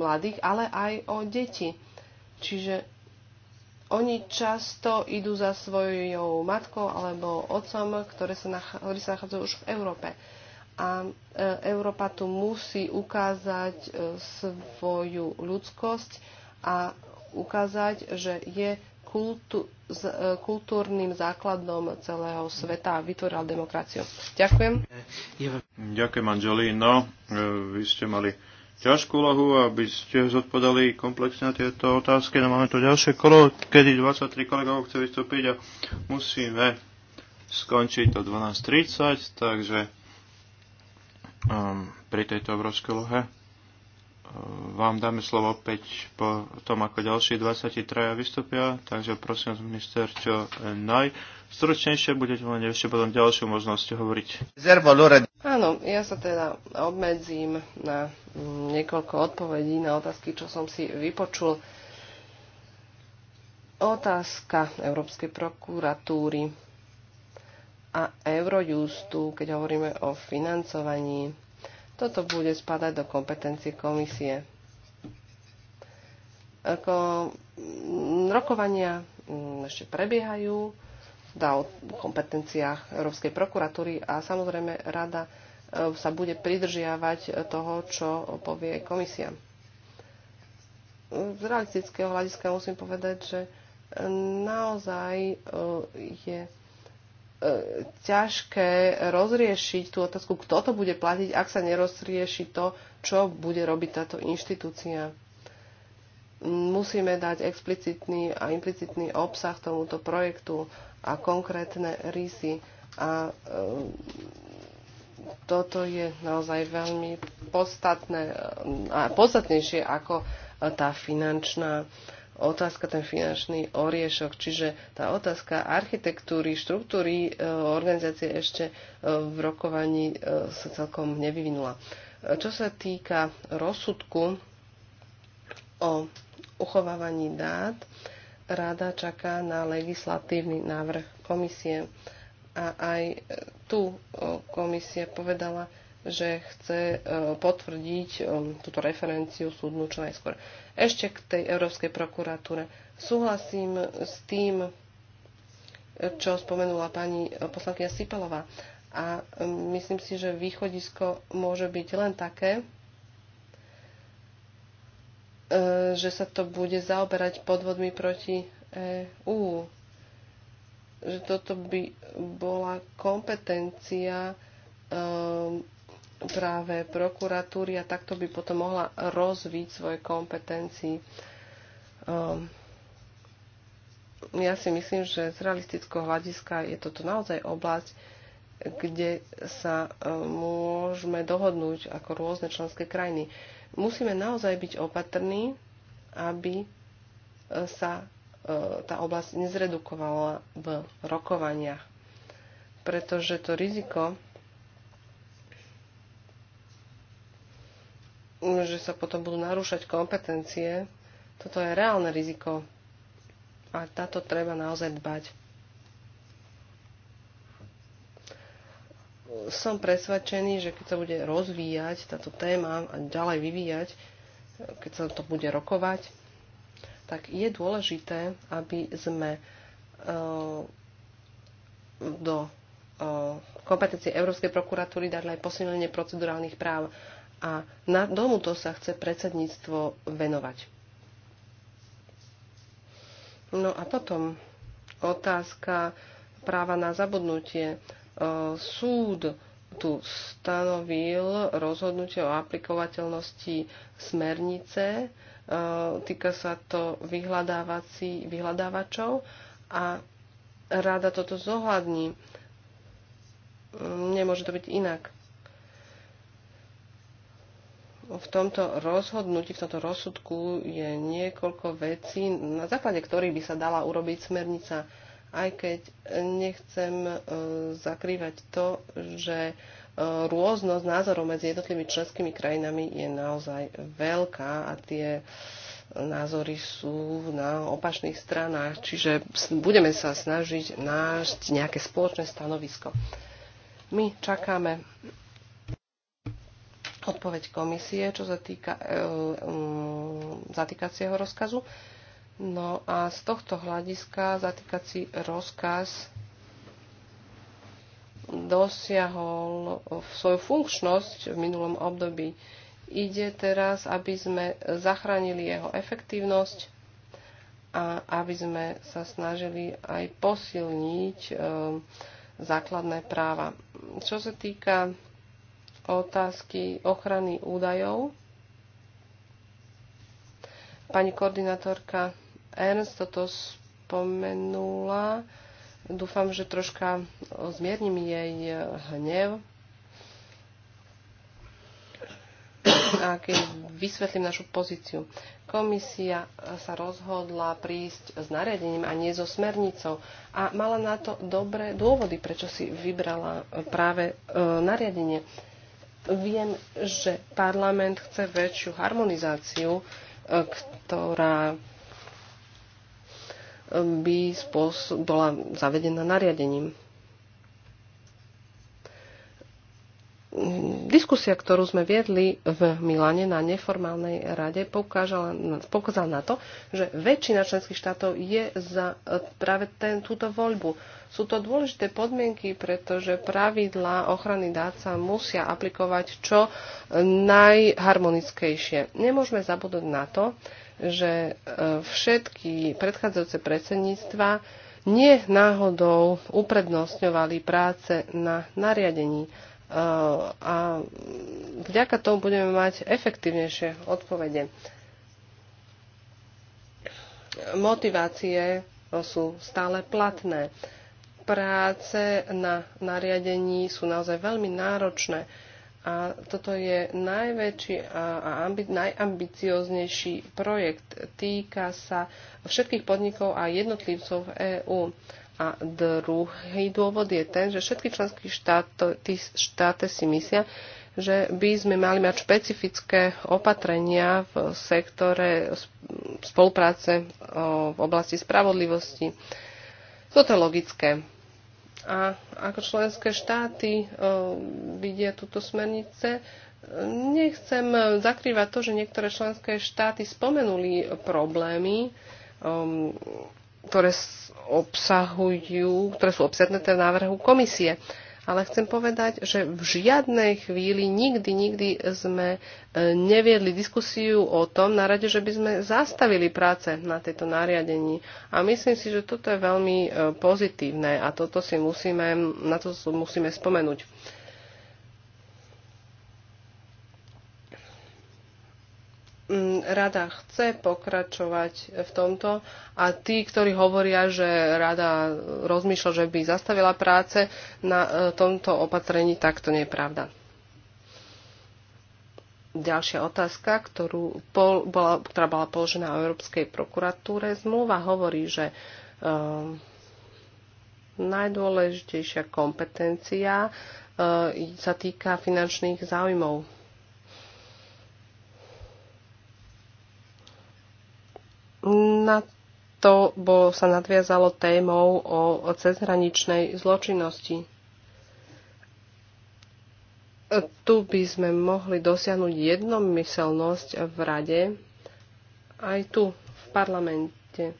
mladých, ale aj o deti. Čiže oni často idú za svojou matkou alebo otcom, ktoré sa nach- ktorí sa nachádzajú už v Európe. A e, Európa tu musí ukázať e, svoju ľudskosť a ukázať, že je kultu- z, e, kultúrnym základom celého sveta a vytvorila demokraciu. Ďakujem. Ďakujem, Angelino. E, vy ste mali ťažkú lahu, aby ste zodpovedali komplexne na tieto otázky. No máme tu ďalšie kolo, kedy 23 kolegov chce vystúpiť a musíme skončiť do 12.30, takže um, pri tejto obrovskej lohe um, uh, vám dáme slovo opäť po tom, ako ďalší 23 vystúpia, takže prosím vás, minister, čo eh, najstručnejšie budete mať ešte potom ďalšiu možnosť hovoriť. Áno, ja sa teda obmedzím na mm, niekoľko odpovedí na otázky, čo som si vypočul. Otázka Európskej prokuratúry a Eurojustu, keď hovoríme o financovaní. Toto bude spadať do kompetencie komisie. Ako mm, rokovania mm, ešte prebiehajú, teda o kompetenciách Európskej prokuratúry a samozrejme rada e, sa bude pridržiavať toho, čo povie komisia. Z realistického hľadiska musím povedať, že naozaj e, je e, ťažké rozriešiť tú otázku, kto to bude platiť, ak sa nerozrieši to, čo bude robiť táto inštitúcia musíme dať explicitný a implicitný obsah tomuto projektu a konkrétne rysy. A e, toto je naozaj veľmi podstatné e, a podstatnejšie ako e, tá finančná otázka, ten finančný oriešok. Čiže tá otázka architektúry, štruktúry organizácie ešte v rokovaní sa celkom nevyvinula. Čo sa týka rozsudku o uchovávaní dát, rada čaká na legislatívny návrh komisie. A aj e, tu e, komisia povedala, že chce e, potvrdiť túto referenciu súdnu čo najskôr. Ešte k tej Európskej prokuratúre. Súhlasím s tým, čo spomenula pani poslankyňa Sipelová. A myslím si, že východisko môže byť len také, E, že sa to bude zaoberať podvodmi proti EÚ. Že toto by bola kompetencia ehm, práve prokuratúry a takto by potom mohla rozvíť svoje kompetencii. Ehm, ja si myslím, že z realistického hľadiska je toto naozaj oblasť, kde sa e, môžeme dohodnúť ako rôzne členské krajiny. Musíme naozaj byť opatrní, aby e, sa e, tá oblasť nezredukovala v rokovaniach. Pretože to riziko, že sa potom budú narúšať kompetencie, toto je reálne riziko. A táto treba naozaj dbať. som presvedčený, že keď sa bude rozvíjať táto téma a ďalej vyvíjať, keď sa to bude rokovať, tak je dôležité, aby sme e, do e, kompetencie Európskej prokuratúry dali aj posilnenie procedurálnych práv a na tomuto sa chce predsedníctvo venovať. No a potom otázka práva na zabudnutie. E, súd tu stanovil rozhodnutie o aplikovateľnosti smernice. E, týka sa to vyhľadávací vyhľadávačov a rada toto zohľadní. Nemôže to byť inak. V tomto rozhodnutí, v tomto rozsudku je niekoľko vecí, na základe ktorých by sa dala urobiť smernica aj keď nechcem e, zakrývať to, že e, rôznosť názorov medzi jednotlivými členskými krajinami je naozaj veľká a tie názory sú na opačných stranách, čiže budeme sa snažiť nájsť nejaké spoločné stanovisko. My čakáme odpoveď komisie, čo sa týka e, e, zatýkacieho rozkazu. E, No a z tohto hľadiska zatýkací rozkaz dosiahol svoju funkčnosť v minulom období. Ide teraz, aby sme zachránili jeho efektívnosť a aby sme sa snažili aj posilniť e, základné práva. Čo sa týka otázky ochrany údajov, pani koordinátorka Ernst toto spomenula. Dúfam, že troška zmierním jej hnev. A keď vysvetlím našu pozíciu. Komisia sa rozhodla prísť s nariadením a nie so smernicou a mala na to dobré dôvody, prečo si vybrala práve e, nariadenie. Viem, že parlament chce väčšiu harmonizáciu, e, ktorá by bola zavedená nariadením. Diskusia, ktorú sme viedli v Milane na neformálnej rade, poukázala, poukázala na to, že väčšina členských štátov je za e, práve ten, túto voľbu. Sú to dôležité podmienky, pretože pravidlá ochrany dát sa musia aplikovať čo najharmonickejšie. Nemôžeme zabudnúť na to, že e, všetky predchádzajúce predsedníctva nie náhodou uprednostňovali práce na nariadení. E, a vďaka tomu budeme mať efektívnejšie odpovede. Motivácie sú stále platné. Práce na nariadení sú naozaj veľmi náročné a toto je najväčší a ambi- najambicioznejší projekt. Týka sa všetkých podnikov a jednotlivcov v EÚ. A druhý dôvod je ten, že všetky členské štáty, štáty si myslia, že by sme mali mať špecifické opatrenia v sektore spolupráce v oblasti spravodlivosti. Toto je logické. A ako členské štáty vidia túto smernice, nechcem zakrývať to, že niektoré členské štáty spomenuli problémy, ktoré obsahujú, ktoré sú obsiadnuté v návrhu komisie ale chcem povedať, že v žiadnej chvíli nikdy, nikdy sme e, neviedli diskusiu o tom na rade, že by sme zastavili práce na tejto nariadení. A myslím si, že toto je veľmi e, pozitívne a toto si musíme, na to musíme spomenúť. rada chce pokračovať v tomto a tí, ktorí hovoria, že rada rozmýšľa, že by zastavila práce na e, tomto opatrení, tak to nie je pravda. Ďalšia otázka, ktorú pol, bola, ktorá bola položená o Európskej prokuratúre, zmluva hovorí, že um, najdôležitejšia kompetencia uh, sa týka finančných záujmov Na to bo sa nadviazalo témou o, cezhraničnej zločinnosti. Tu by sme mohli dosiahnuť jednomyselnosť v rade, aj tu, v parlamente.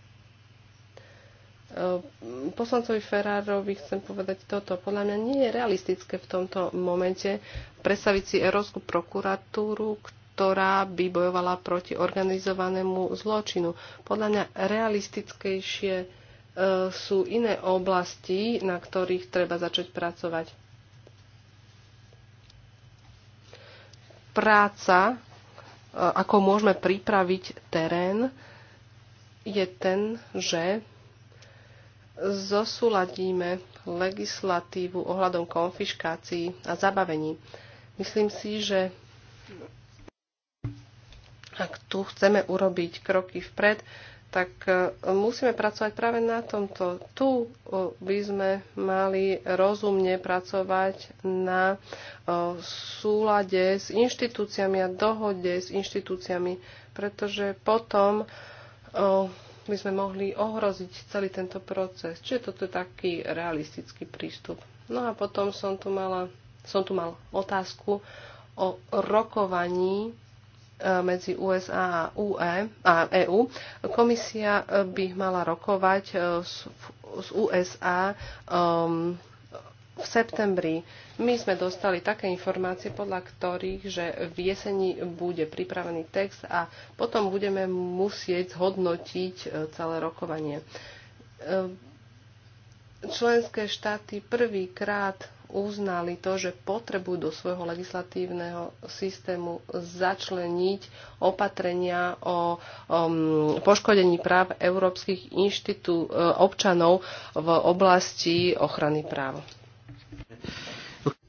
Poslancovi Ferrarovi chcem povedať toto. Podľa mňa nie je realistické v tomto momente predstaviť si Európsku prokuratúru, ktorá by bojovala proti organizovanému zločinu. Podľa mňa realistickejšie e, sú iné oblasti, na ktorých treba začať pracovať. Práca, e, ako môžeme pripraviť terén, je ten, že zosúladíme legislatívu ohľadom konfiškácií a zabavení. Myslím si, že ak tu chceme urobiť kroky vpred, tak e, musíme pracovať práve na tomto. Tu e, by sme mali rozumne pracovať na e, súlade s inštitúciami a dohode s inštitúciami, pretože potom by sme mohli ohroziť celý tento proces. Čiže toto je taký realistický prístup. No a potom som tu, mala, som tu mal otázku o rokovaní Eh, medzi USA a, UE, a EU. E, e Komisia eh, by mala rokovať z USA um, v septembri. My sme dostali také informácie, podľa ktorých, že v jeseni bude pripravený text a potom budeme musieť zhodnotiť eh, celé rokovanie. Ehm, členské štáty prvýkrát uznali to, že potrebujú do svojho legislatívneho systému začleniť opatrenia o, o um, poškodení práv európskych inštitú, e, občanov v oblasti ochrany práv.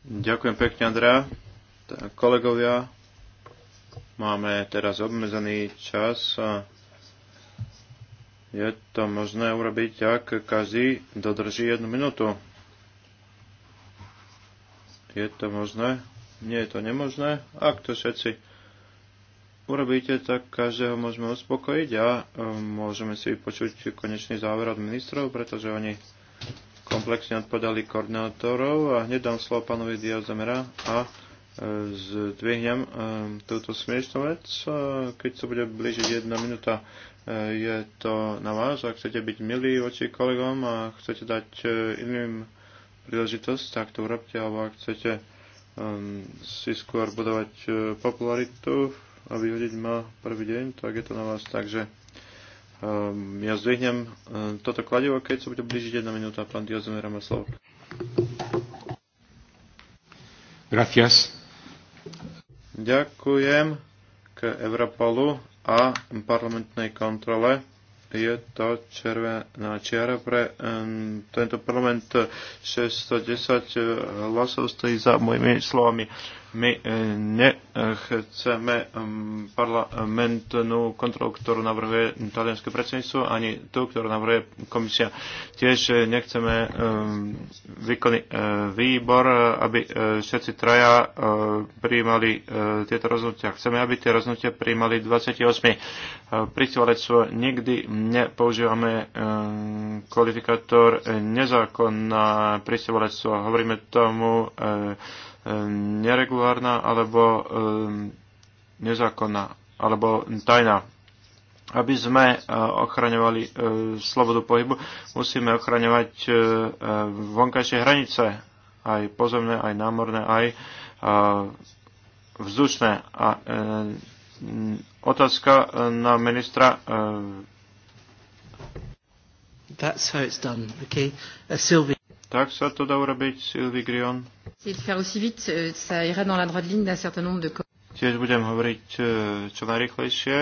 Ďakujem pekne, Andrea. Kolegovia, máme teraz obmedzený čas. Je to možné urobiť, ak každý dodrží jednu minútu. Je to možné? Nie je to nemožné? Ak to všetci urobíte, tak každého môžeme uspokojiť a e, môžeme si vypočuť konečný záver od ministrov, pretože oni komplexne odpovedali koordinátorov a hneď dám slovo pánovi Diazemera a e, zdvihnem e, túto smiešnú vec. Keď sa bude blížiť jedna minúta, je to na vás. Ak chcete byť milí voči kolegom a chcete dať iným príležitosť, tak to urobte, alebo ak chcete um, si skôr budovať uh, popularitu a vyhodiť ma prvý deň, tak je to na vás. Takže um, ja zdvihnem um, toto kladivo, keď sa bude blížiť jedna minúta. Pán Diozemera má slovo. Gracias. Ďakujem k Europolu a parlamentnej kontrole je to červená čiara pre um, tento parlament 610 eh, hlasov stojí za mojimi slovami. Uh, my e, nechceme mm, parlamentnú kontrolu, ktorú navrhuje talianské predsedníctvo, ani tú, ktorú navrhuje komisia. Tiež e, nechceme e, výkonný výbor, aby všetci traja prijímali tieto rozhodnutia. Chceme, aby tie rozhodnutia prijímali 28. Pristovalectvo nikdy nepoužívame kvalifikátor nezákonná pristovalectvo. Hovoríme tomu Ehm, neregulárna alebo ehm, nezákonná alebo tajná. Aby sme e, ochraňovali e, slobodu pohybu, musíme ochraňovať e, vonkajšie hranice, aj pozemné, aj námorné, aj vzdušné. A otázka na ministra That's how it's done, okay? Uh, Sylvia tak sa to dá urobiť, Sylvie Grion. Euh, Tiež budem hovoriť euh, čo najrychlejšie.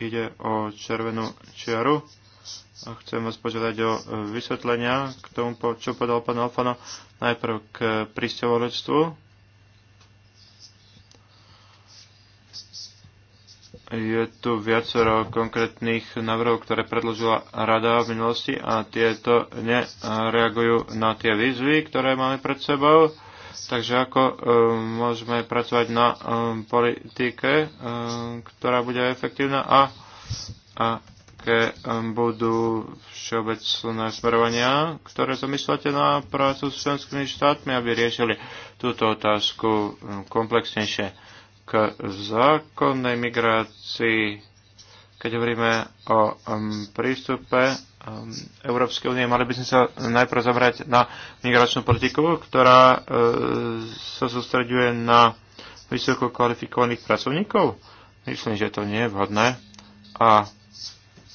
Ide o červenú čiaru. A chcem vás požiadať o e, vysvetlenia k tomu, čo povedal pán Alfano. Najprv k pristahovalectvu je tu viacero konkrétnych návrhov, ktoré predložila Rada v minulosti a tieto nereagujú na tie výzvy, ktoré máme pred sebou. Takže ako um, môžeme pracovať na um, politike, um, ktorá bude efektívna a aké um, budú všeobecné smerovania, ktoré zamýšľate na prácu s členskými štátmi, aby riešili túto otázku um, komplexnejšie k zákonnej migrácii, keď hovoríme o um, prístupe um, Európskej únie, mali by sme sa najprv zamerať na migračnú politiku, ktorá uh, sa sústreďuje na vysoko kvalifikovaných pracovníkov. Myslím, že to nie je vhodné. A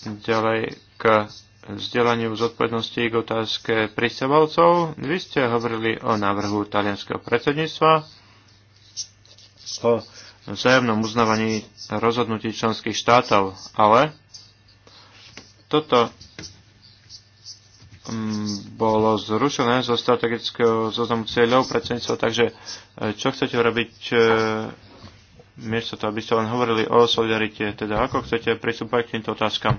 ďalej k vzdelaniu zodpovednosti k otázke pristavalcov. Vy ste hovorili o návrhu talianského predsedníctva o vzájomnom uznávaní rozhodnutí členských štátov, ale toto mm, bolo zrušené zo strategického zoznamu cieľov predsedníctva, takže e, čo chcete robiť e, miesto toho, aby ste len hovorili o solidarite, teda ako chcete pristúpať k týmto otázkam?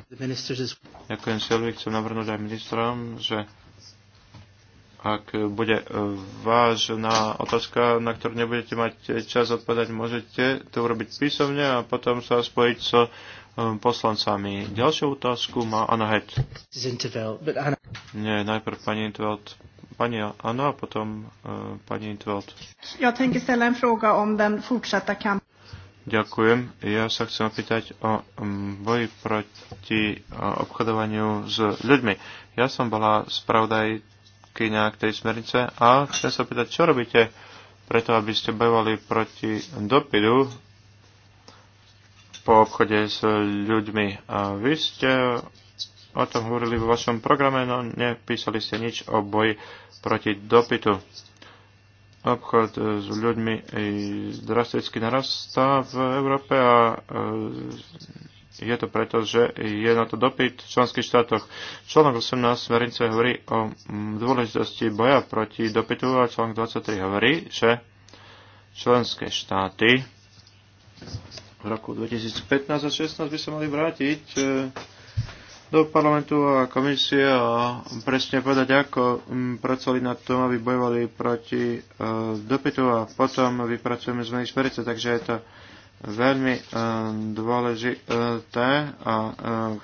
Ďakujem Silvi, chcem navrhnúť aj ministrom, že ak bude e, vážna otázka, na ktorú nebudete mať čas odpovedať, môžete to urobiť písomne a potom sa spojiť s so e, poslancami. Ďalšiu otázku má Anna Het. Nie, najprv pani Intveld. Pani Anna a potom uh, pani Intveld. Ja en fråga om den fortsatta Ďakujem. Ja sa chcem opýtať o boji proti obchodovaniu s ľuďmi. Ja som bola spravodaj spravodajkyňa k tej smernice a chcem sa pýtať, čo robíte preto, aby ste bojovali proti dopidu po obchode s ľuďmi. A vy ste o tom hovorili vo vašom programe, no nepísali ste nič o boji proti dopitu obchod s ľuďmi drasticky narastá v Európe a e, je to preto, že je na to dopyt v členských štátoch. Článok 18 smernice hovorí o dôležitosti boja proti dopytu a článok 23 hovorí, že členské štáty v roku 2015 a 2016 by sa mali vrátiť e, do parlamentu a komisie a presne povedať, ako pracovali na tom, aby bojovali proti e, dopytu a potom vypracujeme zmeny šmerice. Takže je to veľmi e, dôležité a e,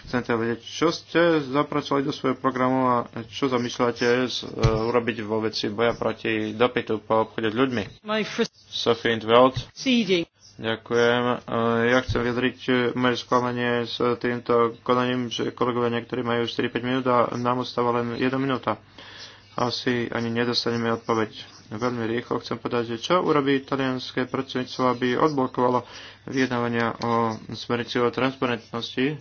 chcete vedieť, čo ste zapracovali do svojho programu a čo zamýšľate e, urobiť vo veci boja proti dopytu po obchode s ľuďmi. Sophie Intveld. Ďakujem. Ja chcem vyjadriť moje sklamanie s týmto konaním, že kolegovia niektorí majú 4-5 minút a nám ostáva len 1 minúta. Asi ani nedostaneme odpoveď veľmi rýchlo chcem povedať, že čo urobí italianské predsedníctvo, aby odblokovalo vyjednávania o smernici o transparentnosti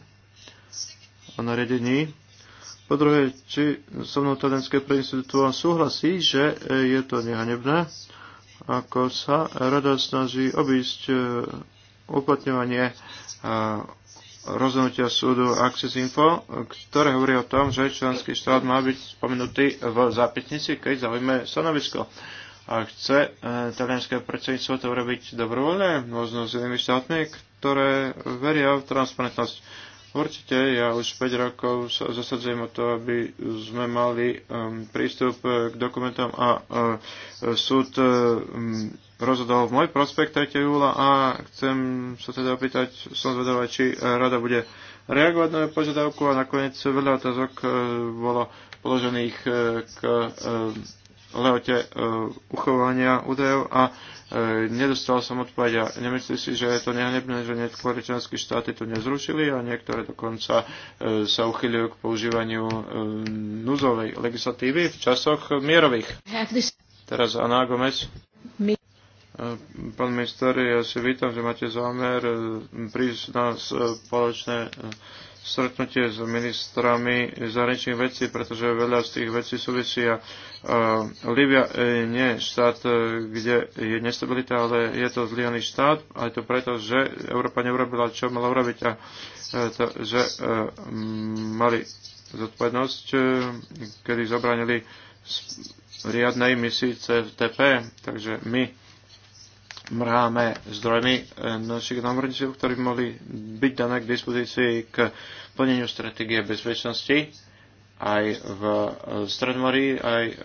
o naredení. Po druhé, či so mnou talianské predsedníctvo súhlasí, že je to nehanebné, ako sa rada snaží obísť eh, uplatňovanie eh, rozhodnutia súdu Access Info, ktoré hovorí o tom, že členský štát má byť spomenutý v zápisnici, keď zaujme stanovisko. A chce e, talianské predsedníctvo to urobiť dobrovoľne, možno s inými štátmi, ktoré veria v transparentnosť. Určite, ja už 5 rokov sa zasadzujem o to, aby sme mali um, prístup k dokumentom a uh, súd um, rozhodol v môj prospekt 3. júla a chcem sa teda opýtať, som zvedavá, či rada bude reagovať na požiadavku a nakoniec veľa otázok e, bolo položených e, k e, lehote uchovania údajov a nedostal som odpoveď a nemyslí si, že je to nehnebné, že niektoré členské štáty to nezrušili a niektoré dokonca sa uchyľujú k používaniu núzovej legislatívy v časoch mierových. Teraz Ana Gomez. Eh, pán minister, ja si vítam, že máte zámer eh, prísť na spoločné eh, stretnutie s ministrami zahraničných vecí, pretože veľa z tých vecí súvisia. Libia nie je štát, kde je nestabilita, ale je to zlyhaný štát, aj to preto, že Európa neurobila, čo mala urobiť a to, že mali zodpovednosť, kedy zabranili riadnej misii CTP, takže my mrháme zdrojmi e, našich námorníkov, ktorí mohli byť dané k dispozícii k plneniu stratégie bezpečnosti aj v e, Stredmorí, aj e,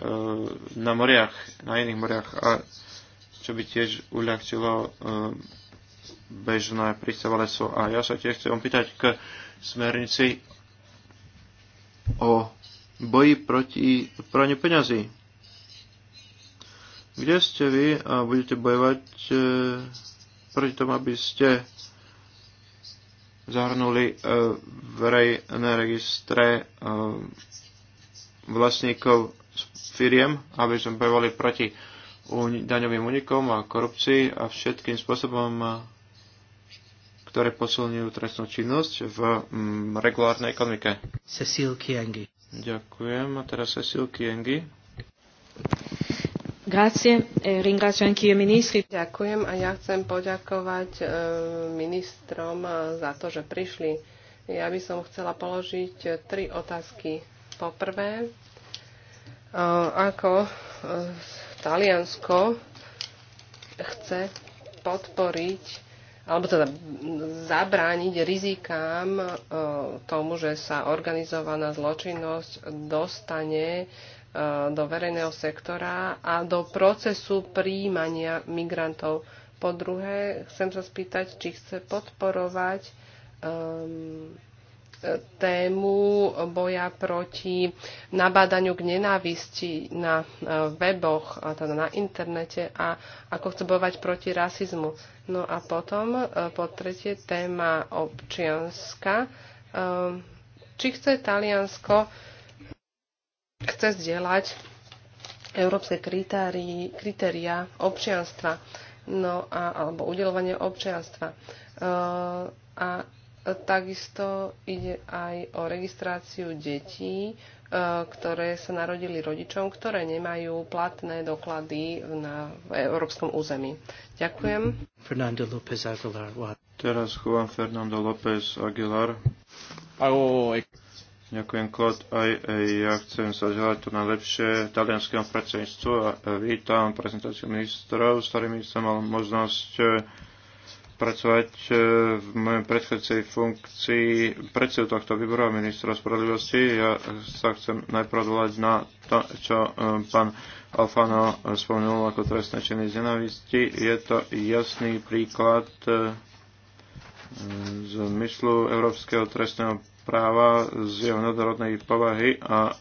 na moriach, na iných moriach, a čo by tiež uľahčilo bežné sú. A ja sa tiež chcem opýtať k smernici o boji proti praniu peňazí kde ste vy a budete bojovať e, proti tomu, aby ste zahrnuli e, na registre e, vlastníkov firiem, aby sme bojovali proti daňovým unikom a korupcii a všetkým spôsobom, e, ktoré posilňujú trestnú činnosť v mm, regulárnej ekonomike. Cecil Kiengi. Ďakujem. A teraz Cecil Kiengi. Grazie, e ringrazio anch'io ministri. Ďakujem a ja chcem poďakovať e, ministrom za to, že prišli. Ja by som chcela položiť tri otázky. Poprvé, e, ako Taliansko chce podporiť alebo teda zabrániť rizikám tomu, že sa organizovaná zločinnosť dostane E, do verejného sektora a do procesu príjmania migrantov. Po druhé, chcem sa spýtať, či chce podporovať um, tému boja proti nabádaniu k nenávisti na e, weboch, teda na internete a ako chce bojovať proti rasizmu. No a potom, e, po tretie, téma občianska. Ehm, či chce Taliansko chce zdieľať európske kritéria občianstva no a, alebo udelovanie občianstva. E, a takisto ide aj o registráciu detí, e, ktoré sa narodili rodičom, ktoré nemajú platné doklady na v európskom území. Ďakujem. Fernando López Aguilar. Teraz Juan Fernando López Aguilar. Ďakujem, Klod. Aj ja chcem sa želať to najlepšie talianskému predsedníctvu a vítam prezentáciu ministrov, s ktorými som mal možnosť eh, pracovať eh, v mojej predchádzajúcej funkcii predsedu tohto výboru a ministra spravodlivosti. Ja sa chcem najprv volať na to, čo eh, pán Alfano spomenul ako trestné činy z nenavisti. Je to jasný príklad zmyslu európskeho trestného práva z jeho nadrodnej povahy a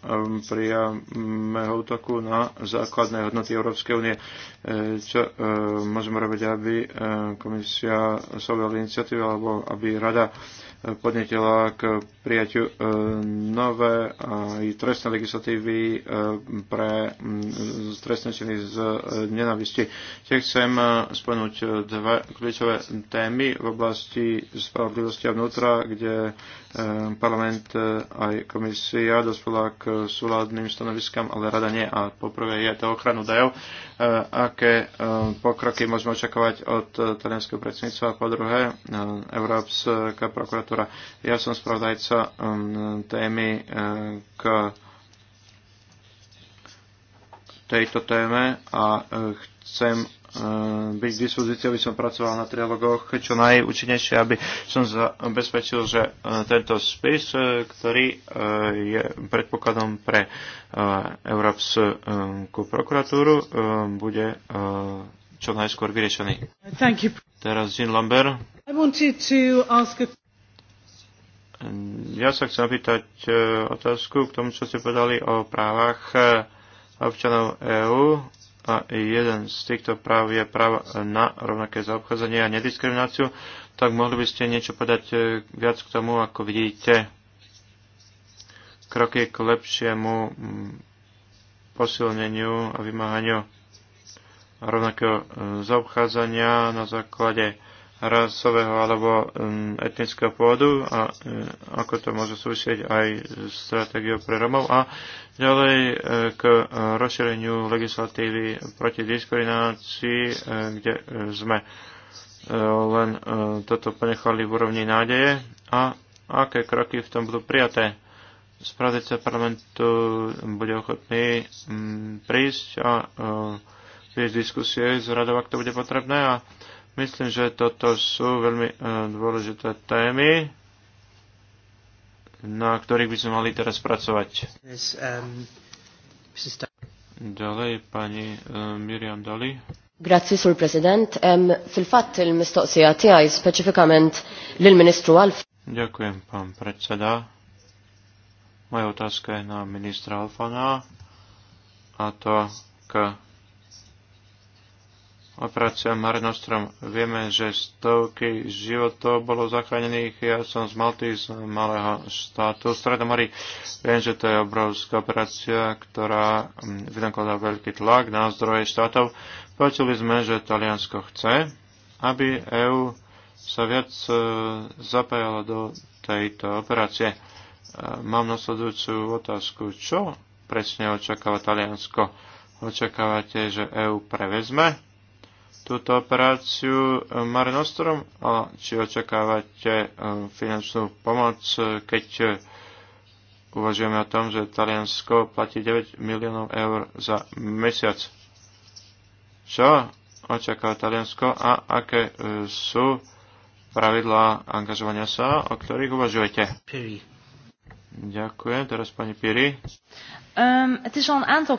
priameho útoku na základné hodnoty Európskej únie. E, čo e, môžeme robiť, aby e, komisia sa iniciatívu alebo aby rada podnetila k prijaťu e, nové aj trestné legislatívy e, pre trestné činy z e, nenavisti. Tie chcem spomenúť dve kľúčové témy v oblasti spravodlivosti a vnútra, kde parlament aj komisia dospela k súladným stanoviskám, ale rada nie. A poprvé je to ochranu dajov. Aké pokroky môžeme očakávať od talianského predsedníctva? Po druhé, Európska prokuratúra literatúra. Ja som spravodajca um, témy uh, k tejto téme a uh, chcem uh, byť k dispozícii, aby som pracoval na trialogoch čo najúčinnejšie, aby som zabezpečil, že tento spis, ktorý je predpokladom pre Európsku prokuratúru, bude čo najskôr vyriešený. Teraz Jean Lambert. I wanted to ask a... Ja sa chcem opýtať e, otázku k tomu, čo ste povedali o právach e, občanov EÚ. A jeden z týchto práv je práva na rovnaké zaobchádzanie a nediskrimináciu. Tak mohli by ste niečo povedať e, viac k tomu, ako vidíte kroky k lepšiemu posilneniu a vymáhaniu rovnakého zaobchádzania na základe rasového alebo um, etnického pôdu, a um, ako to môže súvisieť aj s stratégiou pre Romov a ďalej uh, k rozšíreniu legislatívy proti diskriminácii, uh, kde uh, sme len toto ponechali v úrovni nádeje a aké kroky v tom budú prijaté. Spravedlice parlamentu bude ochotný um, prísť a viesť diskusie s radou, ak to bude potrebné a Myslím, že toto sú veľmi e, dôležité témy, na ktorých by sme mali teraz pracovať. Um, Ďalej pani e, Miriam Dali. Grazie sul President. Um, fil-fatt il-mistoqsija tiegħi speċifikament lil ministru Alf. Ďakujem, pán predseda. Moja otázka je na ministra Alfana a to k operácia Marnostrom. Vieme, že stovky životov bolo zachránených. Ja som z Malty, z malého štátu Stredomory. Viem, že to je obrovská operácia, ktorá mm, vynakladá veľký tlak na zdroje štátov. Počuli sme, že Taliansko chce, aby EÚ sa viac e, zapájala do tejto operácie. E, mám nasledujúcu otázku. Čo presne očakáva Taliansko? Očakávate, že EÚ prevezme túto operáciu eh, Mare Nostrum a či očakávate eh, finančnú pomoc, keď eh, uvažujeme o tom, že Taliansko platí 9 miliónov eur za mesiac. Čo očakáva Taliansko a aké sú pravidlá angažovania sa, o ktorých uvažujete? Piri. Ďakujem, teraz pani Piri. Um, het is al een aantal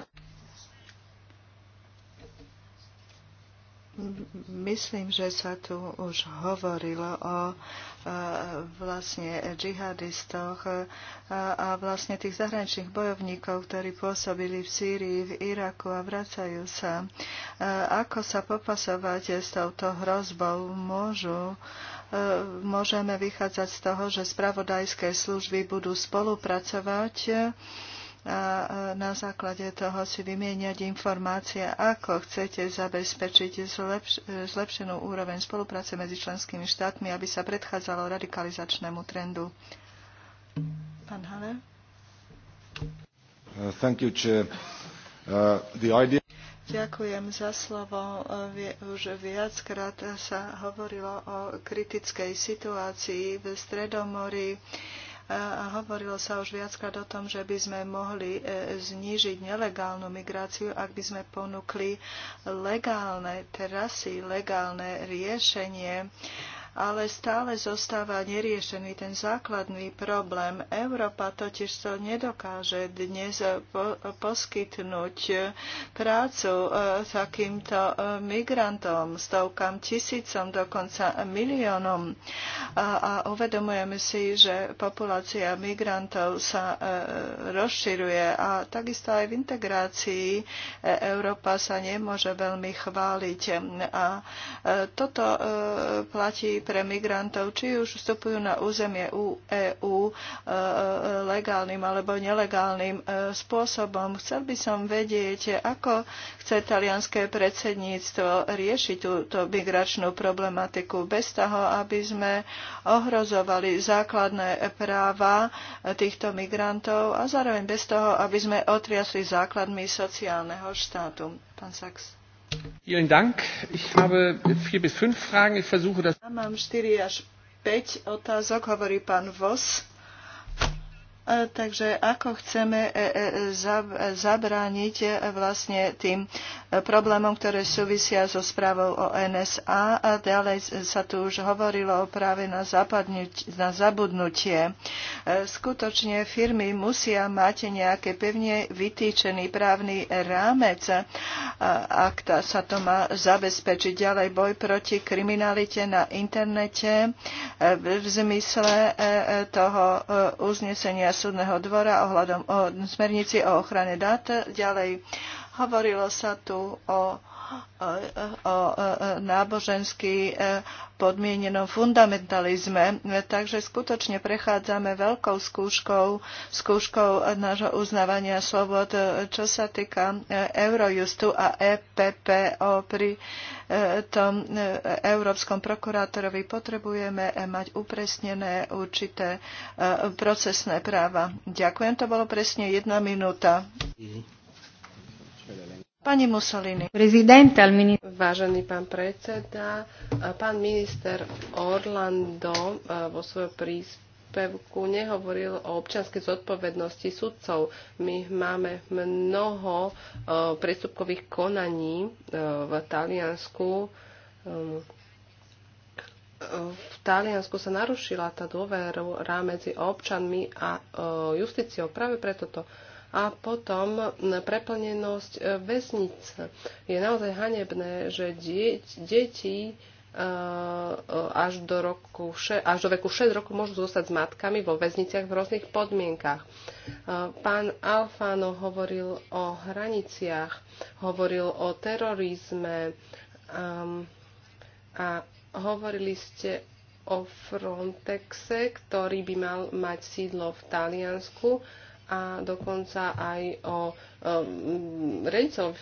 Myslím, že sa tu už hovorilo o e, vlastne džihadistoch e, a vlastne tých zahraničných bojovníkov, ktorí pôsobili v Sýrii, v Iraku a vracajú sa. E, ako sa popasovať s touto hrozbou? Môžu môžeme vychádzať z toho, že spravodajské služby budú spolupracovať a na základe toho si vymieňať informácie, ako chcete zabezpečiť zlepš- zlepšenú úroveň spolupráce medzi členskými štátmi, aby sa predchádzalo radikalizačnému trendu. Pán Hale. Uh, thank you, Chair. Uh, the idea... Ďakujem za slovo. Uh, už viackrát sa hovorilo o kritickej situácii v Stredomorí. Uh, a hovorilo sa už viackrát o tom, že by sme mohli e, znížiť nelegálnu migráciu, ak by sme ponúkli legálne terasy, legálne riešenie ale stále zostáva neriešený ten základný problém. Európa totiž to nedokáže dnes po- poskytnúť prácu e, takýmto e, migrantom, stovkám tisícom, dokonca miliónom. A, a uvedomujeme si, že populácia migrantov sa e, rozširuje a takisto aj v integrácii Európa sa nemôže veľmi chváliť. A toto platí pre migrantov, či už vstupujú na územie EÚ e, e, legálnym alebo nelegálnym e, spôsobom. Chcel by som vedieť, ako chce talianské predsedníctvo riešiť túto migračnú problematiku bez toho, aby sme ohrozovali základné práva týchto migrantov a zároveň bez toho, aby sme otriasli základmi sociálneho štátu. Pán Sachs. Vielen Dank. Ich habe vier bis fünf Fragen. Ich versuche das. Ja mam 4 až 5 otázok, hovorí pán Vos. E, takže ako chceme e, e, zabrániť vlastne tým problémom, ktoré súvisia so správou o NSA. A ďalej sa tu už hovorilo práve na, na zabudnutie. E, skutočne firmy musia mať nejaké pevne vytýčený právny rámec, ak sa to má zabezpečiť. Ďalej boj proti kriminalite na internete e, v zmysle e, toho uznesenia súdneho dvora ohľadom o smernici o ochrane dát. Ďalej Hovorilo sa tu o, o, o nábožensky e, podmienenom fundamentalizme. Takže skutočne prechádzame veľkou skúškou, skúškou nášho uznávania slobod, čo sa týka e, Eurojustu a EPPO pri e, tom Európskom prokurátorovi potrebujeme mať upresnené určité procesné práva. Ďakujem, to bolo presne jedna minúta. Mhm. Pani Mussolini. Prezidenta, Vážený pán predseda, pán minister Orlando vo svojom príspevku nehovoril o občianskej zodpovednosti sudcov. My máme mnoho prestupkových konaní v Taliansku. V Taliansku sa narušila tá dôvera medzi občanmi a justíciou. Práve preto to a potom preplnenosť e, väznic. Je naozaj hanebné, že deti e, e, až do, roku, až do veku 6 rokov môžu zostať s matkami vo väzniciach v rôznych podmienkach. Pán Alfano hovoril o hraniciach, hovoril o terorizme a hovorili ste o Frontexe, ktorý by mal mať sídlo v Taliansku a dokonca aj o um,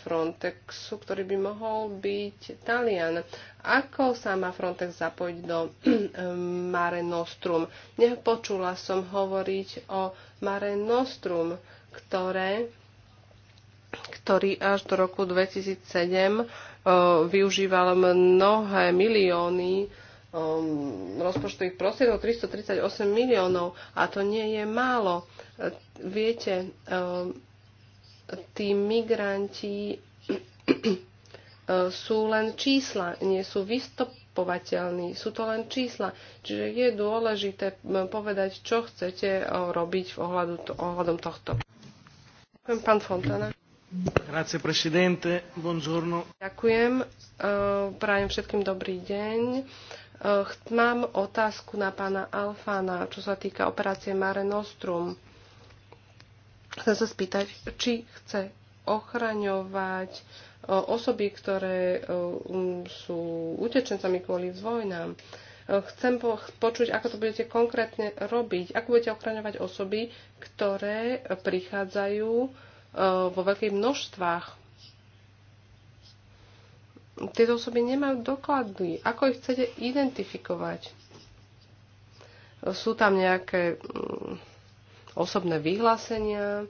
Frontexu, ktorý by mohol byť Talian. Ako sa má Frontex zapojiť do um, Mare Nostrum? Nepočula som hovoriť o Mare Nostrum, ktoré ktorý až do roku 2007 uh, využíval mnohé milióny um, rozpočtových prostriedkov, 338 miliónov a to nie je málo. Viete, ehm, tí migranti ehm, sú len čísla, nie sú vystopovateľní, sú to len čísla. Čiže je dôležité povedať, čo chcete eh, robiť v ohľadu, ohľadom tohto. Ďakujem, pán Fontana. Grazie, presidente. Buongiorno. Ďakujem. Eh, prajem všetkým dobrý deň. Eh, mám otázku na pána Alfana, čo sa týka operácie Mare Nostrum Chcem sa spýtať, či chce ochraňovať e, osoby, ktoré e, um, sú utečencami kvôli vojnám. E, chcem počuť, ako to budete konkrétne robiť. Ako budete ochraňovať osoby, ktoré prichádzajú vo veľkých množstvách. Tieto osoby nemajú doklady. Ako ich chcete identifikovať? Sú tam nejaké mm, osobné vyhlásenia,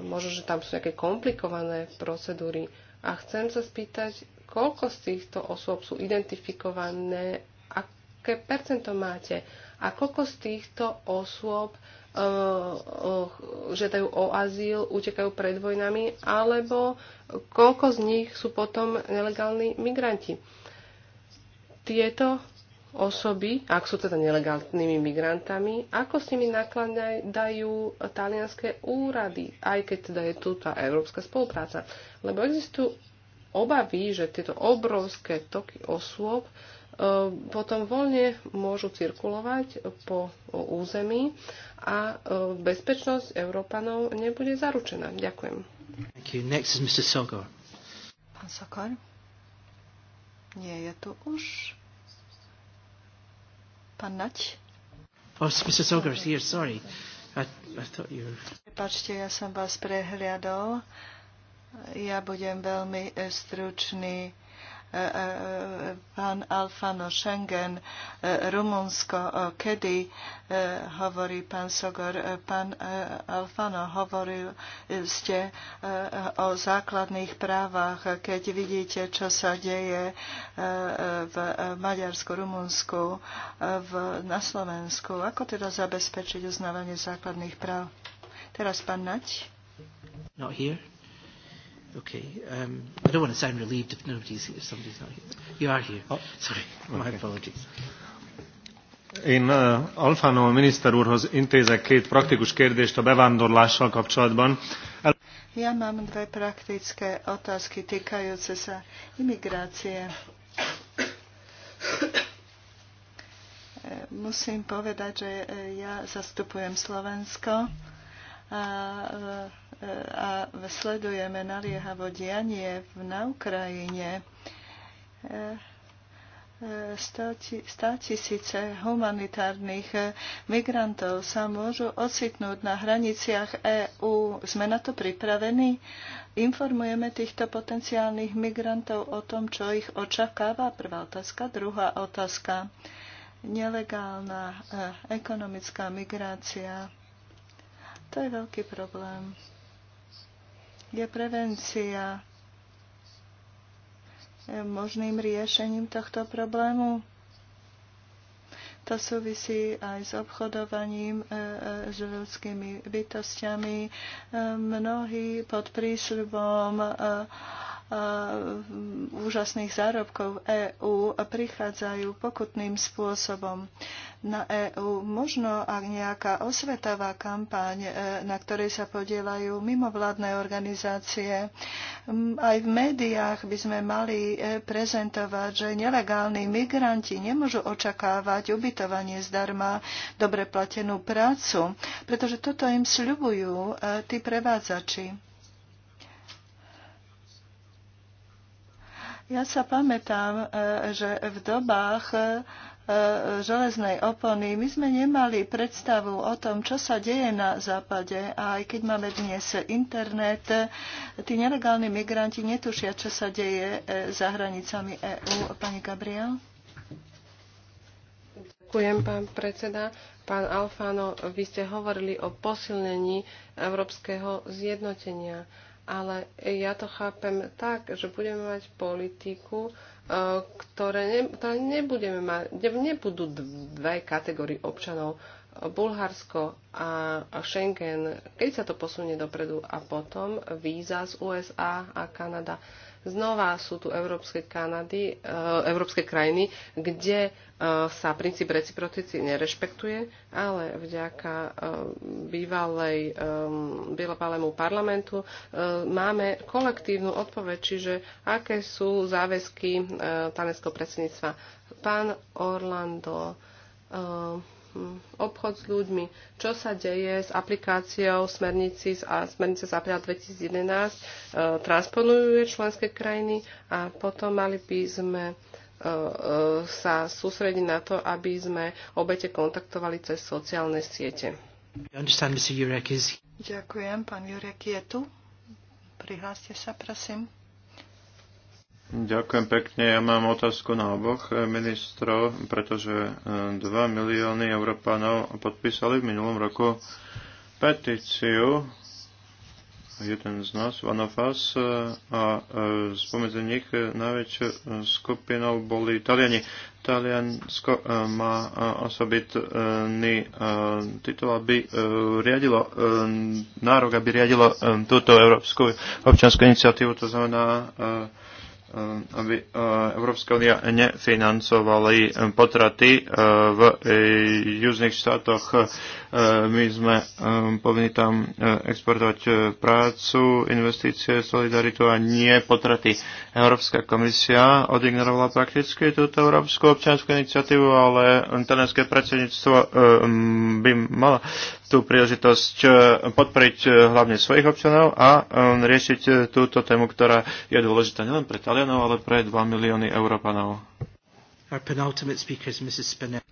možno, že tam sú nejaké komplikované procedúry. A chcem sa spýtať, koľko z týchto osôb sú identifikované, aké percento máte a koľko z týchto osôb e, e, žiadajú o azyl, utekajú pred vojnami, alebo koľko z nich sú potom nelegálni migranti. Tieto osoby, ak sú teda nelegálnymi migrantami, ako s nimi nakladajú talianské úrady, aj keď teda je tu tá európska spolupráca. Lebo existujú obavy, že tieto obrovské toky osôb e, potom voľne môžu cirkulovať po území a e, bezpečnosť Európanov nebude zaručená. Ďakujem. Next is Mr. Pán Sokor? Nie je tu už. Pán Nač. Oh, Mrs. Ogers, here, sorry. I, I thought you were... Prepačte, ja som vás prehliadol. Ja budem veľmi e, stručný E, e, pán Alfano Schengen, e, Rumunsko, kedy hovorí pán Sogor, pán Alfano, hovoril ste o základných právach, keď vidíte, čo sa deje v Maďarsku, Rumunsku, na Slovensku. Ako teda zabezpečiť uznávanie základných práv? Teraz pán Nať. Not here. Okay. Um, I don't want to sound relieved if nobody's if somebody's not here. You are here. Oh. Sorry. Okay. My apologies. Én uh, Alfano miniszter úrhoz intézek két praktikus kérdést a bevándorlással kapcsolatban. El... Ja mám dve praktické otázky týkajúce sa imigrácie. Musím povedať, že ja zastupujem Slovensko a, a sledujeme naliehavo dianie na Ukrajine. 100 e, e, tisíce humanitárnych migrantov sa môžu ocitnúť na hraniciach EÚ. Sme na to pripravení? Informujeme týchto potenciálnych migrantov o tom, čo ich očakáva? Prvá otázka. Druhá otázka. Nelegálna e, ekonomická migrácia to je veľký problém. Je prevencia možným riešením tohto problému? To súvisí aj s obchodovaním e, e, s ľudskými bytostiami. E, mnohí pod prísľubom Eh, úžasných zárobkov EÚ prichádzajú pokutným spôsobom na EÚ. Možno ak nejaká osvetová kampaň, eh, na ktorej sa podielajú mimovládne organizácie, mm, aj v médiách by sme mali eh, prezentovať, že nelegálni migranti nemôžu očakávať ubytovanie zdarma, dobre platenú prácu, pretože toto im sľubujú tí prevádzači Ja sa pamätám, e, že v dobách e, e, železnej opony my sme nemali predstavu o tom, čo sa deje na západe. A aj keď máme dnes internet, tí nelegálni migranti netušia, čo sa deje za hranicami EÚ. Pani Gabriel? Ďakujem, pán predseda. Pán Alfano, vy ste hovorili o posilnení európskeho zjednotenia ale ja to chápem tak, že budeme mať politiku, e, ktoré ne, ktoré nebudeme mať, nebudú dve kategórie občanov, e, Bulharsko a Schengen, keď sa to posunie dopredu a potom víza z USA a Kanada. Znova sú tu európske, Kanady, e, európske krajiny, kde e, sa princíp reciprocity nerešpektuje, ale vďaka e, bývalej bielapalému parlamentu máme kolektívnu odpoveď, čiže aké sú záväzky taneského predsedníctva. Pán Orlando, Mm, obchod s ľuďmi. Čo sa deje s aplikáciou smernici a smernice z apríla 2011? E, Transponujú členské krajiny a potom mali by sme e, e, sa sústrediť na to, aby sme obete kontaktovali cez sociálne siete. Ďakujem. Pán Jurek je tu. Prihláste sa, prosím. Ďakujem pekne. Ja mám otázku na oboch ministrov, pretože 2 e, milióny Európanov podpísali v minulom roku petíciu jeden z nás, one of us, e, a e, spomedzi nich najväčšou skupinou boli Taliani. Taliansko má osobitný titul, aby riadilo nárok, aby riadilo túto európsku občanskú iniciatívu, to znamená Eh, aby eh, Európska únia nefinancovali eh, potraty v južných štátoch. My sme povinni tam exportovať prácu, investície, solidaritu a nie potraty. Európska komisia odignorovala prakticky túto európsku občianskú iniciatívu, ale internetské predsedníctvo by mala tú príležitosť e, podporiť e, hlavne svojich občanov a e, riešiť túto tému, ktorá je dôležitá nielen pre Talianov, ale pre 2 milióny Európanov. Our penultimate speaker is Mrs. Spinelli.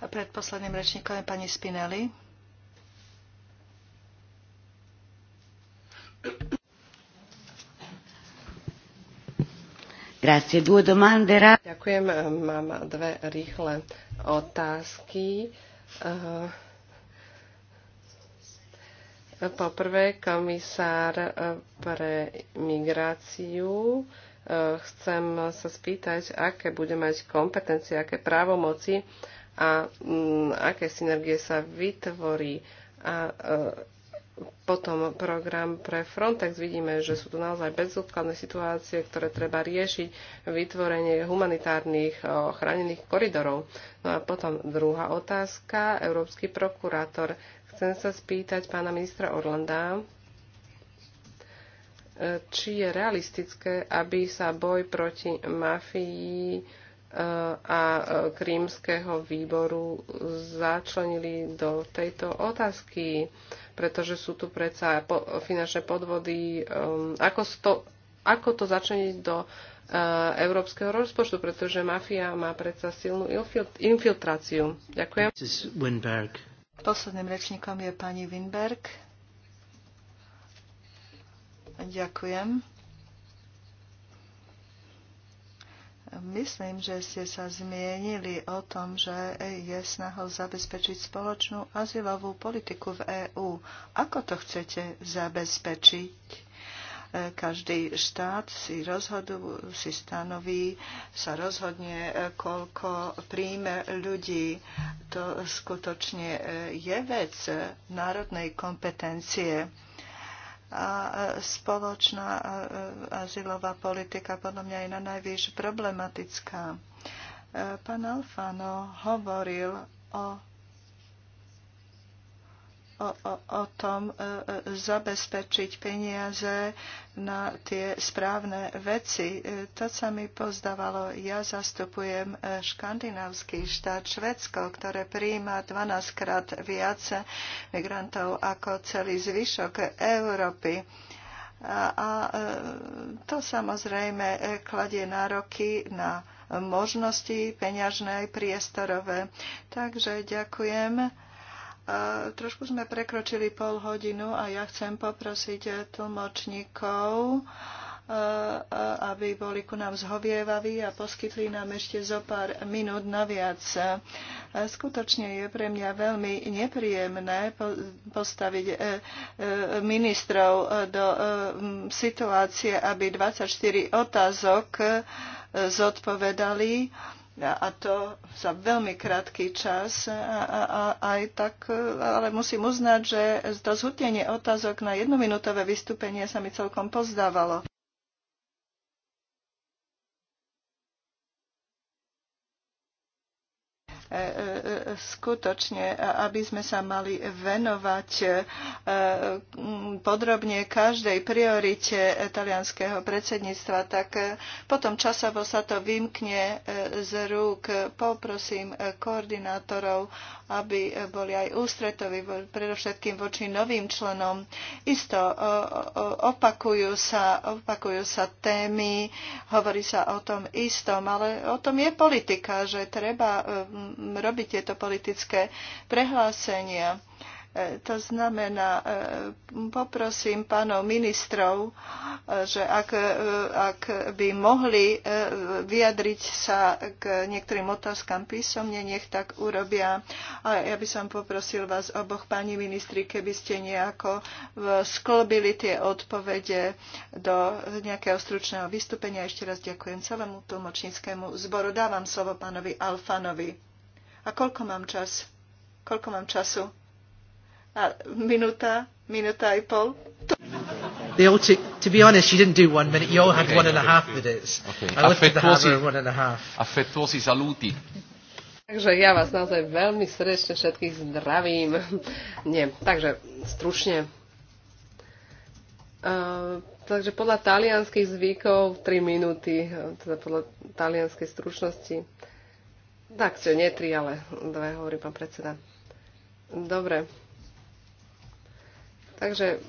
A predposledným rečníkom je pani Spinelli. Grazie, due domande. Ďakujem, mám dve rýchle otázky. Uh, Poprvé, komisár eh, pre migráciu. Eh, chcem sa spýtať, aké bude mať kompetencie, aké právomoci a mm, aké synergie sa vytvorí. A eh, potom program pre Frontex vidíme, že sú tu naozaj bezúkladné situácie, ktoré treba riešiť, vytvorenie humanitárnych chránených koridorov. No a potom druhá otázka, európsky prokurátor chcem sa spýtať pána ministra Orlanda, e, či je realistické, aby sa boj proti mafii e, a e, krímskeho výboru začlenili do tejto otázky, pretože sú tu predsa finančné podvody. Um, ako, to, ako to začleniť do európskeho rozpočtu, pretože mafia má predsa silnú infiltráciu. Ďakujem. Posledným rečníkom je pani Winberg. Ďakujem. Myslím, že ste sa zmienili o tom, že je snahou zabezpečiť spoločnú azylovú politiku v EÚ. Ako to chcete zabezpečiť? Každý štát si, rozhodu, si stanoví, sa rozhodne, koľko príjme ľudí. To skutočne e, je vec národnej kompetencie a e, spoločná e, azylová politika podľa mňa je na najvyššie problematická. Pán Alfano hovoril o o, o, o tom e, e, zabezpečiť peniaze na tie správne veci. E, to sa mi pozdávalo. Ja zastupujem e, škandinávsky štát Švedsko, ktoré prijíma 12 krát viac migrantov ako celý zvyšok Európy. A, a e, to samozrejme kladie nároky na možnosti peňažné aj priestorové. Takže ďakujem trošku sme prekročili pol hodinu a ja chcem poprosiť tlmočníkov, e, e, aby boli ku nám zhovievaví a poskytli nám ešte zo pár minút naviac. E, skutočne je pre mňa veľmi nepríjemné postaviť ministrov do situácie, aby 24 otázok zodpovedali a to za veľmi krátky čas a, a, a aj tak, e, ale musím uznať, že to zhutnenie otázok na jednominútové vystúpenie sa mi celkom pozdávalo. skutočne, aby sme sa mali venovať e, podrobne každej priorite talianského predsedníctva, tak e, potom časovo sa to vymkne e, z rúk. Poprosím koordinátorov aby boli aj ústretoví, predovšetkým voči novým členom. Isto opakujú sa, opakujú sa témy, hovorí sa o tom istom, ale o tom je politika, že treba robiť tieto politické prehlásenia. E, to znamená, e, poprosím pánov ministrov, e, že ak, ak by mohli vyjadriť sa k niektorým otázkam písomne, nech tak urobia. A ja by som poprosil vás oboch, pani ministri, keby ste nejako sklobili tie odpovede do nejakého stručného vystúpenia. Ešte raz ďakujem celému tlmočníckému zboru. Dávam slovo pánovi Alfanovi. A koľko mám čas? Koľko mám času? A minuta, minuta i pol. They all took, to be honest, you didn't do one minute, you all had okay, one and a half minutes. Okay. I looked at the hammer one and a half. Affettuosi saluti. Takže ja vás naozaj veľmi srdečne všetkých zdravím. [laughs] Nie, takže stručne. Uh, takže podľa talianských zvykov 3 minúty, teda podľa talianskej stručnosti. Tak, čo nie 3, ale 2, hovorí pán predseda. Dobre, Takže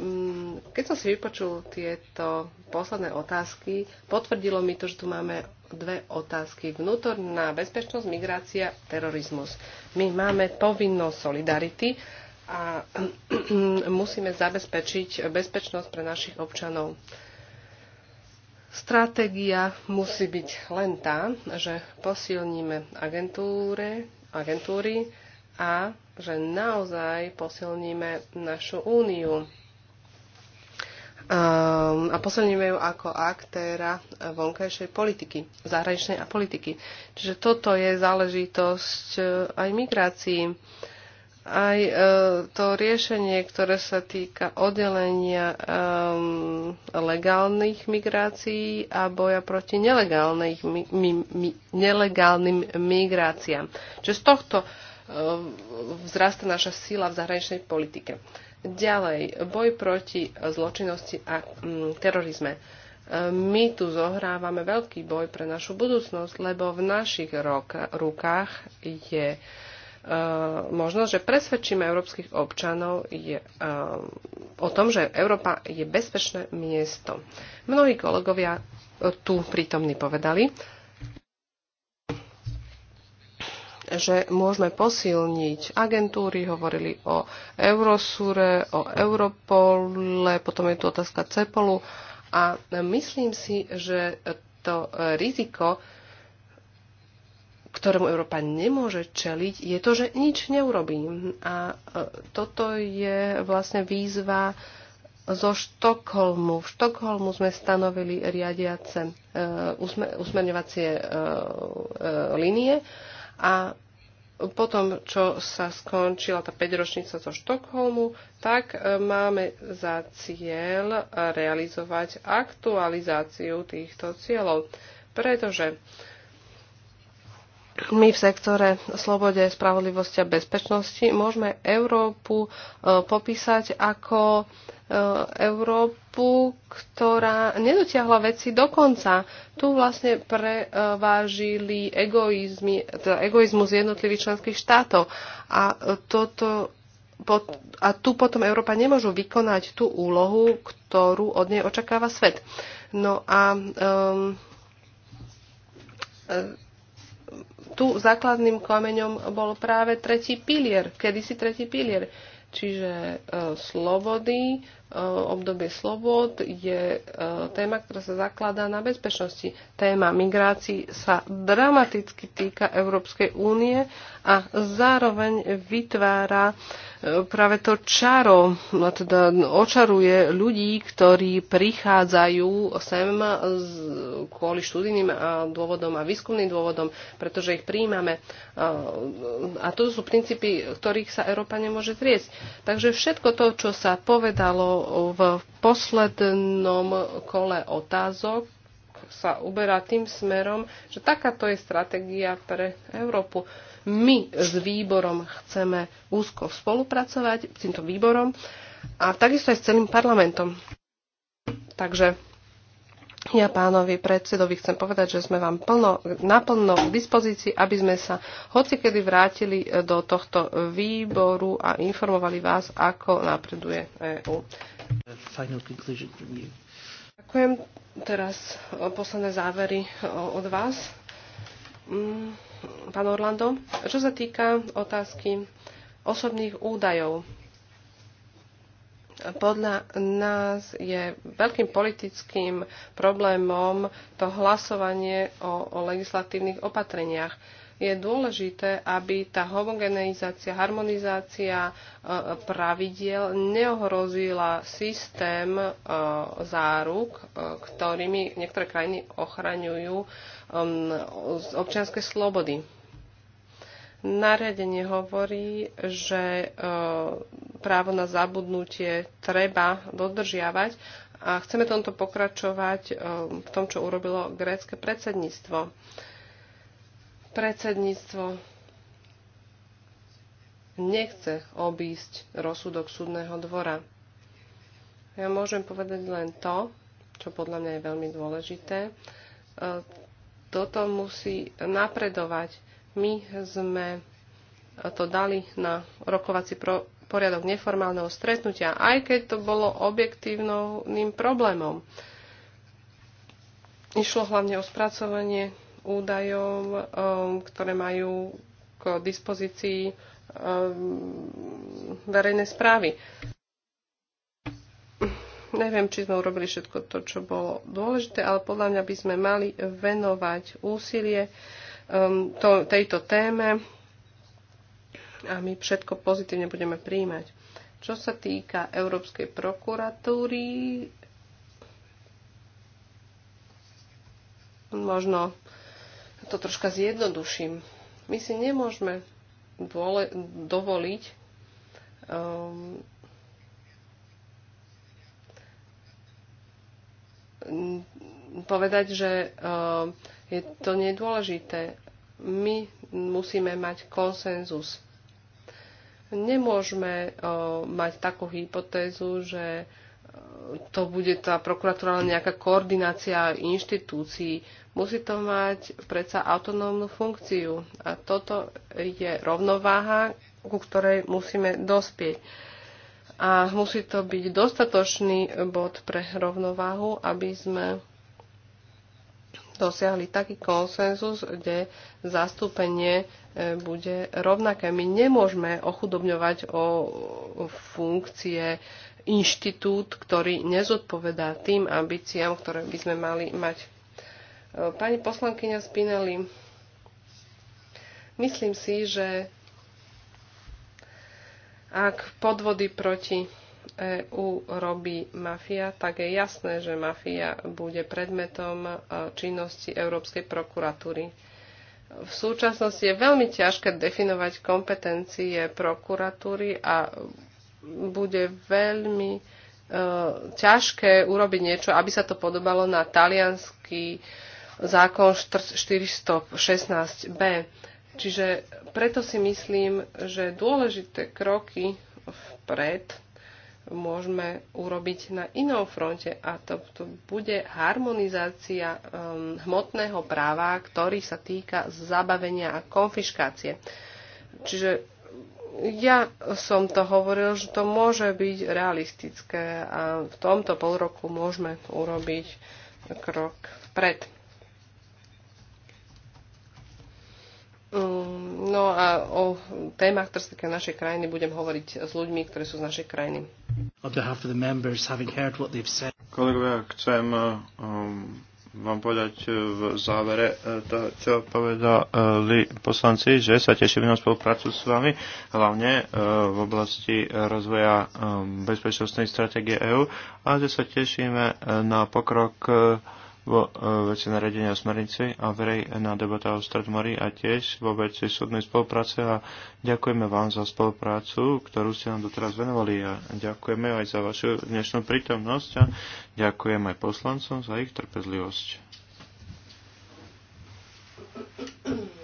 mm, keď som si vypočul tieto posledné otázky, potvrdilo mi to, že tu máme dve otázky. Vnútorná bezpečnosť, migrácia, terorizmus. My máme povinnosť solidarity a [clears throat] musíme zabezpečiť bezpečnosť pre našich občanov. Stratégia musí byť len tá, že posilníme agentúre, agentúry a že naozaj posilníme našu úniu ehm, a posilníme ju ako aktéra vonkajšej politiky, zahraničnej a politiky. Čiže toto je záležitosť e, aj migrácií. Aj e, to riešenie, ktoré sa týka oddelenia ehm, legálnych migrácií a boja proti nelegálnym migráciám. Čiže z tohto vzrasta naša sila v zahraničnej politike. Ďalej, boj proti zločinnosti a mm, terorizme. My tu zohrávame veľký boj pre našu budúcnosť, lebo v našich rukách je e, možnosť, že presvedčíme európskych občanov je, e, o tom, že Európa je bezpečné miesto. Mnohí kolegovia tu prítomní povedali, že môžeme posilniť agentúry, hovorili o Eurosure, o Europole, potom je tu otázka Cepolu a myslím si, že to riziko, ktorému Európa nemôže čeliť, je to, že nič neurobí. A e, toto je vlastne výzva zo Štokholmu. V Štokholmu sme stanovili riadiace e, usmerňovacie e, e, línie a potom, čo sa skončila tá 5-ročnica zo Štokholmu, tak e, máme za cieľ realizovať aktualizáciu týchto cieľov, pretože my v sektore slobode, spravodlivosti a bezpečnosti môžeme Európu e, popísať ako e, Európu, ktorá nedotiahla veci do konca. Tu vlastne prevážili egoizmy, teda egoizmus jednotlivých členských štátov. A, toto, a tu potom Európa nemôžu vykonať tú úlohu, ktorú od nej očakáva svet. No a um, tu základným kameňom bol práve tretí pilier, kedysi tretí pilier, čiže e, slobody, E, obdobie slobod je e, téma, ktorá sa zakladá na bezpečnosti. Téma migrácií sa dramaticky týka Európskej únie a zároveň vytvára e, práve to čaro, teda očaruje ľudí, ktorí prichádzajú sem kvôli študijným dôvodom a výskumným dôvodom, pretože ich príjmame. A to sú princípy, ktorých sa Európa nemôže zrieť. Takže všetko to, čo sa povedalo v poslednom kole otázok sa uberá tým smerom, že takáto je stratégia pre Európu. My s výborom chceme úzko spolupracovať, s týmto výborom a takisto aj s celým parlamentom. Takže ja pánovi predsedovi chcem povedať, že sme vám plno, naplno k dispozícii, aby sme sa hocikedy vrátili e, do tohto výboru a informovali vás, ako napreduje EU. Ďakujem. Teraz e, posledné závery e, od vás. Mm, pán Orlando, čo sa týka otázky osobných údajov, podľa nás je veľkým politickým problémom to hlasovanie o, o legislatívnych opatreniach je dôležité, aby tá homogenizácia, harmonizácia e, pravidiel neohrozila systém e, záruk, e, ktorými niektoré krajiny ochraňujú um, občianske slobody. Nariadenie hovorí, že e, právo na zabudnutie treba dodržiavať a chceme tomto pokračovať e, v tom, čo urobilo grécke predsedníctvo. Predsedníctvo nechce obísť rozsudok súdneho dvora. Ja môžem povedať len to, čo podľa mňa je veľmi dôležité. E, toto musí napredovať my sme to dali na rokovací pro, poriadok neformálneho stretnutia, aj keď to bolo objektívnym problémom. Išlo hlavne o spracovanie údajov, um, ktoré majú k dispozícii um, verejné správy. Neviem, či sme urobili všetko to, čo bolo dôležité, ale podľa mňa by sme mali venovať úsilie Um, to, tejto téme a my všetko pozitívne budeme príjmať. Čo sa týka Európskej prokuratúry, možno to troška zjednoduším. My si nemôžeme dvole, dovoliť um, povedať, že um, je to nedôležité. My musíme mať konsenzus. Nemôžeme mať takú hypotézu, že to bude tá prokuratúra len nejaká koordinácia inštitúcií. Musí to mať predsa autonómnu funkciu. A toto je rovnováha, ku ktorej musíme dospieť. A musí to byť dostatočný bod pre rovnováhu, aby sme dosiahli taký konsenzus, kde zastúpenie e, bude rovnaké. My nemôžeme ochudobňovať o funkcie inštitút, ktorý nezodpovedá tým ambíciám, ktoré by sme mali mať. E, pani poslankyňa Spinelli, myslím si, že ak podvody proti EÚ robí mafia, tak je jasné, že mafia bude predmetom e, činnosti Európskej prokuratúry. V súčasnosti je veľmi ťažké definovať kompetencie prokuratúry a bude veľmi e, ťažké urobiť niečo, aby sa to podobalo na talianský zákon 416b. Čiže preto si myslím, že dôležité kroky vpred môžeme urobiť na inom fronte a to, to bude harmonizácia um, hmotného práva, ktorý sa týka zabavenia a konfiškácie. Čiže ja som to hovoril, že to môže byť realistické a v tomto polroku môžeme urobiť krok vpred. Mm, no a o témach, ktoré sa týkajú našej krajiny, budem hovoriť s ľuďmi, ktorí sú z našej krajiny. Kolegovia, chcem eh, um, vám povedať eh, v závere eh, to, čo povedali poslanci, že sa teším na spoluprácu s vami, hlavne v oblasti rozvoja bezpečnostnej stratégie EÚ a že sa tešíme na pokrok vo e, veci nariadenia smernice a na debata o Stredmori a tiež vo veci súdnej spolupráce a ďakujeme vám za spoluprácu, ktorú ste nám doteraz venovali a ďakujeme aj za vašu dnešnú prítomnosť a ďakujem aj poslancom za ich trpezlivosť.